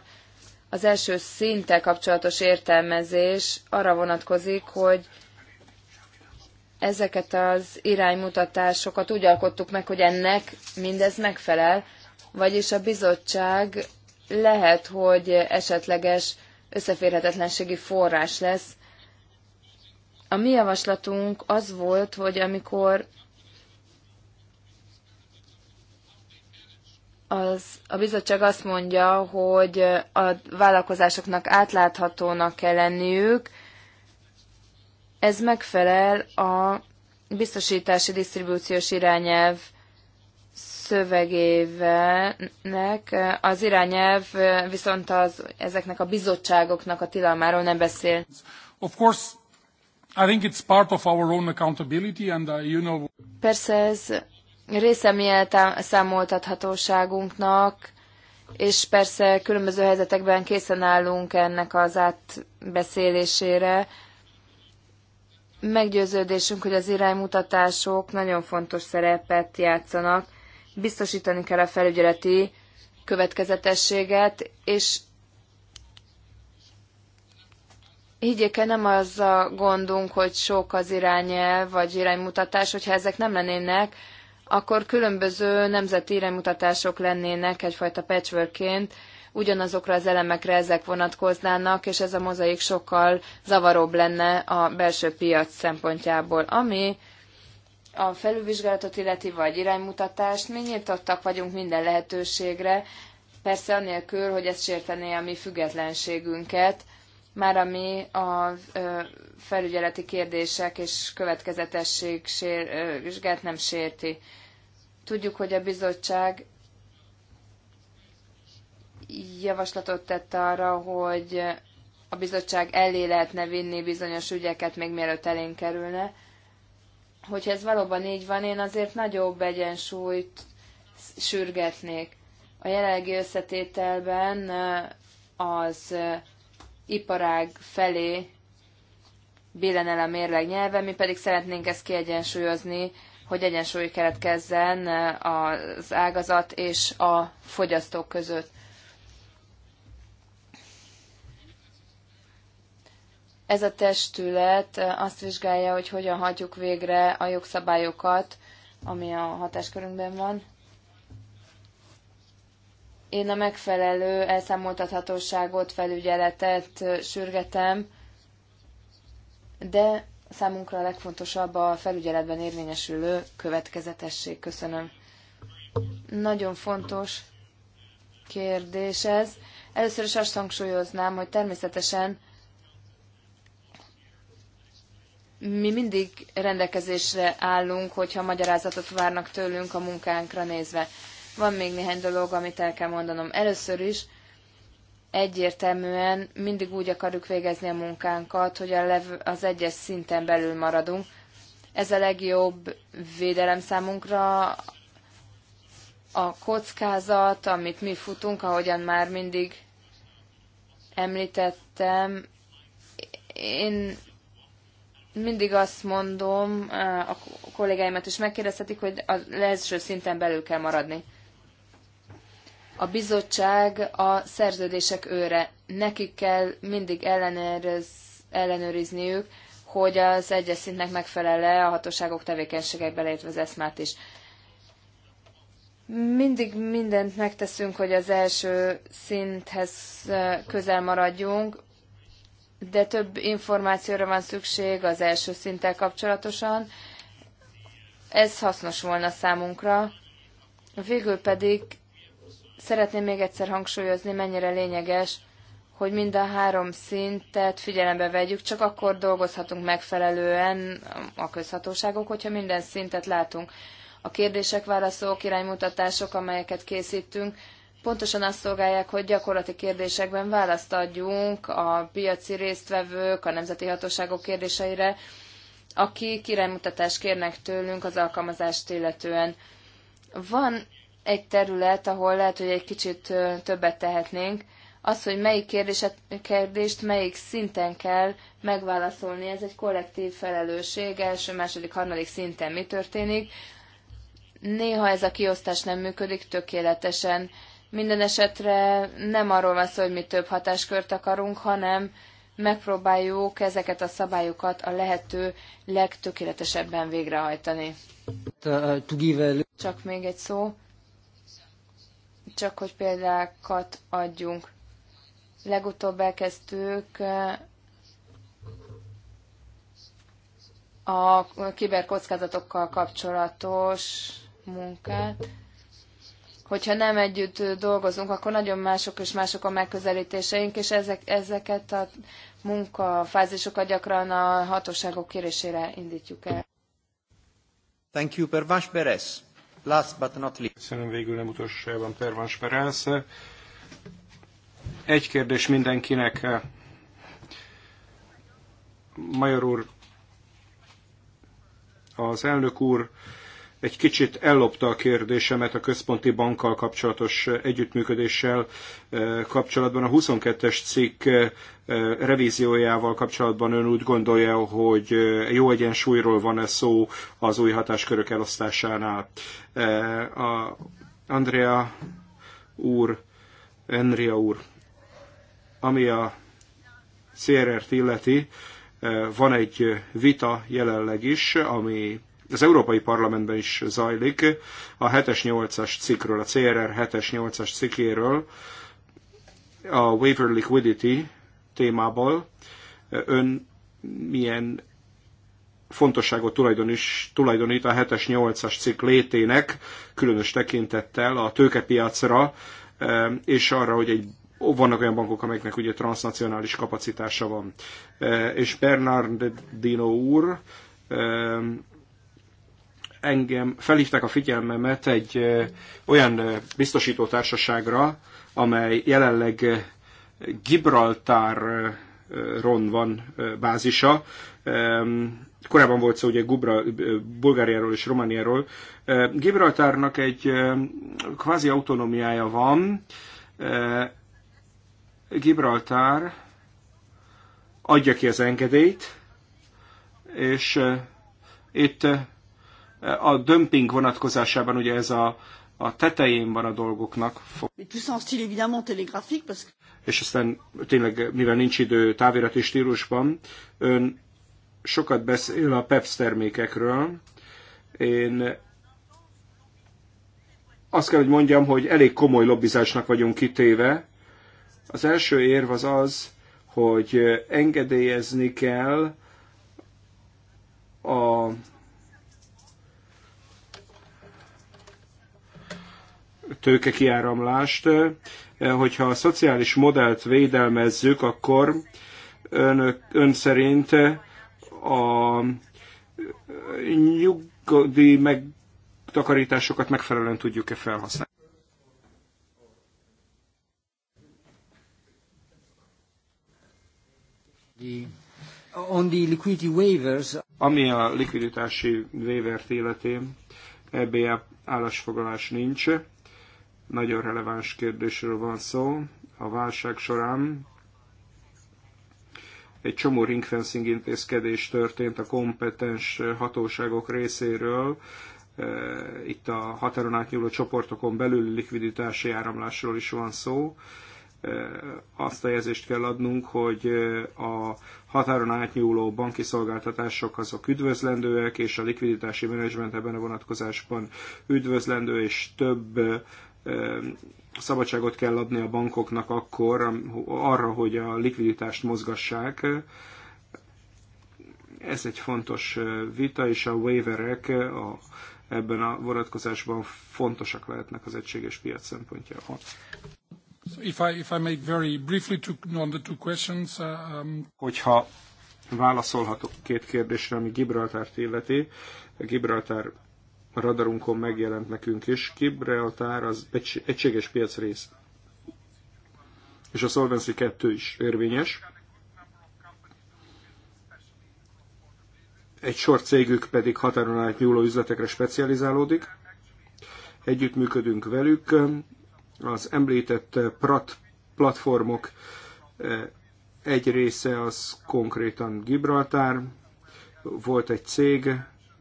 az első szinte kapcsolatos értelmezés arra vonatkozik, hogy ezeket az iránymutatásokat úgy alkottuk meg, hogy ennek mindez megfelel, vagyis a bizottság lehet, hogy esetleges összeférhetetlenségi forrás lesz. A mi javaslatunk az volt, hogy amikor az, a bizottság azt mondja, hogy a vállalkozásoknak átláthatónak kell lenniük, ez megfelel a biztosítási disztribúciós irányelv szövegévelnek. Az irányelv viszont az, ezeknek a bizottságoknak a tilalmáról nem beszél. Of course,
I think it's part of our own accountability
and uh, you know...
Persze ez része mi számoltathatóságunknak, és persze különböző helyzetekben készen állunk ennek az átbeszélésére Meggyőződésünk, hogy az iránymutatások nagyon fontos szerepet játszanak, biztosítani kell a felügyeleti következetességet, és higgyék el, nem az a gondunk, hogy sok az irányelv vagy iránymutatás, hogyha ezek nem lennének, akkor különböző nemzeti iránymutatások lennének egyfajta patchworkként, ugyanazokra az elemekre ezek vonatkoznának, és ez a mozaik sokkal zavaróbb lenne a belső piac szempontjából. Ami a felülvizsgálatot illeti, vagy iránymutatást, mi nyitottak vagyunk minden lehetőségre, persze anélkül, hogy ez sértené a mi függetlenségünket, már ami a felügyeleti kérdések és következetesség sér, nem sérti. Tudjuk, hogy a bizottság javaslatot tett arra, hogy a bizottság elé lehetne vinni bizonyos ügyeket, még mielőtt elénk kerülne. Hogyha ez valóban így van, én azért nagyobb egyensúlyt sürgetnék. A jelenlegi összetételben az iparág felé billen el a mérleg nyelve, mi pedig szeretnénk ezt kiegyensúlyozni, hogy egyensúly keletkezzen az ágazat és a fogyasztók között. Ez a testület azt vizsgálja, hogy hogyan hagyjuk végre a jogszabályokat, ami a hatáskörünkben van. Én a megfelelő elszámoltathatóságot, felügyeletet sürgetem, de számunkra a legfontosabb a felügyeletben érvényesülő következetesség. Köszönöm. Nagyon fontos kérdés ez. Először is azt hangsúlyoznám, hogy természetesen Mi mindig rendelkezésre állunk, hogyha magyarázatot várnak tőlünk a munkánkra nézve. Van még néhány dolog, amit el kell mondanom. Először is egyértelműen mindig úgy akarjuk végezni a munkánkat, hogy a lev- az egyes szinten belül maradunk. Ez a legjobb védelem számunkra, a kockázat, amit mi futunk, ahogyan már mindig említettem, én mindig azt mondom, eh, a kollégáimat is megkérdezhetik, hogy az első szinten belül kell maradni. A bizottság a szerződések őre. Nekik kell mindig ellenőriz, ellenőrizniük, hogy az egyes szintnek megfelele a hatóságok tevékenységek beleértve az eszmát is. Mindig mindent megteszünk, hogy az első szinthez eh, közel maradjunk, de több információra van szükség az első szinttel kapcsolatosan. Ez hasznos volna számunkra. Végül pedig szeretném még egyszer hangsúlyozni, mennyire lényeges, hogy mind a három szintet figyelembe vegyük, csak akkor dolgozhatunk megfelelően a közhatóságok, hogyha minden szintet látunk. A kérdések, válaszok, iránymutatások, amelyeket készítünk, pontosan azt szolgálják, hogy gyakorlati kérdésekben választ adjunk a piaci résztvevők, a nemzeti hatóságok kérdéseire, akik iránymutatást kérnek tőlünk az alkalmazást illetően. Van egy terület, ahol lehet, hogy egy kicsit többet tehetnénk, az, hogy melyik kérdést, kérdést melyik szinten kell megválaszolni, ez egy kollektív felelősség, első, második, harmadik szinten mi történik. Néha ez a kiosztás nem működik tökéletesen. Minden esetre nem arról van szó, hogy mi több hatáskört akarunk, hanem megpróbáljuk ezeket a szabályokat a lehető legtökéletesebben végrehajtani. Eh, csak még egy szó, csak hogy példákat adjunk. Legutóbb elkezdtük eh, a kiberkockázatokkal kapcsolatos munkát hogyha nem együtt dolgozunk, akkor nagyon mások és mások a megközelítéseink, és ezek, ezeket a munkafázisokat gyakran a hatóságok kérésére indítjuk el.
Thank you, Pervans Perez. Last but not least. Köszönöm végül nem utolsóban Pervans Perez. Egy kérdés mindenkinek. Major úr, az elnök úr egy kicsit ellopta a kérdésemet a központi bankkal kapcsolatos eh, együttműködéssel eh, kapcsolatban. A 22-es cikk eh, revíziójával kapcsolatban ön úgy gondolja, hogy jó egyensúlyról van-e szó az új hatáskörök elosztásánál. A Andrea úr, Enria úr, ami a CRR-t illeti, van egy vita jelenleg is, ami az Európai Parlamentben is zajlik, a 7-es 8-as cikkről, a CRR 7-es 8-as cikkéről, a waiver liquidity témából. Ön milyen fontosságot tulajdon is, tulajdonít a 7-es 8-as cikk létének, különös tekintettel a tőkepiacra, és arra, hogy egy vannak olyan bankok, amelyeknek ugye transnacionális kapacitása van. És Dino úr engem felhívták a figyelmemet egy olyan biztosítótársaságra, amely jelenleg Gibraltáron van bázisa. Korábban volt szó ugye Gubra, Bulgáriáról és Romániáról. Gibraltárnak egy kvázi autonómiája van. Gibraltár adja ki az engedélyt, és itt a dömping vonatkozásában ugye ez a, a tetején van a dolgoknak. És aztán tényleg, mivel nincs idő távirati stílusban, ön sokat beszél a PEPS termékekről. Én azt kell, hogy mondjam, hogy elég komoly lobbizásnak vagyunk kitéve. Az első érv az az, hogy engedélyezni kell a kiáramlást. Hogyha a szociális modellt védelmezzük, akkor ön, ön szerint a nyugdíj megtakarításokat megfelelően tudjuk-e felhasználni?
On the liquidity waivers.
Ami a likviditási waivert illeti, ebbe állásfoglalás nincs. Nagyon releváns kérdésről van szó. A válság során egy csomó ringfencing intézkedés történt a kompetens hatóságok részéről, e, itt a határon átnyúló csoportokon belül likviditási áramlásról is van szó. E, azt a jelzést kell adnunk, hogy a határon átnyúló banki szolgáltatások azok üdvözlendőek, és a likviditási menedzsment ebben a vonatkozásban üdvözlendő, és több szabadságot kell adni a bankoknak akkor arra, hogy a likviditást mozgassák. Ez egy fontos vita, és a waiverek a, ebben a vonatkozásban fontosak lehetnek az egységes piac szempontjából. So if I, if I make very briefly to, on the two questions, uh, um... Hogyha válaszolhatok két kérdésre, ami Gibraltárt illeti. Gibraltár a radarunkon megjelent nekünk is. Gibraltár az egy, egységes piac rész. És a Solvency 2 is érvényes. Egy sor cégük pedig határon átnyúló üzletekre specializálódik. Együttműködünk velük. Az említett PRAT platformok eh, egy része az konkrétan Gibraltar. Volt egy cég,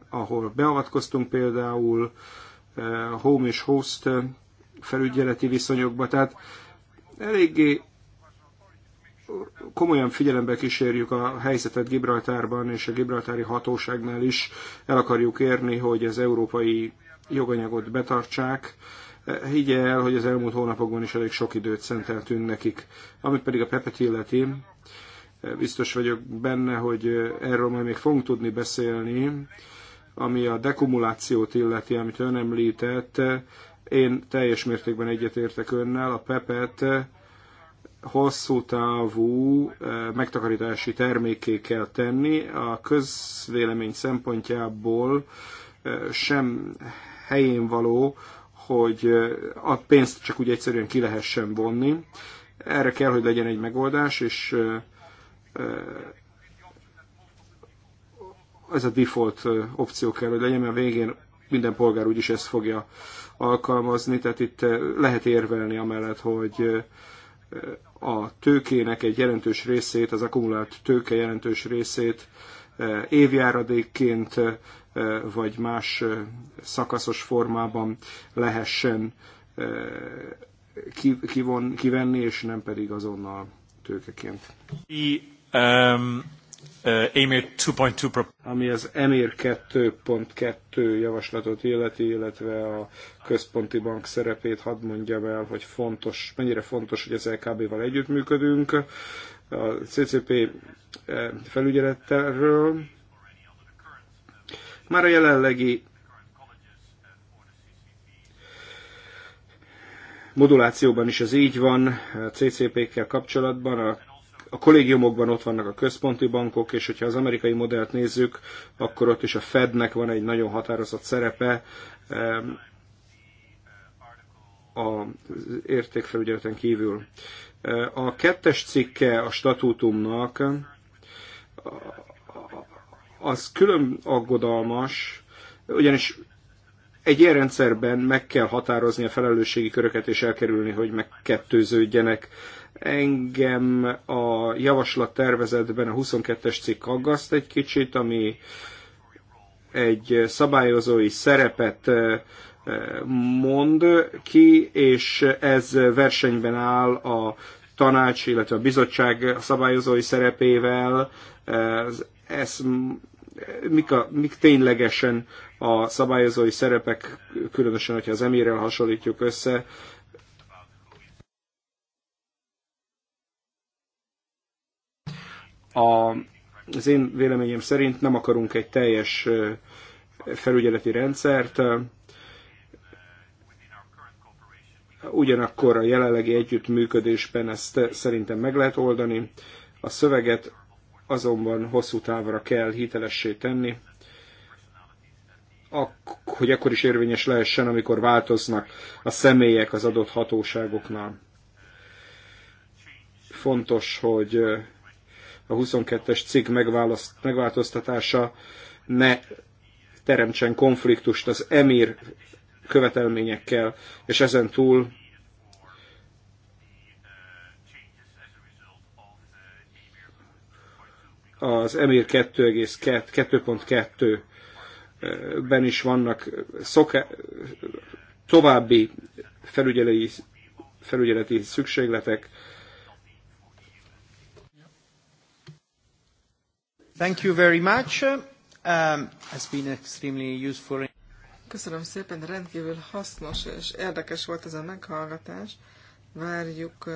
ahol beavatkoztunk például eh, home és host eh, felügyeleti viszonyokba, tehát eléggé komolyan figyelembe kísérjük a helyzetet Gibraltárban és a gibraltári hatóságnál is. El akarjuk érni, hogy az európai joganyagot betartsák. Eh, Higgye el, hogy az elmúlt hónapokban is elég sok időt szenteltünk nekik. Amit pedig a Pepet illeti, biztos vagyok benne, hogy erről majd még fogunk tudni beszélni ami a dekumulációt illeti, amit ön említett, én teljes mértékben egyetértek önnel, a PEPET hosszú távú eh, megtakarítási termékké kell tenni. A közvélemény szempontjából eh, sem helyén való, hogy eh, a pénzt csak úgy egyszerűen ki lehessen vonni. Erre kell, hogy legyen egy megoldás, és ez a default opció kell, hogy legyen, mert végén minden polgár úgyis ezt fogja alkalmazni, tehát itt lehet érvelni amellett, hogy a tőkének egy jelentős részét, az akkumulált tőke jelentős részét évjáradékként vagy más szakaszos formában lehessen kivon, kivenni, és nem pedig azonnal tőkeként. I, um, Uh, EMIR 2.2 ami az EMIR 2.2 javaslatot illeti, illetve a központi bank szerepét hadd mondjam el, hogy fontos, mennyire fontos, hogy az LKB-val együttműködünk. A CCP eh, felügyeletterről már a jelenlegi modulációban is ez így van, a CCP-kkel kapcsolatban a a kollégiumokban ott vannak a központi bankok, és hogyha az amerikai modellt nézzük, akkor ott is a Fednek van egy nagyon határozott szerepe az értékfelügyeleten kívül. A kettes cikke a statútumnak az külön aggodalmas, ugyanis egy ilyen rendszerben meg kell határozni a felelősségi köröket, és elkerülni, hogy megkettőződjenek Engem a javaslat tervezetben a 22-es cikk aggaszt egy kicsit, ami egy szabályozói szerepet eh, mond ki, és ez versenyben áll a tanács, illetve a bizottság szabályozói szerepével. Eh, ez, ez mik, a, mik ténylegesen a szabályozói szerepek, különösen, hogyha az emírrel hasonlítjuk össze, A, az én véleményem szerint nem akarunk egy teljes felügyeleti rendszert, ugyanakkor a jelenlegi együttműködésben ezt szerintem meg lehet oldani. A szöveget azonban hosszú távra kell hitelessé tenni, hogy akkor is érvényes lehessen, amikor változnak a személyek az adott hatóságoknál. Fontos, hogy a 22-es cikk megváltoztatása ne teremtsen konfliktust az emír követelményekkel, és ezen túl az Emir 2.2-ben is vannak szoká, további felügyeleti szükségletek,
Thank you very much. Um, been extremely useful. Köszönöm szépen, rendkívül hasznos és érdekes volt ez a meghallgatás. Várjuk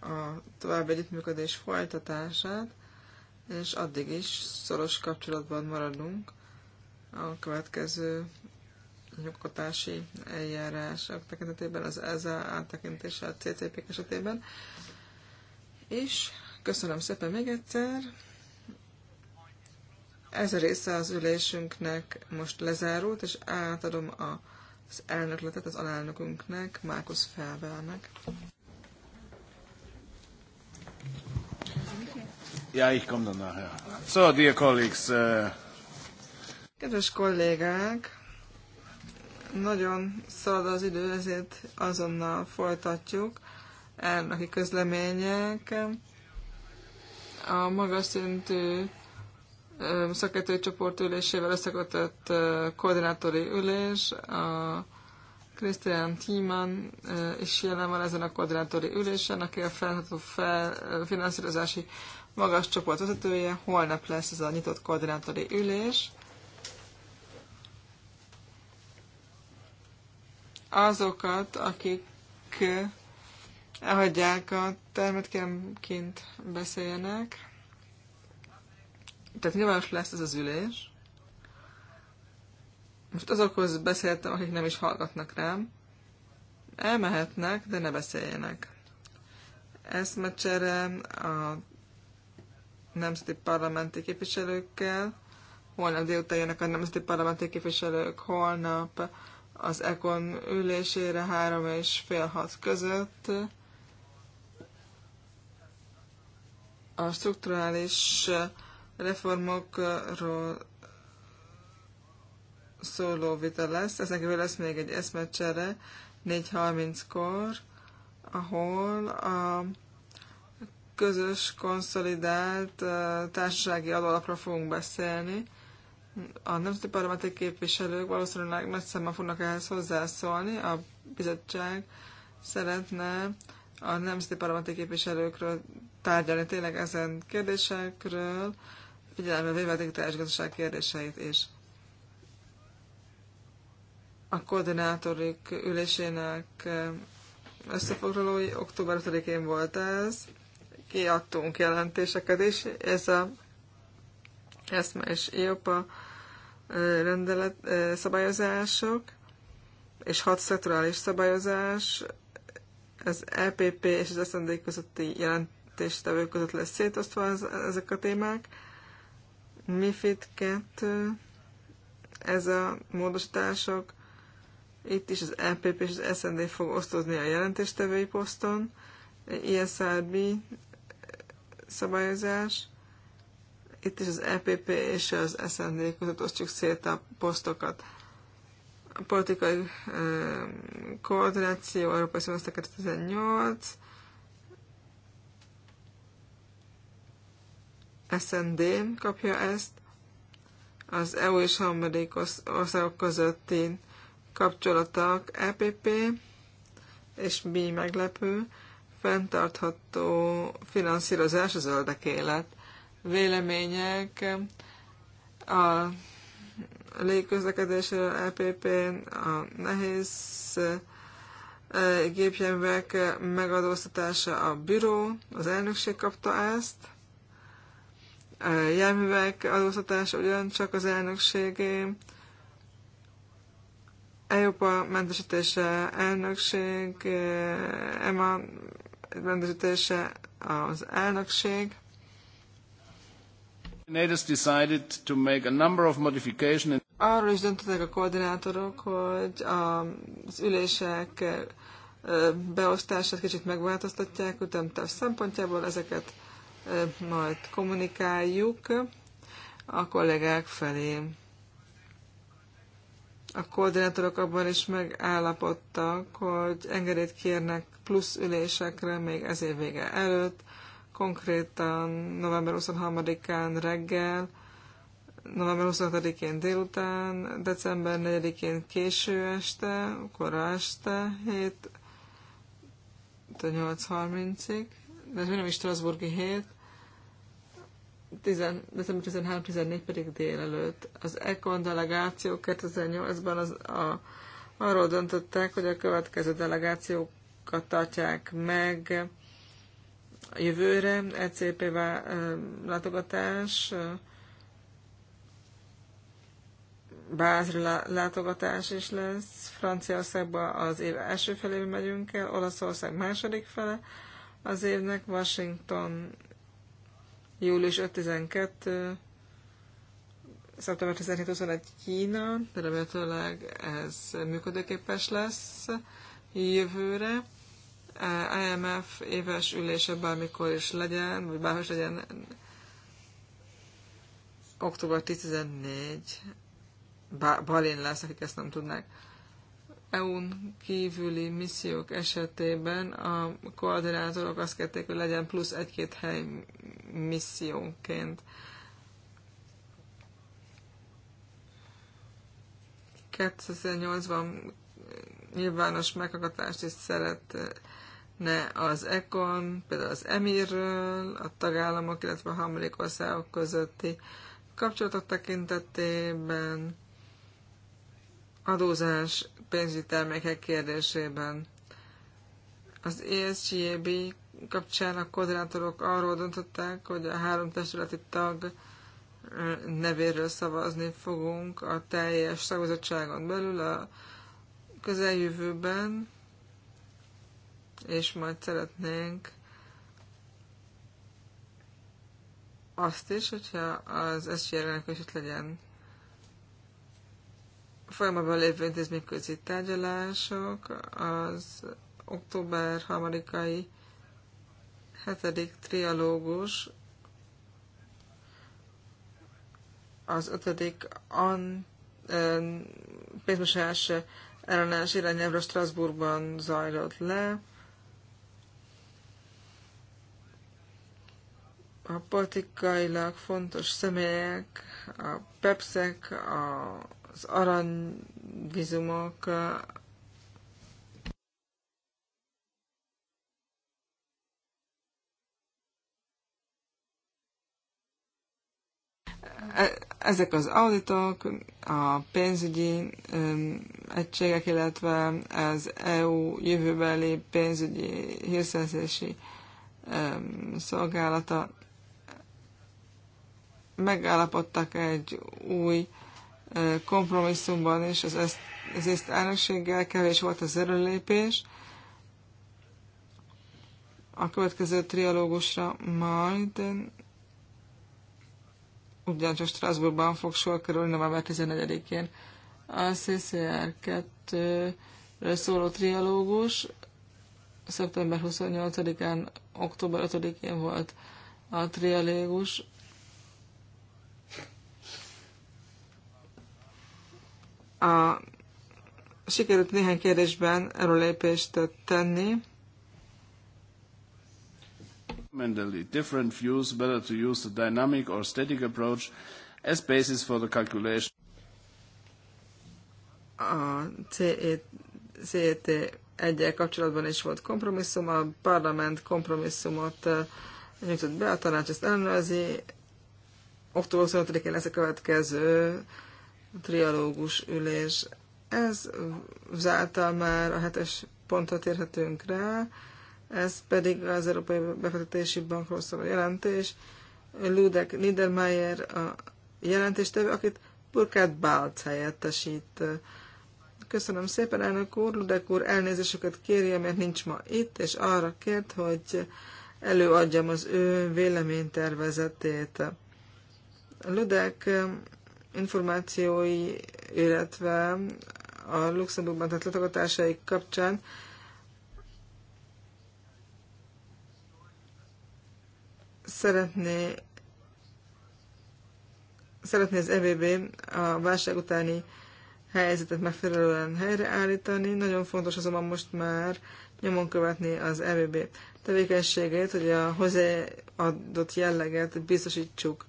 uh, a további együttműködés folytatását, és addig is szoros kapcsolatban maradunk a következő nyugtatási eljárások tekintetében, az EZA áttekintése a CCP esetében. És köszönöm szépen még egyszer. Ez a része az ülésünknek most lezárult, és átadom az elnökletet az alelnökünknek, Márkusz Felbelnek.
Ja, ich komme dann nachher. So, dear colleagues. Uh...
Kedves kollégák, nagyon szalad az idő, ezért azonnal folytatjuk. Elnöki közlemények. A magas szintű szakértői csoport ülésével összekötött koordinátori ülés, a Christian Thiemann is jelen van ezen a koordinátori ülésen, aki a felható fel, finanszírozási magas csoport vezetője. Holnap lesz ez a nyitott koordinátori ülés. Azokat, akik elhagyják a termet, kint beszéljenek tehát nyilvános lesz ez az ülés. Most azokhoz beszéltem, akik nem is hallgatnak rám. Elmehetnek, de ne beszéljenek. Eszmecsere a nemzeti parlamenti képviselőkkel, holnap délután jönnek a nemzeti parlamenti képviselők, holnap az ECON ülésére három és fél hat között. A strukturális uh, reformokról szóló vita lesz. Ezen kívül lesz még egy eszmecsere 4.30-kor, ahol a közös, konszolidált társasági adalapra fogunk beszélni. A nemzeti parlamenti képviselők valószínűleg nagy szemmel fognak ehhez hozzászólni. A bizottság szeretne a nemzeti parlamenti képviselőkről tárgyalni tényleg ezen kérdésekről, figyelembe véve a digitális gazdaság kérdéseit és A koordinátorik ülésének eh, összefoglalói október 5-én volt ez, kiadtunk jelentéseket is, ez a ESMA és IOPA eh, rendelet, eh, szabályozások, és hat szektorális szabályozás, az EPP és az SZND közötti jelentéstevők között lesz szétosztva ezek a témák. MIFID 2, ez a módosítások, itt is az LPP e és az SND fog osztozni a jelentéstevői poszton, ISRB szabályozás, itt is az EPP és az SND között osztjuk szét a posztokat. A politikai eh, koordináció, Európai Szemeszter 2018, SND kapja ezt, az EU és harmadik országok közötti kapcsolatok EPP, és mi meglepő, fenntartható finanszírozás, az zöldek élet, vélemények, a légközlekedésről, EPP, a nehéz e, gépjárművek megadóztatása a büró, az elnökség kapta ezt, járművek adóztatása ugyancsak az elnökségé, Európa mentesítése elnökség, eh, EMA mentesítése az elnökség. Arról is döntöttek a koordinátorok, hogy az ülések eh, beosztását kicsit megváltoztatják ütemterv szempontjából, ezeket majd kommunikáljuk a kollégák felé. A koordinátorok abban is megállapodtak, hogy engedélyt kérnek plusz ülésekre még ez év vége előtt, konkrétan november 23-án reggel, november 26-én délután, december 4-én késő este, kora este, 7 8.30-ig de ez még nem is Strasburgi hét, 10, december 13-14 pedig délelőtt. Az ECON delegáció 2008-ban az, a, arról döntöttek, hogy a következő delegációkat tartják meg a jövőre, ECP látogatás, Bázri látogatás is lesz, Franciaországba az év első felébe megyünk el, Olaszország második fele, az évnek, Washington július 5-12, szeptember 2021 Kína, de remélhetőleg ez működőképes lesz jövőre. E, IMF éves ülése bármikor is legyen, vagy bárhol is legyen, október 14 Balin lesz, akik ezt nem tudnák. EU-n kívüli missziók esetében a koordinátorok azt kérték, hogy legyen plusz egy-két hely missziónként. 2008 nyilvános meghallgatást is szeretne az ECON, például az EMIR-ről, a tagállamok, illetve a harmadik országok közötti kapcsolatok tekintetében adózás pénzügyi termékek kérdésében. Az ESGB kapcsán a koordinátorok arról döntöttek, hogy a három testületi tag nevéről szavazni fogunk a teljes szakbizottságon belül a közeljövőben, és majd szeretnénk azt is, hogyha az SGR-nek is ott legyen folyamatban lévő intézményközi tárgyalások, az október 3-ai 7. trialógus, az 5. An, pénzmosás ellenes irányelvre Strasbourgban zajlott le. A politikailag fontos személyek, a pepszek, a az aranyvizumok e, ezek az auditok, a pénzügyi egységek, illetve az EU jövőbeli pénzügyi hírszerzési szolgálata megállapodtak egy új kompromisszumban is az, ezt, az ezt elnökséggel kevés volt az előlépés. A következő trialógusra majd ugyancsak Strasbourgban fog sor kerülni november 14-én a CCR 2 szóló trialógus szeptember 28-án, október 5-én volt a trialógus, A, sikerült néhány kérdésben erőlépést tenni.
Mendeli, different views, better to use the dynamic or static approach as basis for the calculation.
A CET e egyel kapcsolatban is volt kompromisszum, a parlament kompromisszumot nyújtott be, a tanács ezt ellenőrzi, október 25-én lesz a következő trialógus ülés. Ez zártal már a hetes pontot érhetünk rá, ez pedig az Európai Befektetési Bankról szóló jelentés. Ludek Niedermayer a jelentéstevő, akit Burkett Balc helyettesít. Köszönöm szépen, elnök úr. Ludek úr elnézéseket kéri, mert nincs ma itt, és arra kért, hogy előadjam az ő véleménytervezetét. Ludek információi, illetve a Luxemburgban tett letagadásai kapcsán szeretné szeretné az EBB a válság utáni helyzetet megfelelően helyreállítani. Nagyon fontos azonban most már nyomon követni az EBB tevékenységét, hogy a hozzáadott jelleget biztosítsuk.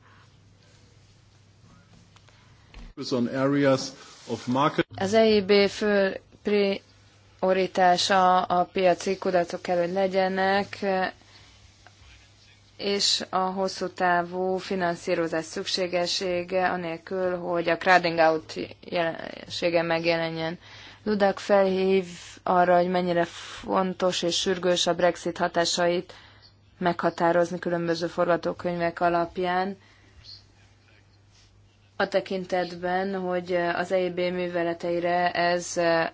Az EIB fő prioritása a piaci kudatok kell, hogy legyenek, és a hosszú távú finanszírozás szükségessége, anélkül, hogy a crowding out jelensége megjelenjen. Ludak felhív arra, hogy mennyire fontos és sürgős a Brexit hatásait meghatározni különböző forgatókönyvek alapján a tekintetben, hogy az EIB műveleteire ez eh,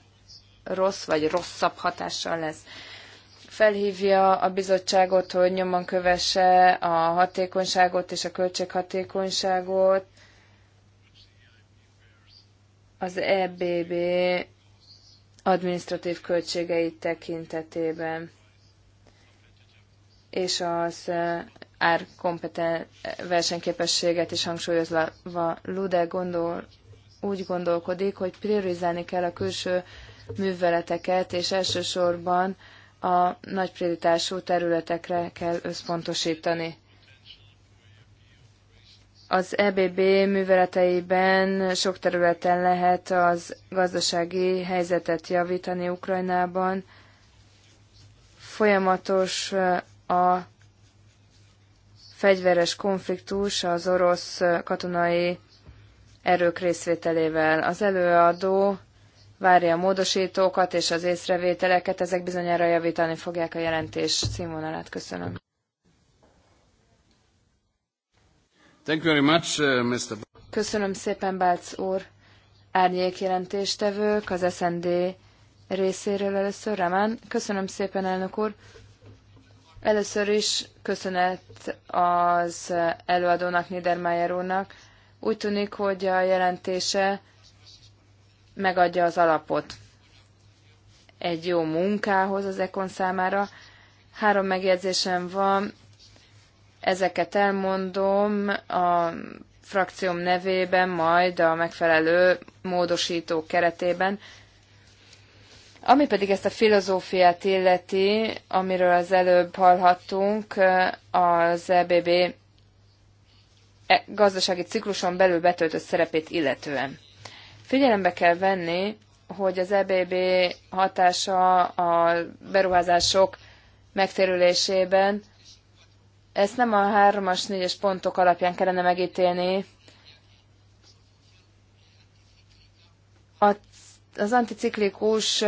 rossz vagy rosszabb hatással lesz. Felhívja a bizottságot, hogy nyomon kövesse a hatékonyságot és a költséghatékonyságot. Az EBB administratív költségeit tekintetében és az eh, árkompetens versenyképességet is hangsúlyozva Lude gondol, úgy gondolkodik, hogy priorizálni kell a külső műveleteket, és elsősorban a nagy prioritású területekre kell összpontosítani. Az EBB műveleteiben sok területen lehet az gazdasági helyzetet javítani Ukrajnában. Folyamatos a fegyveres konfliktus az orosz katonai erők részvételével. Az előadó várja a módosítókat és az észrevételeket, ezek bizonyára javítani fogják a jelentés színvonalát. Köszönöm. Thank you very much, uh, Mr. Köszönöm szépen, Bálc úr. Árnyék jelentéstevők, az SND részéről először, Ramán. Köszönöm szépen, elnök úr. Először is köszönet az előadónak, Niedermayer úrnak. Úgy tűnik, hogy a jelentése megadja az alapot egy jó munkához az Ekon számára. Három megjegyzésem van, ezeket elmondom a frakcióm nevében, majd a megfelelő módosító keretében. Ami pedig ezt a filozófiát illeti, amiről az előbb hallhattunk, eh, az EBB eh, gazdasági cikluson belül betöltött szerepét illetően. Figyelembe kell venni, hogy az EBB hatása a beruházások megtérülésében, ezt nem a 3-as, 4-es pontok alapján kellene megítélni. A az anticiklikus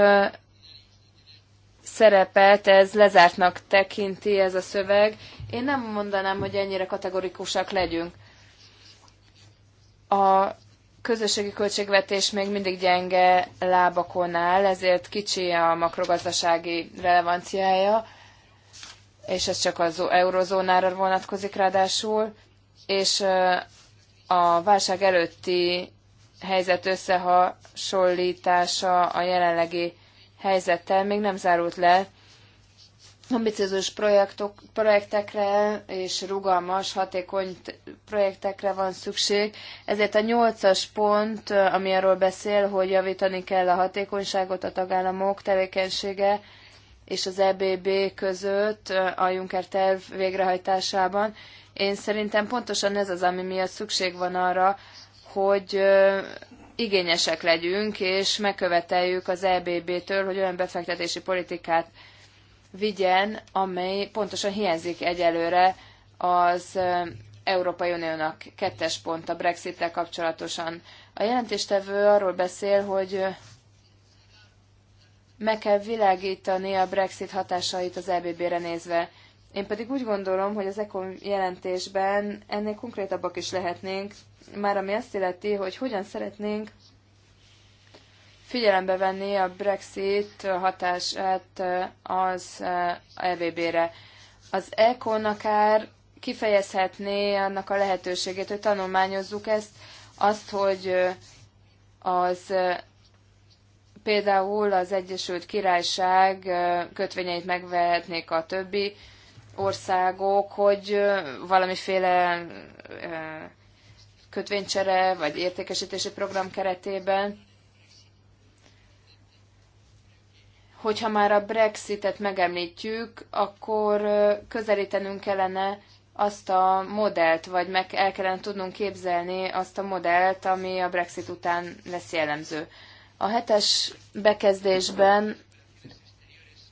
szerepet ez lezártnak tekinti ez a szöveg. Én nem mondanám, hogy ennyire kategorikusak legyünk. A közösségi költségvetés még mindig gyenge lábakon áll, ezért kicsi a makrogazdasági relevanciája, és ez csak az eurozónára vonatkozik ráadásul, és a válság előtti helyzet összehasonlítása a jelenlegi helyzettel még nem zárult le. Ambiciózus projektekre és rugalmas, hatékony projektekre van szükség. Ezért a nyolcas pont, ami arról beszél, hogy javítani kell a hatékonyságot a tagállamok tevékenysége és az EBB között a Juncker terv végrehajtásában. Én szerintem pontosan ez az, ami miatt szükség van arra, hogy igényesek legyünk, és megköveteljük az EBB-től, hogy olyan befektetési politikát vigyen, amely pontosan hiányzik egyelőre az Európai Uniónak. Kettes pont a Brexit-tel kapcsolatosan. A jelentéstevő arról beszél, hogy meg kell világítani a Brexit hatásait az EBB-re nézve. Én pedig úgy gondolom, hogy az ECOM jelentésben ennél konkrétabbak is lehetnénk, már ami azt illeti, hogy hogyan szeretnénk figyelembe venni a Brexit hatását az EVB-re. Az ECON akár kifejezhetné annak a lehetőségét, hogy tanulmányozzuk ezt, azt, hogy az például az Egyesült Királyság kötvényeit megvehetnék a többi országok, hogy valamiféle kötvénycsere vagy értékesítési program keretében, hogyha már a Brexitet megemlítjük, akkor közelítenünk kellene azt a modellt, vagy meg el kellene tudnunk képzelni azt a modellt, ami a Brexit után lesz jellemző. A hetes bekezdésben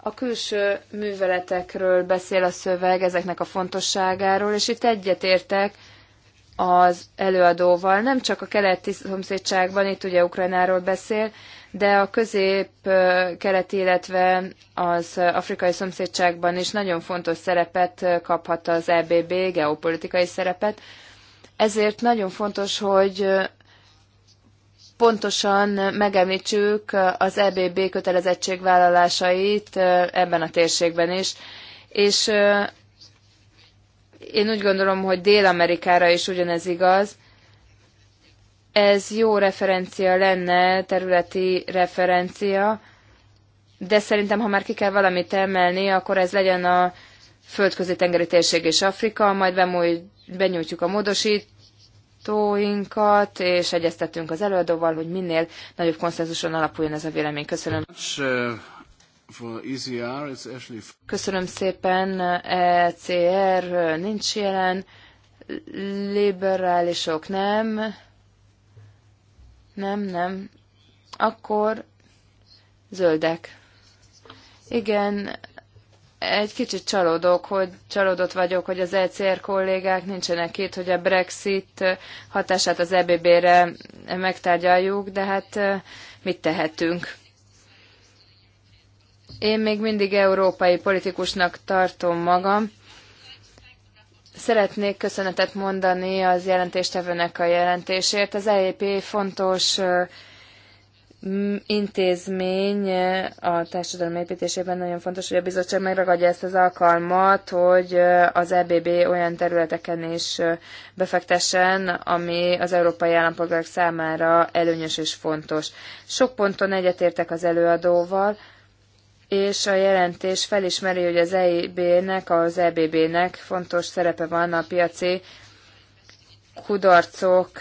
a külső műveletekről beszél a szöveg, ezeknek a fontosságáról, és itt egyetértek az előadóval, nem csak a keleti szomszédságban, itt ugye Ukrajnáról beszél, de a közép-keleti, illetve az afrikai szomszédságban is nagyon fontos szerepet kaphat az EBB, geopolitikai szerepet. Ezért nagyon fontos, hogy pontosan megemlítsük az EBB kötelezettségvállalásait ebben a térségben is, és én úgy gondolom, hogy Dél-Amerikára is ugyanez igaz. Ez jó referencia lenne, területi referencia, de szerintem, ha már ki kell valamit emelni, akkor ez legyen a földközi tengeri térség és Afrika, majd bemúj, benyújtjuk a módosít, módosítóinkat, és egyeztettünk az előadóval, hogy minél nagyobb konszenzuson alapuljon ez a vélemény. Köszönöm. Köszönöm szépen, ECR nincs jelen, liberálisok nem, nem, nem, akkor zöldek. Igen, egy kicsit csalódok, hogy csalódott vagyok, hogy az ECR kollégák nincsenek itt, hogy a Brexit hatását az EBB-re megtárgyaljuk, de hát mit tehetünk? Én még mindig európai politikusnak tartom magam. Szeretnék köszönetet mondani az jelentéstevőnek a jelentésért. Az EEP fontos intézmény eh, a társadalom építésében nagyon fontos, hogy a bizottság megragadja ezt az alkalmat, hogy eh, az EBB olyan területeken is eh, befektessen, ami az európai állampolgárok számára előnyös és fontos. Sok ponton egyetértek az előadóval, és a jelentés felismeri, hogy az EIB-nek, az EBB-nek fontos szerepe van a piaci kudarcok,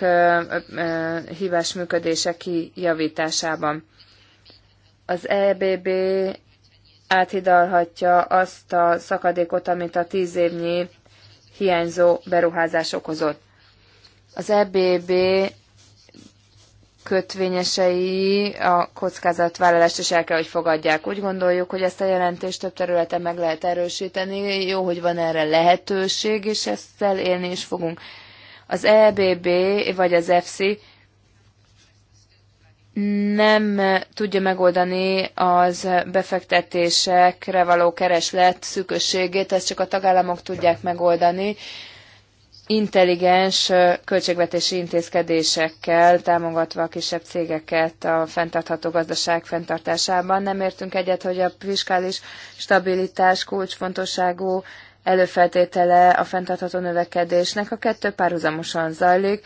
hibás működése kijavításában. Az EBB áthidalhatja azt a szakadékot, amit a tíz évnyi hiányzó beruházás okozott. Az EBB kötvényesei a kockázatvállalást is el kell, hogy fogadják. Úgy gondoljuk, hogy ezt a jelentést több területen meg lehet erősíteni. Jó, hogy van erre lehetőség, és ezzel élni is fogunk az EBB vagy az FC nem tudja megoldani az befektetésekre való kereslet szűkösségét, ezt csak a tagállamok tudják megoldani. Intelligens költségvetési intézkedésekkel támogatva a kisebb cégeket a fenntartható gazdaság fenntartásában. Nem értünk egyet, hogy a fiskális stabilitás kulcsfontosságú előfeltétele a fenntartható növekedésnek. A kettő párhuzamosan zajlik.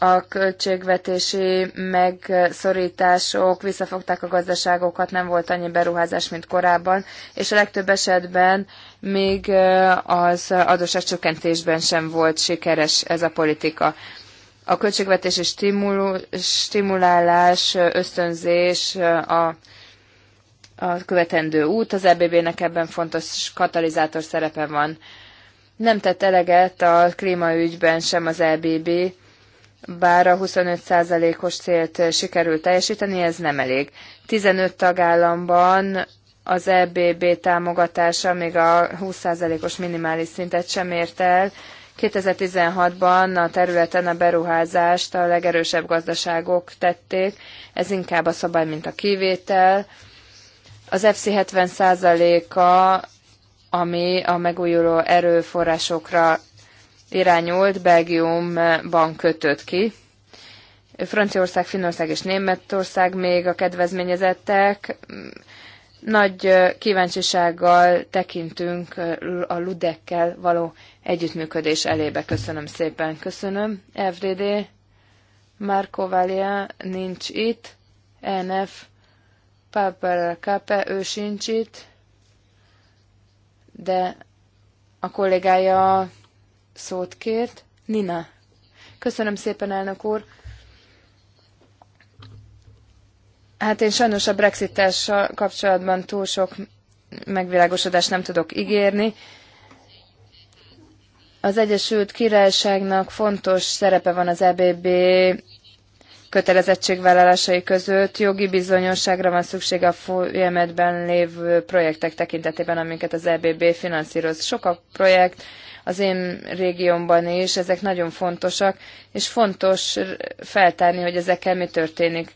A költségvetési megszorítások visszafogták a gazdaságokat, nem volt annyi beruházás, mint korábban, és a legtöbb esetben még az adósságcsökkentésben sem volt sikeres ez a politika a költségvetési stimulálás, ösztönzés a a követendő út. Az EBB-nek ebben fontos katalizátor szerepe van. Nem tett eleget a klímaügyben sem az EBB, bár a 25%-os célt sikerült teljesíteni, ez nem elég. 15 tagállamban az EBB támogatása még a 20%-os minimális szintet sem ért el. 2016-ban a területen a beruházást a legerősebb gazdaságok tették, ez inkább a szabály, mint a kivétel. Az FC 70%-a, ami a megújuló erőforrásokra irányult, Belgiumban kötött ki. Franciaország, Finnország és Németország még a kedvezményezettek. Nagy kíváncsisággal tekintünk a ludekkel való együttműködés elébe. Köszönöm szépen. Köszönöm. FDD, Marko Valia nincs itt, NF Pápel Kape, ő sincs itt, de a kollégája szót kért. Nina. Köszönöm szépen, elnök úr. Hát én sajnos a brexit kapcsolatban túl sok megvilágosodást nem tudok ígérni. Az Egyesült Királyságnak fontos szerepe van az EBB kötelezettségvállalásai között jogi bizonyosságra van szükség a folyamatban lévő projektek tekintetében, amiket az EBB finanszíroz. Sok a projekt, az én régiómban is, ezek nagyon fontosak, és fontos feltárni, hogy ezekkel mi történik.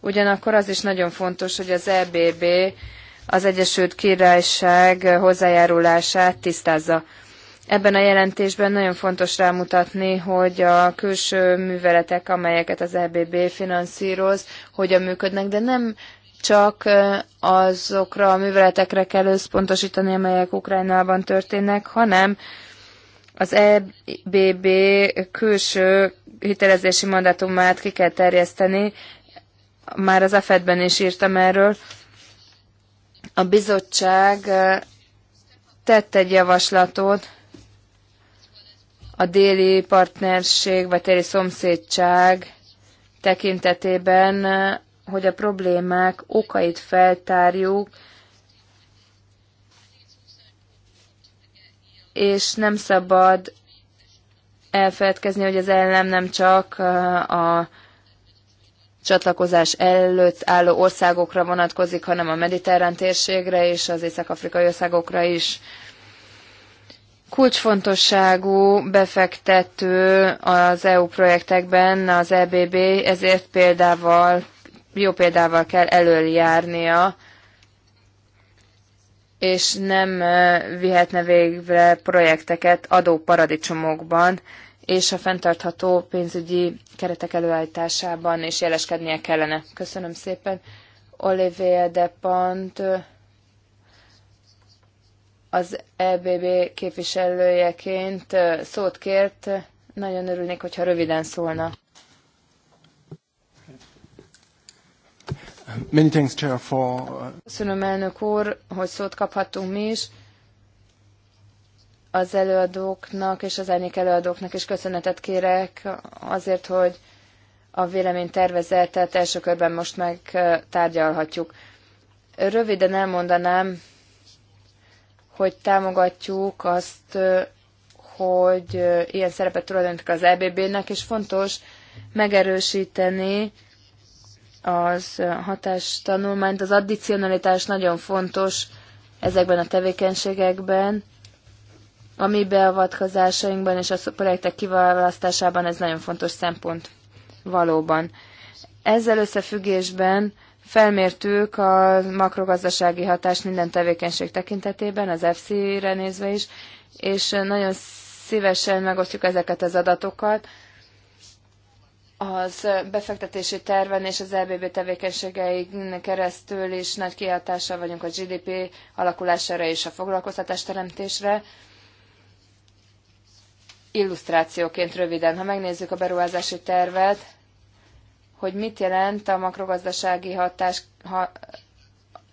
Ugyanakkor az is nagyon fontos, hogy az EBB az Egyesült Királyság hozzájárulását tisztázza. Ebben a jelentésben nagyon fontos rámutatni, hogy a külső műveletek, amelyeket az EBB finanszíroz, hogyan működnek, de nem csak azokra a műveletekre kell összpontosítani, amelyek Ukrajnában történnek, hanem az EBB külső hitelezési mandátumát ki kell terjeszteni, már az AFED-ben is írtam erről, a bizottság tett egy javaslatot, a déli partnerség vagy téli szomszédság tekintetében, hogy a problémák okait feltárjuk, és nem szabad elfeledkezni, hogy az ellen nem csak a csatlakozás előtt álló országokra vonatkozik, hanem a mediterrán térségre és az észak-afrikai országokra is kulcsfontosságú befektető az EU projektekben az EBB, ezért példával, jó példával kell előjárnia, és nem vihetne végre projekteket adóparadicsomokban, és a fenntartható pénzügyi keretek előállításában is jeleskednie kellene. Köszönöm szépen. Olivier de Pont az EBB képviselőjeként szót kért. Nagyon örülnék, hogyha röviden szólna.
Many thanks, Chair, for... Uh,
Köszönöm, elnök úr, hogy szót kaphattunk mi is. Az előadóknak és az árnyék előadóknak is köszönetet kérek azért, hogy a véleménytervezetet első körben most megtárgyalhatjuk. Röviden elmondanám, hogy támogatjuk azt, hogy ilyen szerepet tulajdonítok az EBB-nek, és fontos megerősíteni az hatástanulmányt. Az addicionalitás nagyon fontos ezekben a tevékenységekben, a mi beavatkozásainkban és a projektek kiválasztásában ez nagyon fontos szempont valóban. Ezzel összefüggésben Felmértük a makrogazdasági hatást minden tevékenység tekintetében, az FC-re nézve is, és nagyon szívesen megosztjuk ezeket az adatokat. Az befektetési terven és az LBB tevékenységein keresztül is nagy kihatással vagyunk a GDP alakulására és a foglalkoztatás teremtésre illusztrációként röviden, ha megnézzük a beruházási tervet, hogy mit jelent a makrogazdasági hatás ha,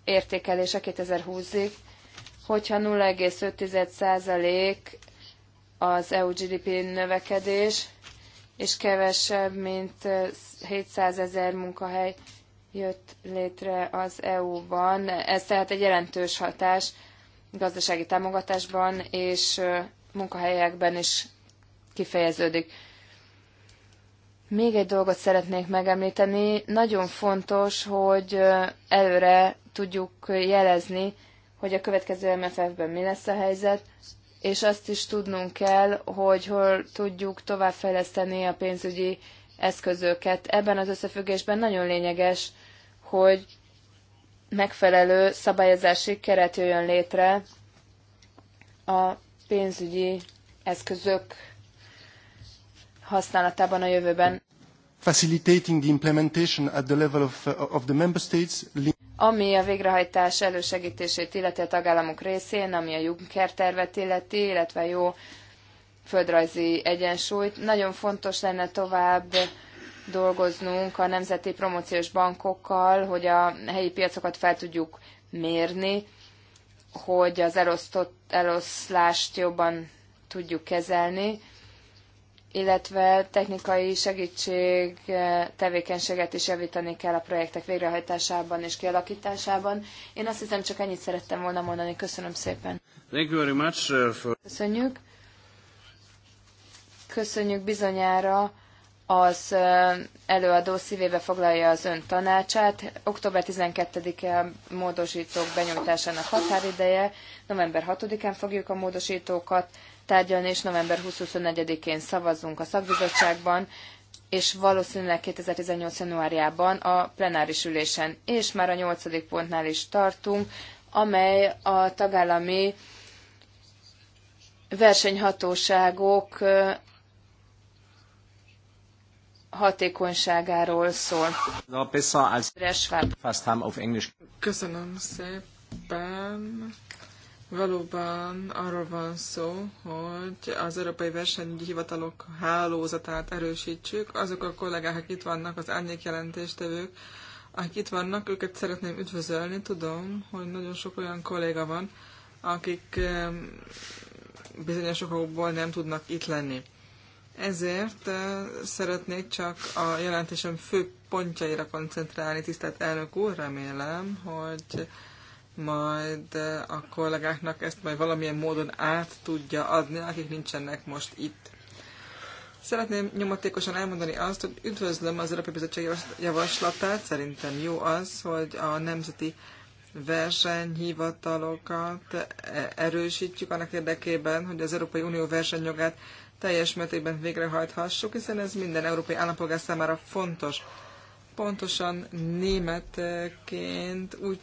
értékelése 2020-ig, hogyha 0,5% az EU GDP növekedés, és kevesebb, mint 700 ezer munkahely jött létre az EU-ban. Ez tehát egy jelentős hatás gazdasági támogatásban és munkahelyekben is kifejeződik. Még egy dolgot szeretnék megemlíteni. Nagyon fontos, hogy előre tudjuk jelezni, hogy a következő MFF-ben mi lesz a helyzet, és azt is tudnunk kell, hogy hol tudjuk továbbfejleszteni a pénzügyi eszközöket. Ebben az összefüggésben nagyon lényeges, hogy megfelelő szabályozási keret jöjjön létre a pénzügyi eszközök használatában a jövőben.
Facilitating the implementation at the level of, uh, of the member states.
Ami a végrehajtás elősegítését illeti a tagállamok részén, ami a Juncker tervet illeti, illetve jó földrajzi egyensúlyt. Nagyon fontos lenne tovább dolgoznunk a nemzeti promóciós bankokkal, hogy a helyi piacokat fel tudjuk mérni, hogy az elosztott, eloszlást jobban tudjuk kezelni illetve technikai segítség eh, tevékenységet is javítani kell a projektek végrehajtásában és kialakításában. Én azt hiszem, csak ennyit szerettem volna mondani. Köszönöm szépen. Thank you very much uh, for... Köszönjük. Köszönjük bizonyára az eh, előadó szívébe foglalja az ön tanácsát. Október 12-e a módosítók benyújtásának határideje, november 6-án fogjuk a módosítókat tárgyalni, és november 24 én szavazunk a szakbizottságban, és valószínűleg 2018. januárjában a plenáris ülésen. És már a nyolcadik pontnál is tartunk, amely a tagállami versenyhatóságok hatékonyságáról szól. Köszönöm szépen. Valóban
arról van szó, hogy az Európai Versenyügyi Hivatalok hálózatát erősítsük. Azok a kollégák, akik itt vannak, az árnyék jelentéstevők, akik itt vannak, őket szeretném üdvözölni. Tudom, hogy nagyon sok olyan kolléga van, akik bizonyos okokból nem tudnak itt lenni. Ezért eh, szeretnék csak a jelentésem fő pontjaira koncentrálni, tisztelt elnök úr, remélem, hogy majd a kollégáknak ezt majd valamilyen módon át tudja adni, akik nincsenek most itt. Szeretném nyomatékosan elmondani azt, hogy üdvözlöm az Európai Bizottság javaslatát, szerintem jó az, hogy a nemzeti versenyhivatalokat e- erősítjük annak érdekében, hogy az Európai Unió versenyjogát teljes mértékben végrehajthassuk, hiszen ez minden európai állampolgár számára fontos. Pontosan németként úgy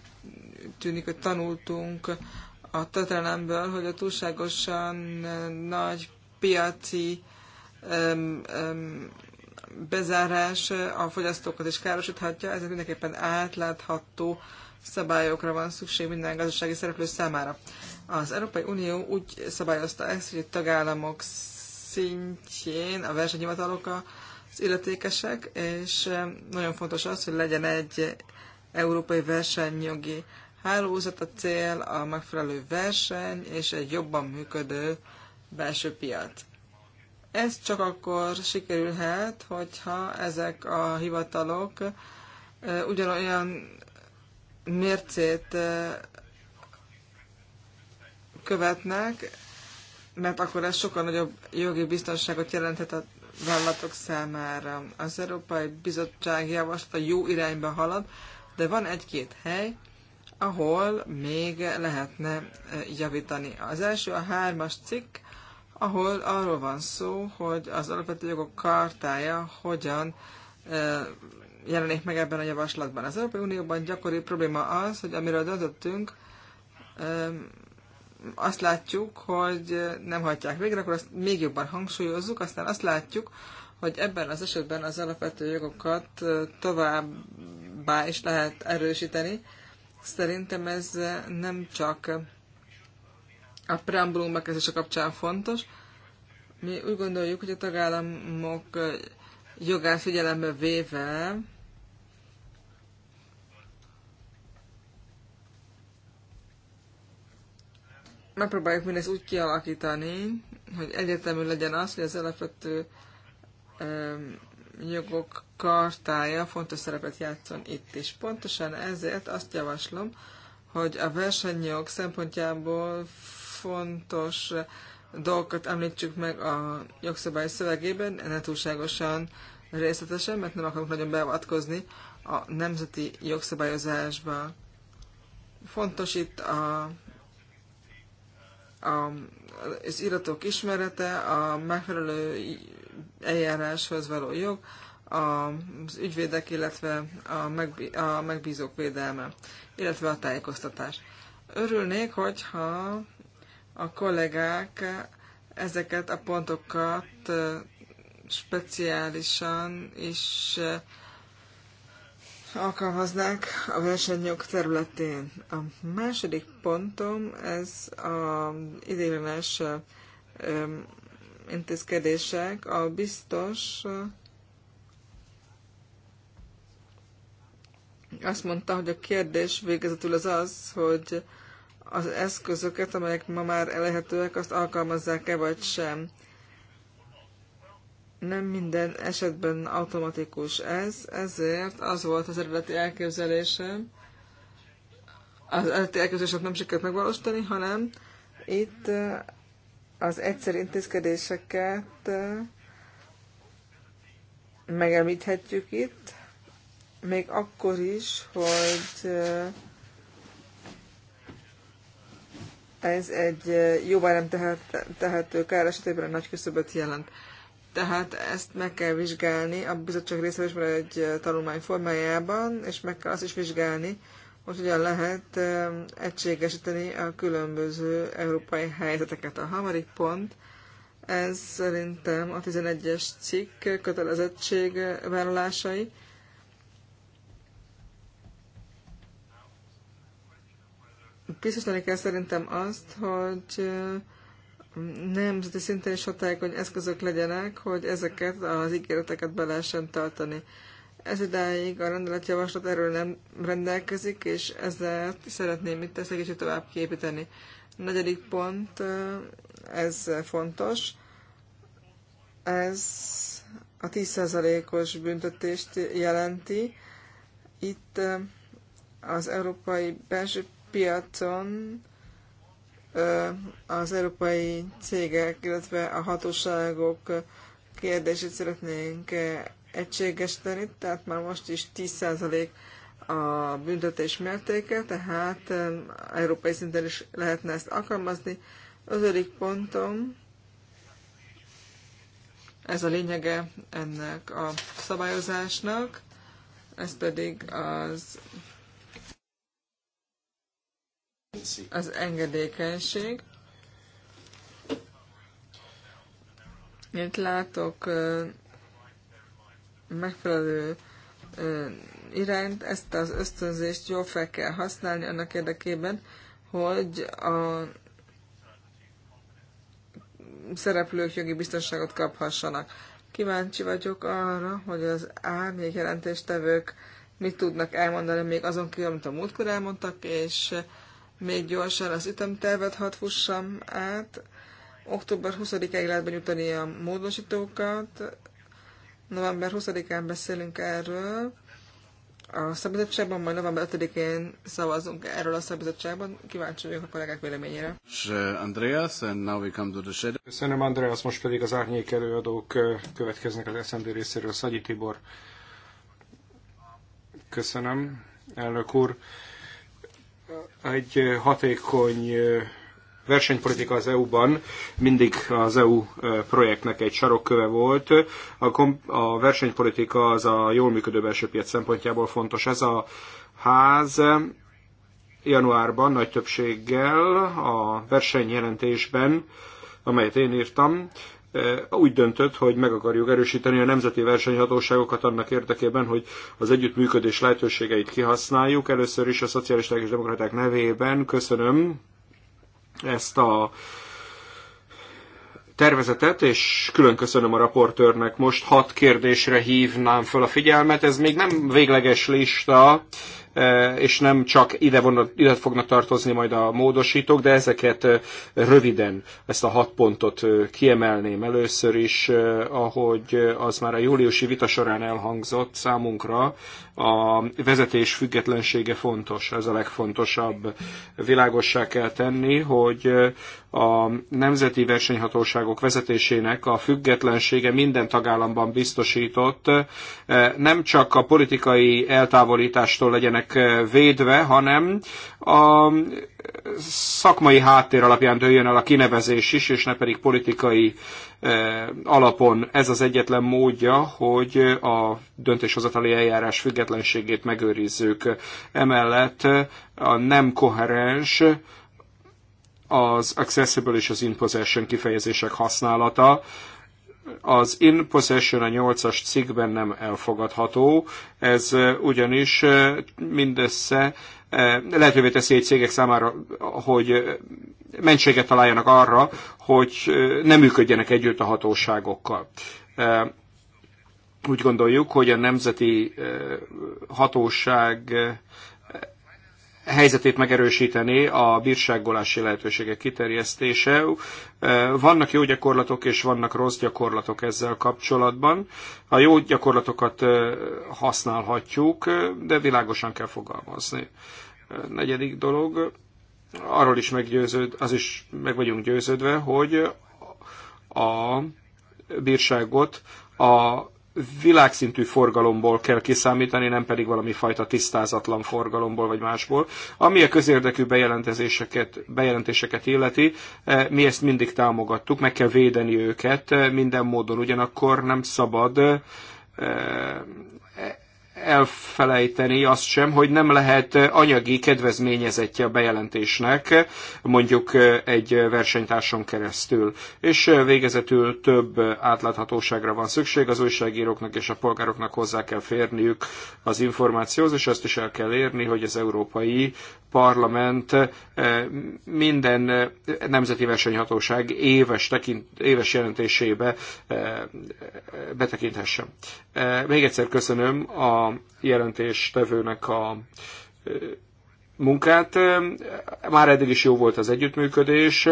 tűnik, hogy tanultunk a történelemből, hogy a túlságosan nagy piaci öm, öm, bezárás a fogyasztókat is károsíthatja, ezért mindenképpen átlátható szabályokra van szükség minden gazdasági szereplő számára. Az Európai Unió úgy szabályozta ezt, hogy a tagállamok szintjén a versenyhivatalok az illetékesek, és nagyon fontos az, hogy legyen egy európai versenyjogi hálózat a cél, a megfelelő verseny és egy jobban működő belső piac. Ez csak akkor sikerülhet, hogyha ezek a hivatalok ugyanolyan mércét követnek, mert akkor ez sokkal nagyobb jogi biztonságot jelenthet a vállalatok számára. Az Európai Bizottság javaslata jó irányba halad, de van egy-két hely, ahol még lehetne eh, javítani. Az első a hármas cikk, ahol arról van szó, hogy az alapvető jogok kartája hogyan eh, jelenik meg ebben a javaslatban. Az Európai Unióban gyakori probléma az, hogy amiről döntöttünk, eh, azt látjuk, hogy nem hagyják végre, akkor azt még jobban hangsúlyozzuk, aztán azt látjuk, hogy ebben az esetben az alapvető jogokat továbbá is lehet erősíteni, Szerintem ez nem csak a preambulum bekezdése kapcsán fontos. Mi úgy gondoljuk, hogy a tagállamok jogát figyelembe véve megpróbáljuk mindezt úgy kialakítani, hogy egyértelmű legyen az, hogy az alapvető jogok kartája fontos szerepet játszon itt is. Pontosan ezért azt javaslom, hogy a versenyjog szempontjából fontos dolgokat említsük meg a jogszabály szövegében, ne túlságosan részletesen, mert nem akarunk nagyon beavatkozni a nemzeti jogszabályozásba. Fontos itt a, a, az iratok ismerete, a megfelelő eljáráshoz való jog, az ügyvédek, illetve a, megbí- a megbízók védelme, illetve a tájékoztatás. Örülnék, hogyha a kollégák ezeket a pontokat speciálisan is alkalmaznák a versenyjog területén. A második pontom, ez az ideiglenes intézkedések, a biztos eh, azt mondta, hogy a kérdés végezetül az az, hogy az eszközöket, amelyek ma már elérhetőek, azt alkalmazzák-e vagy sem. Nem minden esetben automatikus ez, ezért az volt az eredeti elképzelésem. Az eredeti elképzelésem nem sikerült megvalósítani, hanem itt eh, az egyszerű intézkedéseket eh, megemlíthetjük itt, még akkor is, hogy eh, ez egy eh, jóvá nem tehet, tehető kár esetében nagy küszöböt jelent. Tehát ezt meg kell vizsgálni, a bizottság részéről is egy tanulmány formájában, és meg kell azt is vizsgálni, hogy hogyan lehet egységesíteni a különböző európai helyzeteket. A harmadik pont, ez szerintem a 11-es cikk vállalásai. Biztosítani kell szerintem azt, hogy nemzeti szinten is hatályos eszközök legyenek, hogy ezeket az ígéreteket be lehessen tartani. Ez idáig a rendeletjavaslat erről nem rendelkezik, és ezzel szeretném itt ezt egy tovább képíteni. Negyedik pont, ez fontos, ez a 10%-os büntetést jelenti. Itt az európai belső piacon az európai cégek, illetve a hatóságok kérdését szeretnénk egységesíteni, tehát már most is 10% a büntetés mértéke, tehát európai szinten is lehetne ezt alkalmazni. Ötödik pontom, ez a lényege ennek a szabályozásnak, ez pedig az az engedékenység. Itt látok megfelelő irányt, ezt az ösztönzést jól fel kell használni annak érdekében, hogy a szereplők jogi biztonságot kaphassanak. Kíváncsi vagyok arra, hogy az árnyék jelentéstevők mit tudnak elmondani még azon kívül, amit a múltkor elmondtak, és még gyorsan az ütemtervet hadd fussam át. Október 20-ig lehet benyújtani a módosítókat, november 20-án beszélünk erről, a szabadságban, majd november 5-én szavazunk erről a szabadságban. Kíváncsi vagyok a kollégák véleményére.
Andreas, and now we come to the shadow. Köszönöm, Andreas, most pedig az árnyék előadók következnek az SMD részéről. Szagyi Tibor. Köszönöm, elnök úr. Egy hatékony versenypolitika az EU-ban mindig az EU projektnek egy sarokköve volt. A, kom- a versenypolitika az a jól működő belső piac szempontjából fontos. Ez a ház januárban nagy többséggel a versenyjelentésben, amelyet én írtam, úgy döntött, hogy meg akarjuk erősíteni a nemzeti versenyhatóságokat annak érdekében, hogy az együttműködés lehetőségeit kihasználjuk. Először is a szocialisták és demokraták nevében köszönöm ezt a tervezetet, és külön köszönöm a raportőrnek. Most hat kérdésre hívnám föl a figyelmet. Ez még nem végleges lista, E, és nem csak ide, vonat, ide fognak tartozni majd a módosítók, de ezeket e, röviden, ezt a hat pontot e, kiemelném először is, ahogy az már a júliusi vita során elhangzott számunkra, a vezetés függetlensége fontos, ez a legfontosabb. Világossá kell tenni, hogy a nemzeti versenyhatóságok vezetésének a függetlensége minden tagállamban biztosított, nem csak a politikai eltávolítástól legyenek nincsenek eh, védve, hanem a szakmai háttér alapján dőljön el a kinevezés is, és ne pedig politikai eh, alapon ez az egyetlen módja, hogy a döntéshozatali eljárás függetlenségét megőrizzük. Emellett eh, a nem koherens az accessible és az in possession kifejezések használata, az in possession a nyolcas cikkben nem elfogadható, ez ugyanis mindössze lehetővé teszi egy cégek számára, hogy mentséget találjanak arra, hogy nem működjenek együtt a hatóságokkal. Úgy gondoljuk, hogy a nemzeti hatóság helyzetét megerősíteni a bírsággolási lehetőségek kiterjesztése. Vannak jó gyakorlatok és vannak rossz gyakorlatok ezzel kapcsolatban. A jó gyakorlatokat használhatjuk, de világosan kell fogalmazni. Negyedik dolog, arról is meggyőződ, az is meg vagyunk győződve, hogy a bírságot a világszintű forgalomból kell kiszámítani, nem pedig valami fajta tisztázatlan forgalomból vagy másból. Ami a közérdekű bejelentéseket, bejelentéseket illeti, eh, mi ezt mindig támogattuk, meg kell védeni őket eh, minden módon, ugyanakkor nem szabad eh, elfelejteni azt sem, hogy nem lehet anyagi kedvezményezettje a bejelentésnek, mondjuk egy versenytárson keresztül. És végezetül több átláthatóságra van szükség, az újságíróknak és a polgároknak hozzá kell férniük az információhoz, és azt is el kell érni, hogy az Európai Parlament eh, minden eh, nemzeti versenyhatóság éves, tekint, éves jelentésébe eh, betekinthessen. Még egyszer köszönöm a jelentéstevőnek a munkát. Már eddig is jó volt az együttműködés,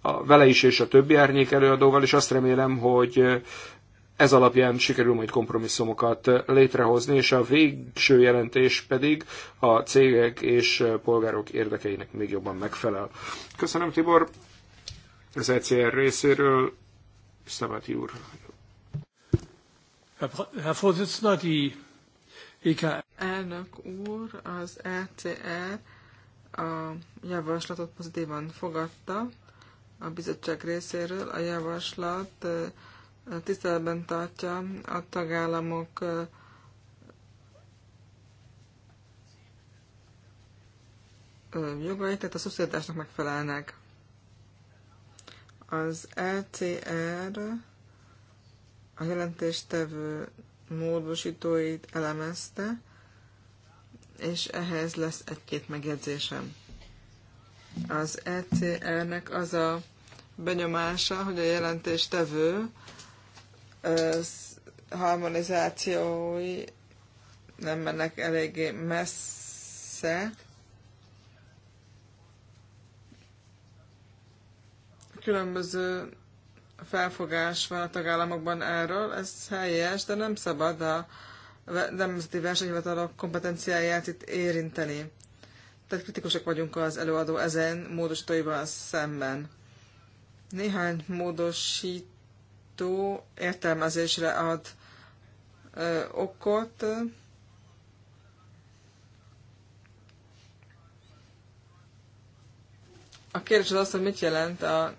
a vele is és a többi árnyék előadóval, és azt remélem, hogy ez alapján sikerül majd kompromisszumokat létrehozni, és a végső jelentés pedig a cégek és polgárok érdekeinek még jobban megfelel. Köszönöm Tibor, az ECR részéről, Szabati úr.
Herr Vorsitzender, die IKR.
Elnök úr, az ECR e a javaslatot pozitívan fogadta a bizottság részéről. A javaslat tiszteletben tartja a tagállamok jogait, tehát a szubszidatásnak megfelelnek. Az ECR a jelentéstevő módosítóit elemezte, és ehhez lesz egy-két megjegyzésem. Az ECR-nek az a benyomása, hogy a jelentéstevő harmonizációi nem mennek eléggé messze. Különböző felfogás van a tagállamokban erről, ez helyes, de nem szabad a nemzeti versenyhivatalok kompetenciáját itt érinteni. Tehát kritikusak vagyunk az előadó ezen módosítóival szemben. Néhány módosító értelmezésre ad ö, okot, A kérdés az az, hogy mit jelent a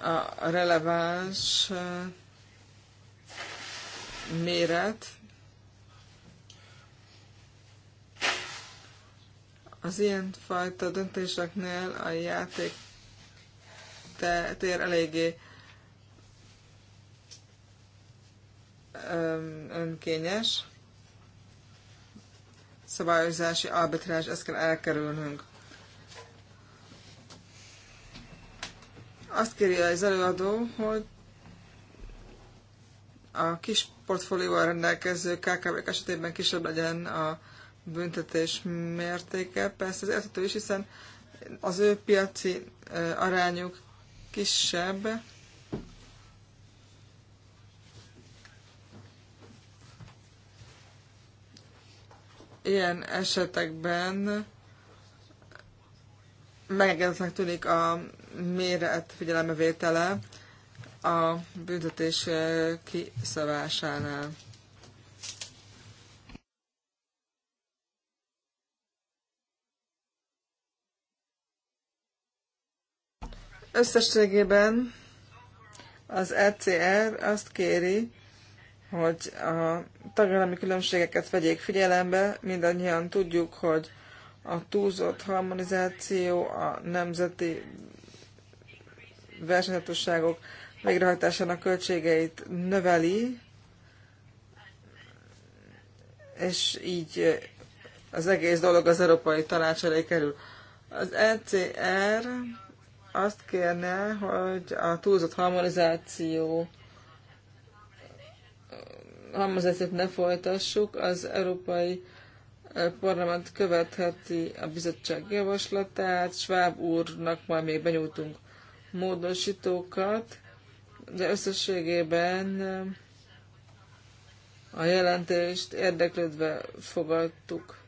a releváns méret az ilyen fajta döntéseknél a játék tér eléggé önkényes szabályozási arbitrás, ezt kell elkerülnünk. Azt kéri az előadó, hogy a kis portfólióval rendelkező KKV-k esetében kisebb legyen a büntetés mértéke. Persze ez érthető is, hiszen az ő piaci arányuk kisebb, ilyen esetekben megengedetnek tűnik a méret figyelembevétele a büntetés eh, kiszavásánál. Összességében az ECR azt kéri, hogy a tagállami különbségeket vegyék figyelembe. Mindannyian tudjuk, hogy a túlzott harmonizáció a nemzeti versenyhatóságok végrehajtásának költségeit növeli, és így az egész dolog az Európai Tanács elé kerül. Az ECR azt kérne, hogy a túlzott harmonizáció harmonizációt ne folytassuk, az Európai eh, Parlament követheti a bizottság javaslatát, Schwab úrnak majd még benyújtunk módosítókat, de összességében eh, a jelentést érdeklődve fogadtuk.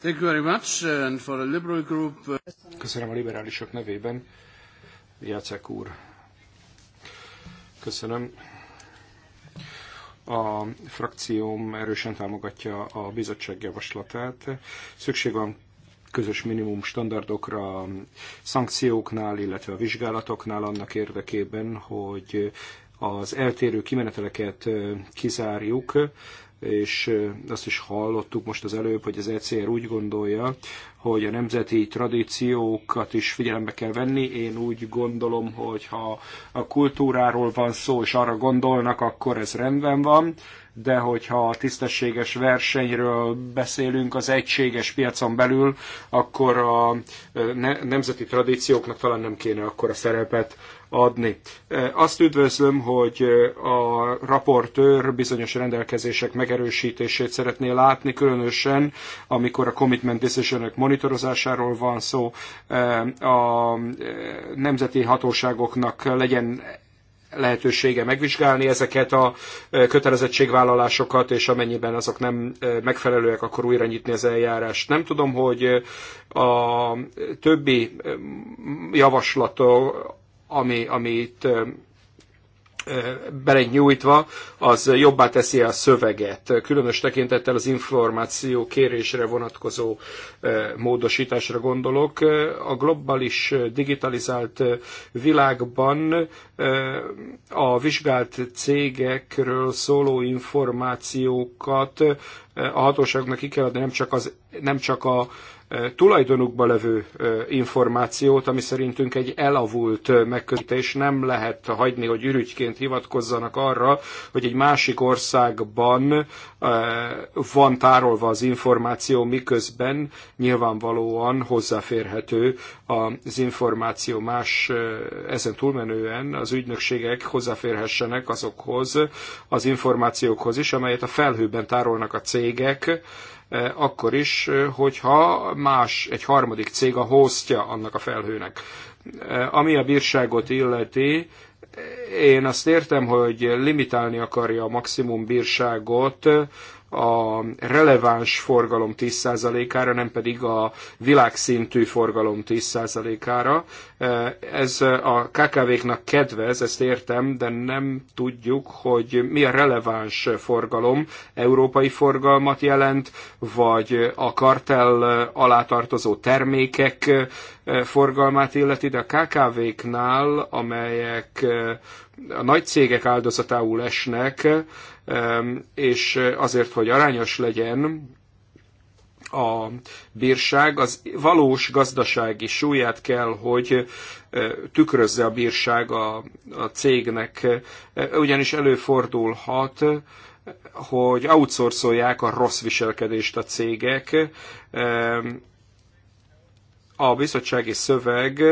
Thank you very much, eh, and for the liberal group. Eh, Köszönöm
a liberálisok nevében, Jacek úr. Köszönöm. A frakcióm erősen támogatja a bizottság javaslatát. Szükség van közös minimum standardokra a szankcióknál, illetve a vizsgálatoknál annak érdekében, hogy az eltérő kimeneteleket kizárjuk, és azt is hallottuk most az előbb, hogy az ECR úgy gondolja, hogy a nemzeti tradíciókat is figyelembe kell venni. Én úgy gondolom, hogy ha a kultúráról van szó, és arra gondolnak, akkor ez rendben van de hogyha a tisztességes versenyről beszélünk az egységes piacon belül, akkor a nemzeti tradícióknak talán nem kéne akkor a szerepet adni. Azt üdvözlöm, hogy a raportőr bizonyos rendelkezések megerősítését szeretné látni, különösen amikor a commitment decision monitorozásáról van szó, a nemzeti hatóságoknak legyen lehetősége megvizsgálni ezeket a kötelezettségvállalásokat, és amennyiben azok nem megfelelőek, akkor újra nyitni az eljárást. Nem tudom, hogy a többi javaslata, ami, amit bele nyújtva, az jobbá teszi a szöveget. Különös tekintettel az információ kérésre vonatkozó módosításra gondolok. A globális digitalizált világban a vizsgált cégekről szóló információkat a hatóságnak ki kell adni, nem csak, az, nem csak a tulajdonukba levő információt, ami szerintünk egy elavult megközelítés. Nem lehet hagyni, hogy ürügyként hivatkozzanak arra, hogy egy másik országban van tárolva az információ, miközben nyilvánvalóan hozzáférhető az információ más ezen túlmenően az ügynökségek hozzáférhessenek azokhoz az információkhoz is, amelyet a felhőben tárolnak a cégek, akkor is, hogyha más, egy harmadik cég a hostja annak a felhőnek. Ami a bírságot illeti, én azt értem, hogy limitálni akarja a maximum bírságot a releváns forgalom 10%-ára, nem pedig a világszintű forgalom 10%-ára. Ez a KKV-knak kedvez, ezt értem, de nem tudjuk, hogy mi a releváns forgalom, európai forgalmat jelent, vagy a kartell alá tartozó termékek forgalmát illeti, de a KKV-knál, amelyek a nagy cégek áldozatául esnek, és azért, hogy arányos legyen a bírság, az valós gazdasági súlyát kell, hogy tükrözze a bírság a, a cégnek, ugyanis előfordulhat, hogy outsourcolják a rossz viselkedést a cégek. A bizottsági szöveg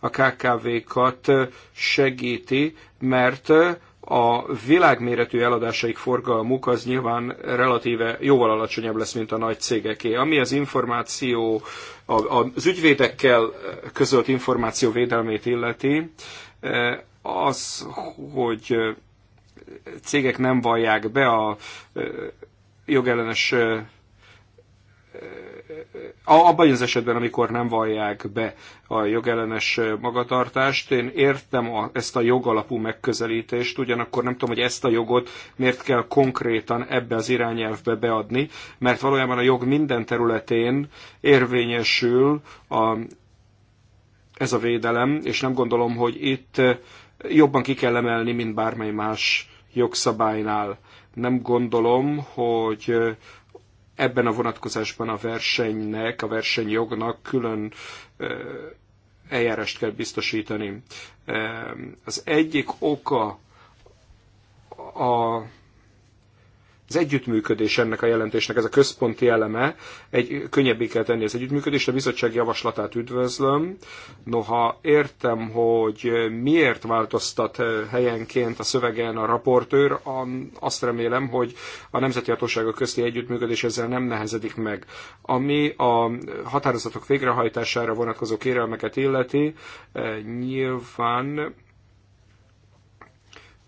a KKV-kat segíti, mert a világméretű eladásaik forgalmuk az nyilván relatíve jóval alacsonyabb lesz, mint a nagy cégeké. Ami az információ, az ügyvédekkel közölt információ védelmét illeti, eh, az, hogy eh, cégek nem vallják be a eh, jogellenes abban az esetben, amikor nem vallják be a jogellenes magatartást. Én értem a, ezt a jogalapú megközelítést, ugyanakkor nem tudom, hogy ezt a jogot miért kell konkrétan ebbe az irányelvbe beadni, mert valójában a jog minden területén érvényesül a, ez a védelem, és nem gondolom, hogy itt jobban ki kell emelni, mint bármely más jogszabálynál. Nem gondolom, hogy ebben a vonatkozásban a versenynek, a versenyjognak külön eljárást kell biztosítani. Az egyik oka a az együttműködés ennek a jelentésnek, ez a központi eleme. Egy, könnyebbé kell tenni az együttműködést, a bizottság javaslatát üdvözlöm. Noha értem, hogy miért változtat eh, helyenként a szövegen a raportőr, azt remélem, hogy a nemzeti hatóságok közti együttműködés ezzel nem nehezedik meg. Ami a határozatok végrehajtására vonatkozó kérelmeket illeti, eh, nyilván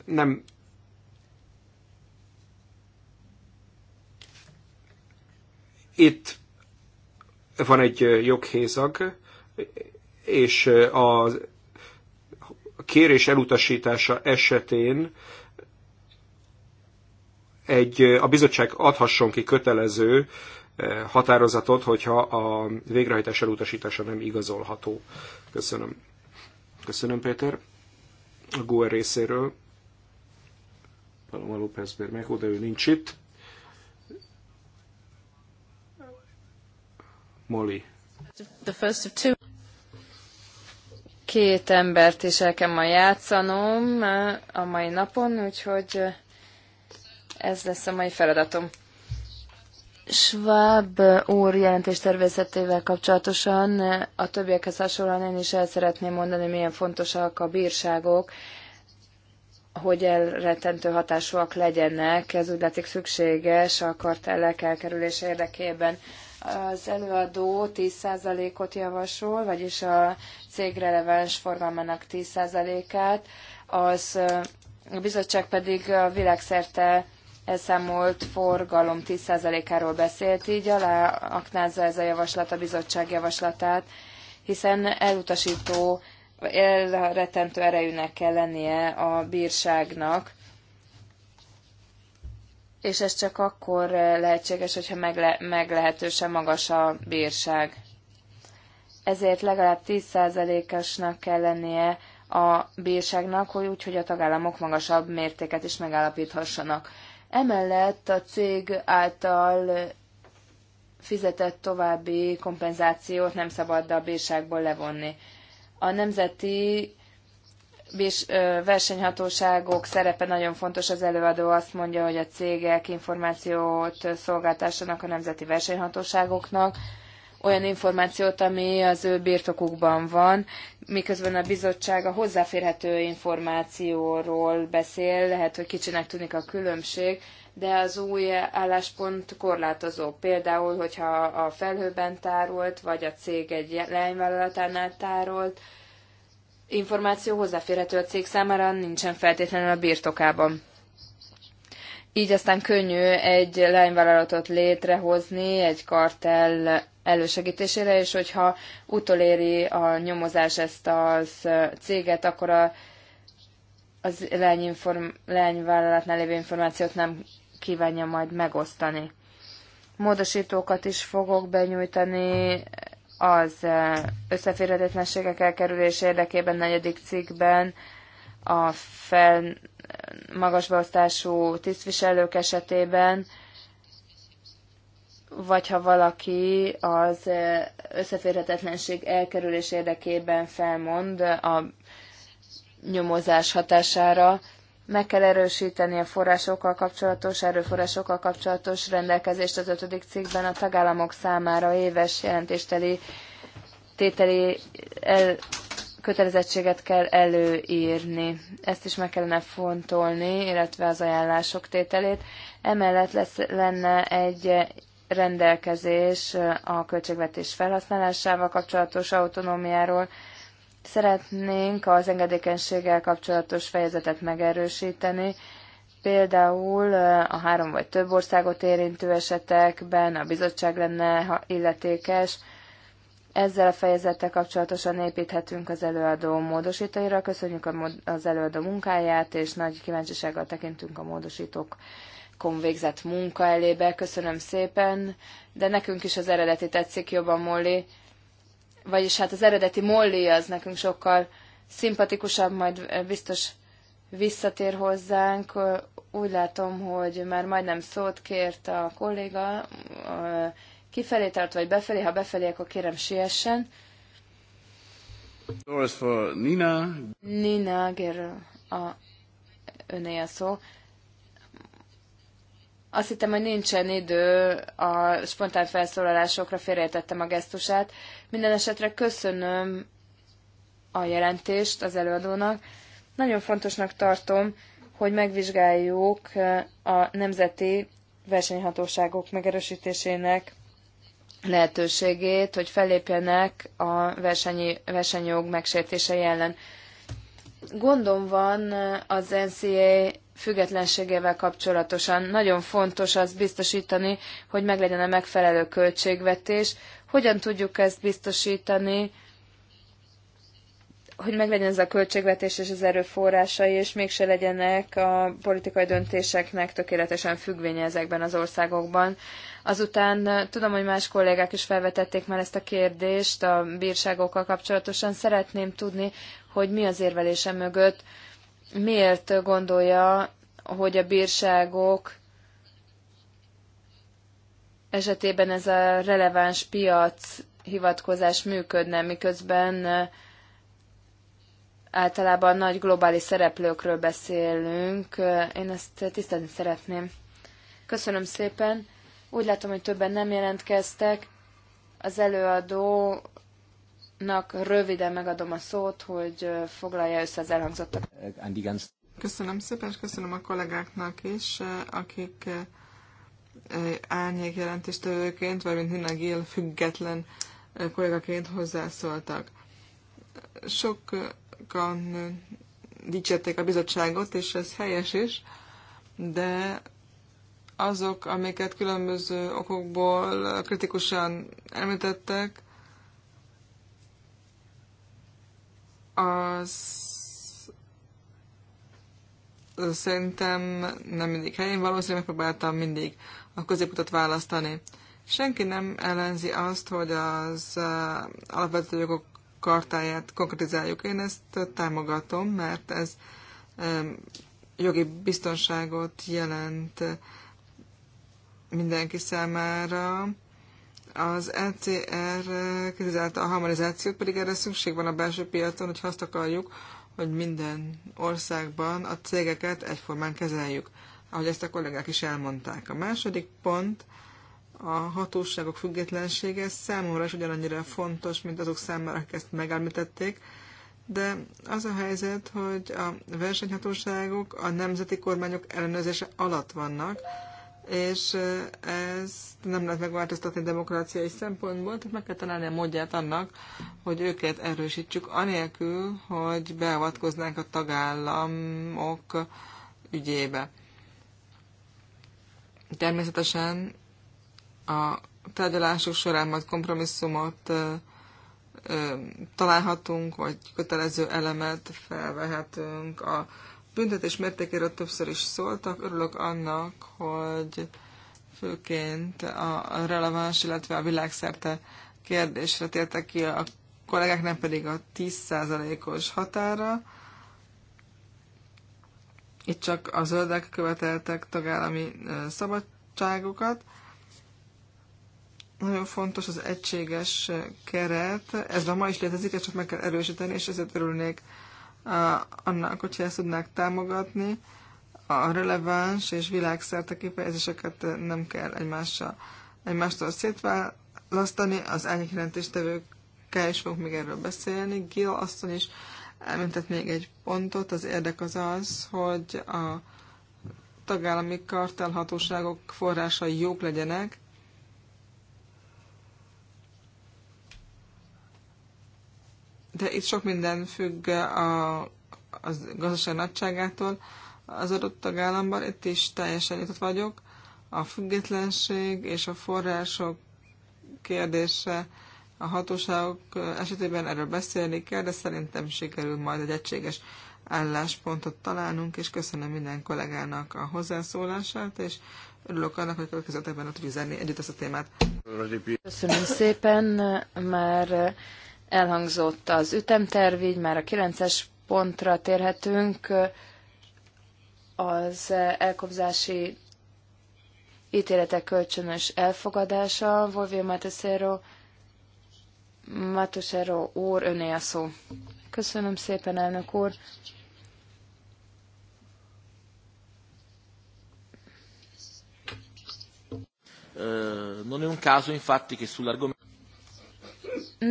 nem Itt van egy joghézag, és a kérés elutasítása esetén egy, a bizottság adhasson ki kötelező határozatot, hogyha a végrehajtás elutasítása nem igazolható. Köszönöm. Köszönöm, Péter. A Guer részéről. Paloma López Bermejo, de ő nincs itt. Molly.
The first of two. Két embert is el kell ma játszanom eh, a mai napon, úgyhogy eh, ez lesz a mai feladatom. Schwab eh, úr jelentés tervezetével kapcsolatosan a többiekhez hasonlóan én is el szeretném mondani, milyen fontosak a bírságok, hogy elretentő hatásúak legyenek. Ez úgy látszik szükséges a kartellek elkerülése érdekében. Az előadó 10%-ot javasol, vagyis a cég releváns forgalmának 10%-át, az a bizottság pedig a világszerte elszámolt forgalom 10%-áról beszélt, így aláaknázza ez a javaslat a bizottság javaslatát, hiszen elutasító, elretentő erejűnek kell lennie a bírságnak, és ez csak akkor eh, lehetséges, hogyha megle- meglehetősen magas a bírság. Ezért legalább 10%-osnak kell lennie a bírságnak, hogy úgy, hogy a tagállamok magasabb mértéket is megállapíthassanak. Emellett a cég által fizetett további kompenzációt nem szabad a bírságból levonni. A nemzeti versenyhatóságok szerepe nagyon fontos. Az előadó azt mondja, hogy a cégek információt szolgáltassanak a nemzeti versenyhatóságoknak, olyan információt, ami az ő birtokukban van, miközben a bizottság a hozzáférhető információról beszél, lehet, hogy kicsinek tűnik a különbség, de az új álláspont korlátozó. Például, hogyha a felhőben tárolt, vagy a cég egy leányvállalatánál tárolt, információ hozzáférhető a cég számára, nincsen feltétlenül a birtokában. Így aztán könnyű egy lányvállalatot létrehozni egy kartel elősegítésére, és hogyha utoléri a nyomozás ezt a céget, akkor a, az lányvállalatnál lévő információt nem kívánja majd megosztani. Módosítókat is fogok benyújtani az összeférhetetlenségek elkerülése érdekében negyedik cikkben a fel magasbeosztású tisztviselők esetében, vagy ha valaki az összeférhetetlenség elkerülés érdekében felmond a nyomozás hatására, meg kell erősíteni a forrásokkal kapcsolatos, erőforrásokkal kapcsolatos rendelkezést az ötödik cikkben a tagállamok számára éves jelentésteli tételi el, kötelezettséget kell előírni. Ezt is meg kellene fontolni, illetve az ajánlások tételét. Emellett lesz, lenne egy rendelkezés a költségvetés felhasználásával kapcsolatos autonómiáról, Szeretnénk az engedékenységgel kapcsolatos fejezetet megerősíteni, például a három vagy több országot érintő esetekben a bizottság lenne illetékes, ezzel a fejezettel kapcsolatosan építhetünk az előadó módosítóira. Köszönjük az előadó munkáját, és nagy kíváncsisággal tekintünk a módosítókon végzett munka elébe. Köszönöm szépen, de nekünk is az eredeti tetszik jobban, Molly vagyis hát az eredeti Molly az nekünk sokkal szimpatikusabb, majd biztos visszatér hozzánk. Úgy látom, hogy már majdnem szót kért a kolléga, kifelé tart, vagy befelé, ha befelé, akkor kérem siessen. Doors for Nina. Nina, Gerl, a öné a szó. Azt hittem, hogy nincsen idő a spontán felszólalásokra, félreértettem a gesztusát. Minden esetre köszönöm a jelentést az előadónak. Nagyon fontosnak tartom, hogy megvizsgáljuk a nemzeti versenyhatóságok megerősítésének lehetőségét, hogy fellépjenek a versenyi, versenyjog megsértése ellen. Gondom van az NCA függetlenségével kapcsolatosan. Nagyon fontos az biztosítani, hogy meglegyen a megfelelő költségvetés. Hogyan tudjuk ezt biztosítani, hogy meglegyen ez a költségvetés és az erőforrásai, és mégse legyenek a politikai döntéseknek tökéletesen függvénye ezekben az országokban. Azután eh, tudom, hogy más kollégák is felvetették már ezt a kérdést a bírságokkal kapcsolatosan. Szeretném tudni, hogy mi az érvelése mögött, miért gondolja, hogy a bírságok esetében ez a releváns piac hivatkozás működne, miközben általában nagy globális szereplőkről beszélünk. Én ezt tisztelni szeretném. Köszönöm szépen. Úgy látom, hogy többen nem jelentkeztek. Az előadó Nak röviden megadom a szót, hogy foglalja össze az elhangzottak.
Köszönöm szépen, és köszönöm a kollégáknak is, akik árnyék jelentéstevőként, valamint Nina Gill független kollégaként hozzászóltak. Sokan dicsérték a bizottságot, és ez helyes is, de azok, amiket különböző okokból kritikusan említettek, az szerintem nem mindig helyén valószínűleg megpróbáltam mindig a középutat választani. Senki nem ellenzi azt, hogy az alapvető jogok kartáját konkretizáljuk. Én ezt támogatom, mert ez jogi biztonságot jelent mindenki számára, az ECR kritizálta a harmonizációt, pedig erre szükség van a belső piacon, hogy azt akarjuk, hogy minden országban a cégeket egyformán kezeljük, ahogy ezt a kollégák is elmondták. A második pont a hatóságok függetlensége számomra is ugyanannyira fontos, mint azok számára, akik ezt megelmítették, de az a helyzet, hogy a versenyhatóságok a nemzeti kormányok ellenőrzése alatt vannak, és ezt nem lehet megváltoztatni demokráciai szempontból, tehát meg kell találni a módját annak, hogy őket erősítsük, anélkül, hogy beavatkoznánk a tagállamok ügyébe. Természetesen a tárgyalások során majd kompromisszumot találhatunk, vagy kötelező elemet felvehetünk a büntetés mértékéről többször is szóltak. Örülök annak, hogy főként a releváns, illetve a világszerte kérdésre tértek ki a kollégák, nem pedig a 10%-os határa. Itt csak a zöldek követeltek tagállami szabadságokat. Nagyon fontos az egységes keret, ez a ma is létezik, ezt csak meg kell erősíteni, és ezért örülnék annak, hogyha ezt tudnák támogatni, a releváns és világszerte kifejezéseket nem kell egymással, egymástól szétválasztani. Az elnyik jelentéstevőkkel is fogok még erről beszélni. Gil asszony is elmentett még egy pontot. Az érdek az az, hogy a tagállami kartelhatóságok forrásai jók legyenek, de itt sok minden függ a, a gazdaság nagyságától az adott tagállamban, itt is teljesen nyitott vagyok. A függetlenség és a források kérdése a hatóságok esetében erről beszélni kell, de szerintem sikerül majd egy egységes álláspontot találnunk, és köszönöm minden kollégának a hozzászólását, és örülök annak, hogy következetekben ebben tudjuk zenni együtt ezt a témát.
Köszönöm szépen, már Elhangzott az ütemterv, így már a 9-es pontra térhetünk. Az elkobzási ítéletek kölcsönös elfogadása. Volvio Matesero, Matosero úr, öné a szó. Köszönöm szépen, elnök úr.
Eh, non è un caso
infatti che sull'argomento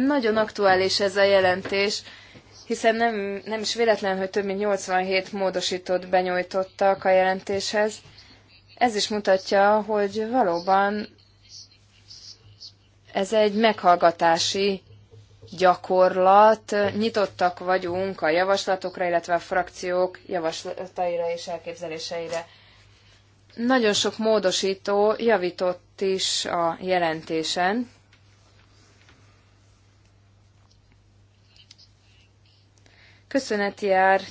nagyon aktuális ez a jelentés, hiszen nem, nem is véletlen, hogy több mint 87 módosítót benyújtottak a jelentéshez. Ez is mutatja, hogy valóban ez egy meghallgatási gyakorlat. Nyitottak vagyunk a javaslatokra, illetve a frakciók javaslataira és elképzeléseire. Nagyon sok módosító javított is a jelentésen. Köszönet jár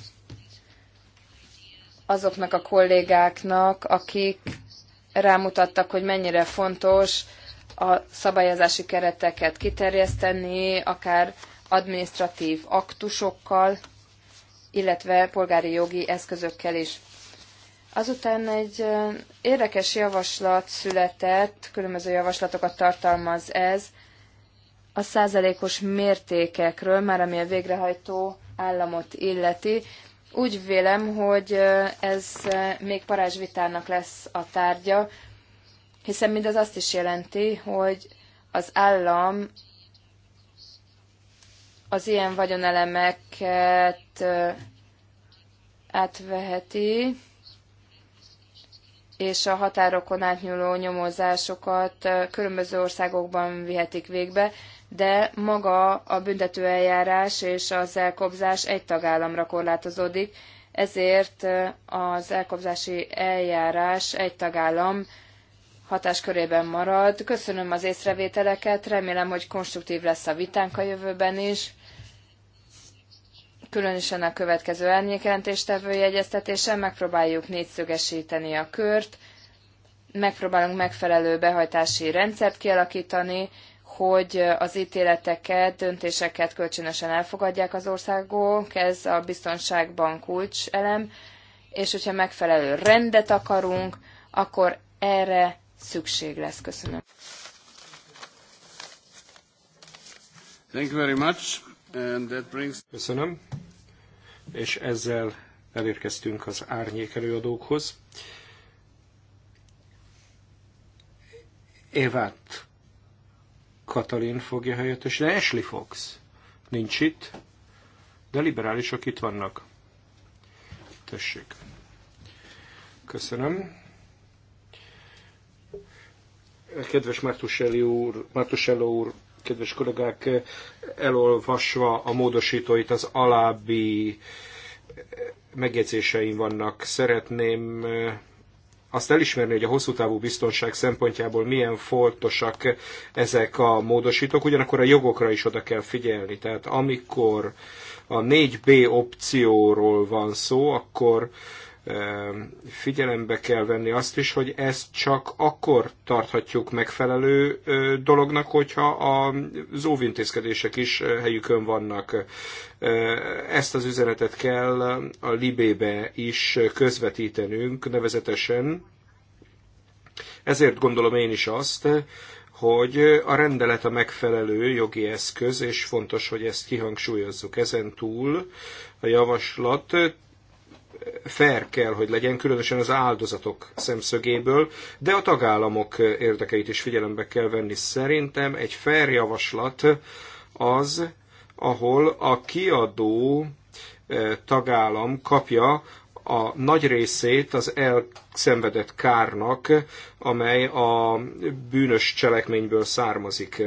azoknak a kollégáknak, akik rámutattak, hogy mennyire fontos a szabályozási kereteket kiterjeszteni, akár administratív aktusokkal, illetve polgári jogi eszközökkel is. Azután egy érdekes javaslat született, különböző javaslatokat tartalmaz ez, a százalékos mértékekről, már ami a végrehajtó államot illeti. Úgy vélem, hogy ez még parázsvitának lesz a tárgya, hiszen mindez azt is jelenti, hogy az állam az ilyen vagyonelemeket átveheti, és a határokon átnyúló nyomozásokat különböző országokban vihetik végbe de maga a büntetőeljárás és az elkobzás egy tagállamra korlátozódik, ezért az elkobzási eljárás egy tagállam hatáskörében marad. Köszönöm az észrevételeket, remélem, hogy konstruktív lesz a vitánk a jövőben is különösen a következő árnyékjelentéstevői egyeztetésen megpróbáljuk négyszögesíteni a kört, megpróbálunk megfelelő behajtási rendszert kialakítani, hogy az ítéleteket, döntéseket kölcsönösen elfogadják az országok, ez a biztonságban kulcselem, és hogyha megfelelő rendet akarunk, akkor erre szükség lesz. Köszönöm.
Thank you very much. And that brings... Köszönöm. És ezzel elérkeztünk az árnyék előadókhoz. Évát Katalin fogja helyettesíteni. Ashley Fox nincs itt, de liberálisok itt vannak. Tessék. Köszönöm. Kedves Mártuselli úr, Mártusello úr, kedves kollégák, elolvasva a módosítóit az alábbi megjegyzéseim vannak. Szeretném azt elismerni, hogy a hosszú távú biztonság szempontjából milyen fontosak ezek a módosítók, ugyanakkor a jogokra is oda kell figyelni. Tehát amikor a 4B opcióról van szó, akkor figyelembe kell venni azt is, hogy ezt csak akkor tarthatjuk megfelelő dolognak, hogyha az óvintézkedések is helyükön vannak. Ezt az üzenetet kell a Libébe is közvetítenünk, nevezetesen. Ezért gondolom én is azt, hogy a rendelet a megfelelő jogi eszköz, és fontos, hogy ezt kihangsúlyozzuk. Ezen túl a javaslat fair kell, hogy legyen, különösen az áldozatok szemszögéből, de a tagállamok érdekeit is figyelembe kell venni. Szerintem egy fair javaslat az, ahol a kiadó eh, tagállam kapja a nagy részét az elszenvedett kárnak, amely a bűnös cselekményből származik.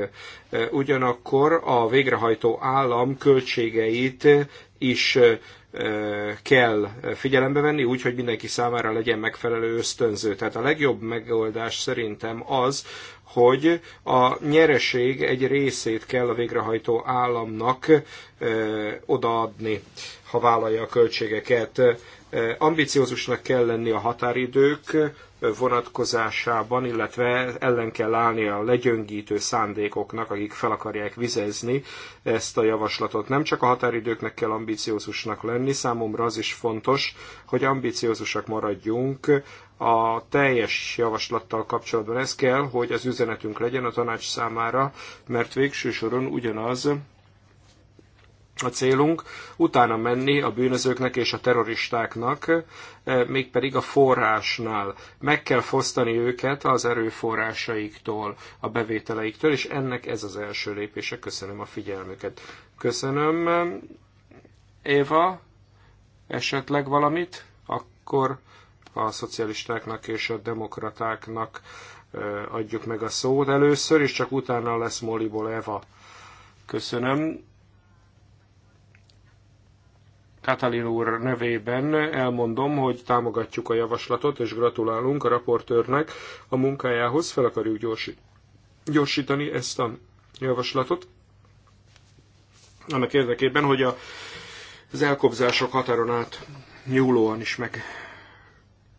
Eh, ugyanakkor a végrehajtó állam költségeit is eh, kell figyelembe venni, úgy, hogy mindenki számára legyen megfelelő ösztönző. Tehát a legjobb megoldás szerintem az, hogy a nyereség egy részét kell a végrehajtó államnak odaadni, ha vállalja a költségeket. Ambiciózusnak kell lenni a határidők vonatkozásában, illetve ellen kell állni a legyöngítő szándékoknak, akik fel akarják vizezni ezt a javaslatot. Nem csak a határidőknek kell ambiciózusnak lenni, számomra az is fontos, hogy ambiciózusak maradjunk a teljes javaslattal kapcsolatban. Ez kell, hogy az üzenetünk legyen a tanács számára, mert végső soron ugyanaz, a célunk utána menni a bűnözőknek és a terroristáknak, eh, mégpedig a forrásnál. Meg kell fosztani őket az erőforrásaiktól, a bevételeiktől, és ennek ez az első lépése. Köszönöm a figyelmüket. Köszönöm, Éva, esetleg valamit? Akkor a szocialistáknak és a demokratáknak eh, adjuk meg a szót először, és csak utána lesz Moliból Eva. Köszönöm Katalin úr nevében elmondom, hogy támogatjuk a javaslatot, és gratulálunk a raportőrnek a munkájához, fel akarjuk gyorsít, gyorsítani ezt a javaslatot. Annak érdekében, hogy a, az elkobzások határon át nyúlóan is meg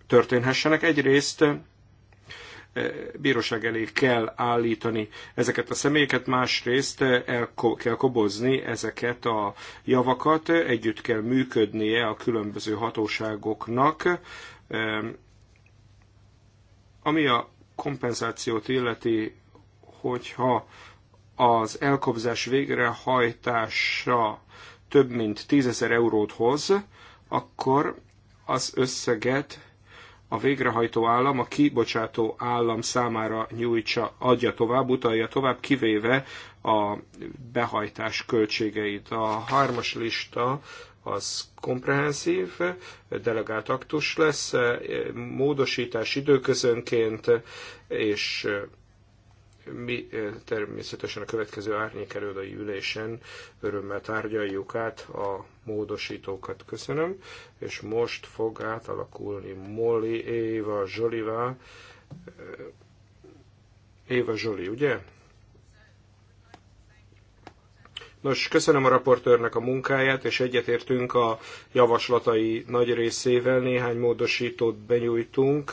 történhessenek. Egyrészt bíróság elé kell állítani ezeket a személyeket, másrészt eh, el kell kobozni ezeket a javakat, együtt kell működnie a különböző hatóságoknak, ami a kompenzációt illeti, hogyha az elkobzás végrehajtása több mint 10 eurót hoz, akkor az összeget a végrehajtó állam a kibocsátó állam számára nyújtsa, adja tovább, utalja tovább, kivéve a behajtás költségeit. A hármas lista az komprehenszív, delegált aktus lesz, módosítás időközönként, és mi természetesen a következő árnyék ülésen örömmel tárgyaljuk át a módosítókat. Köszönöm, és most fog átalakulni Molly Éva Zsolivá. Éva Zsoli, ugye? Nos, köszönöm a raportőrnek a munkáját, és egyetértünk a javaslatai nagy részével, néhány módosítót benyújtunk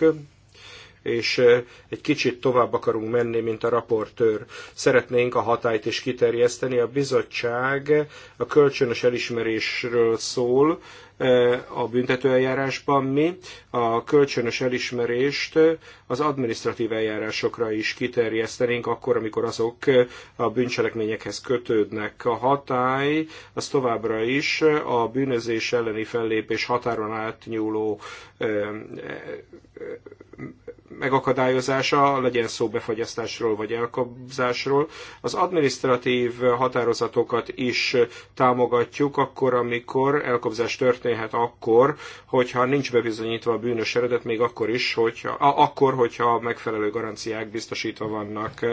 és egy kicsit tovább akarunk menni, mint a raportőr. Szeretnénk a hatályt is kiterjeszteni. A bizottság a kölcsönös elismerésről szól a büntetőeljárásban mi a kölcsönös elismerést az administratív eljárásokra is kiterjesztenénk, akkor, amikor azok a bűncselekményekhez kötődnek. A hatály az továbbra is a bűnözés elleni fellépés határon átnyúló megakadályozása, legyen szó befagyasztásról vagy elkobzásról. Az administratív határozatokat is támogatjuk akkor, amikor elkobzás történhet akkor, hogyha nincs bebizonyítva a bűnös eredet, még akkor is, hogyha, akkor, hogyha megfelelő garanciák biztosítva vannak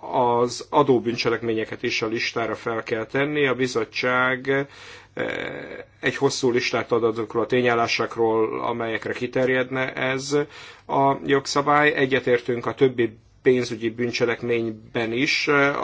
az adóbűncselekményeket is a listára fel kell tenni. A bizottság eh, egy hosszú listát ad azokról a tényállásokról, amelyekre kiterjedne ez a jogszabály. Egyetértünk a többi pénzügyi bűncselekményben is, eh,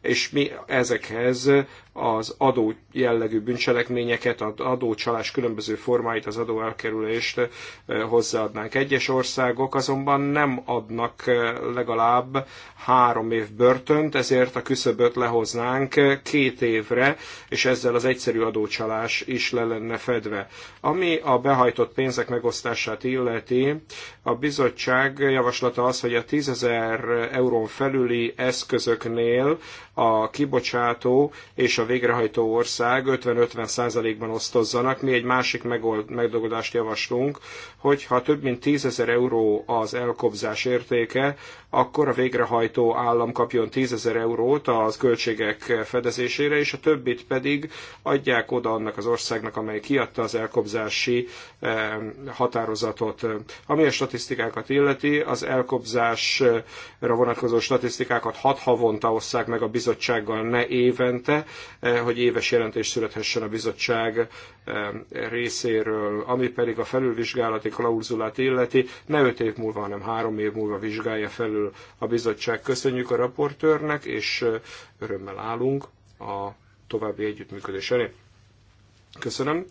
és mi ezekhez az adó jellegű bűncselekményeket, az adócsalás különböző formáit, az elkerülést eh, hozzáadnánk. Egyes országok azonban nem adnak eh, legalább három év börtönt, ezért a küszöböt lehoznánk eh, két évre, és ezzel az egyszerű adócsalás is le lenne fedve. Ami a behajtott pénzek megosztását illeti, a bizottság javaslata az, hogy a 10.000 eurón felüli eszközöknél a kibocsátó és a a végrehajtó ország 50-50 százalékban -50 osztozzanak. Mi egy másik megold, megdolgodást javaslunk, ha több mint 10 ezer euró az elkobzás értéke, akkor a végrehajtó állam kapjon 10 eurót az költségek fedezésére, és a többit pedig adják oda annak az országnak, amely kiadta az elkobzási határozatot. Ami a statisztikákat illeti, az elkobzásra vonatkozó statisztikákat hat havonta osszák meg a bizottsággal, ne évente, eh, hogy éves jelentés születhessen a bizottság részéről, ami pedig a felülvizsgálati klauzulát illeti, ne öt év múlva, hanem három év múlva vizsgálja felül a bizottság. Köszönjük a raportőrnek, és örömmel állunk a további együttműködés elé. Köszönöm.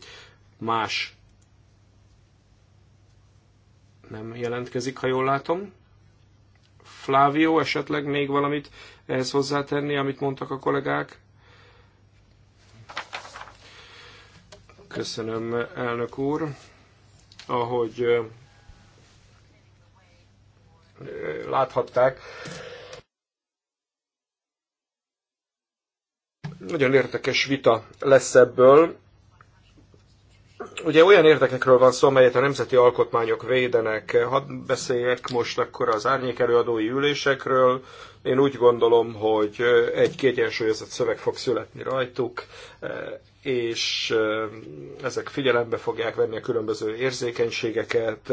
Más nem jelentkezik, ha jól látom. Flávio, esetleg még valamit ehhez hozzátenni, amit mondtak a kollégák? Köszönöm, elnök úr. Ahogy láthatták, nagyon érdekes vita lesz ebből. Ugye olyan érdekekről van szó, amelyet a nemzeti alkotmányok védenek. Hadd beszéljek most akkor az árnyékelőadói ülésekről. Én úgy gondolom, hogy egy kiegyensúlyozott szöveg fog születni rajtuk és ezek figyelembe fogják venni a különböző érzékenységeket,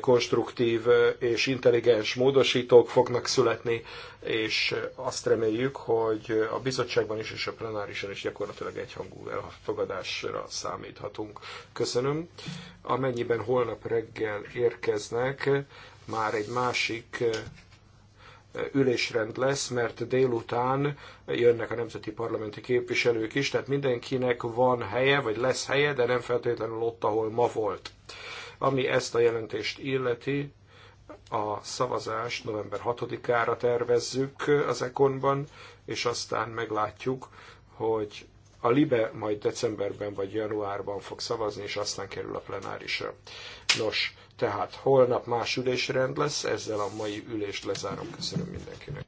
konstruktív és intelligens módosítók fognak születni, és azt reméljük, hogy a bizottságban is és a plenárisan is gyakorlatilag egyhangú elfogadásra számíthatunk. Köszönöm. Amennyiben holnap reggel érkeznek, már egy másik ülésrend lesz, mert délután jönnek a nemzeti parlamenti képviselők is, tehát mindenkinek van helye, vagy lesz helye, de nem feltétlenül ott, ahol ma volt. Ami ezt a jelentést illeti, a szavazást november 6-ára tervezzük az Ekonban, és aztán meglátjuk, hogy a Libe majd decemberben vagy januárban fog szavazni, és aztán kerül a plenárisra. Nos, tehát holnap más ülésrend lesz, ezzel a mai ülést lezárom. Köszönöm mindenkinek.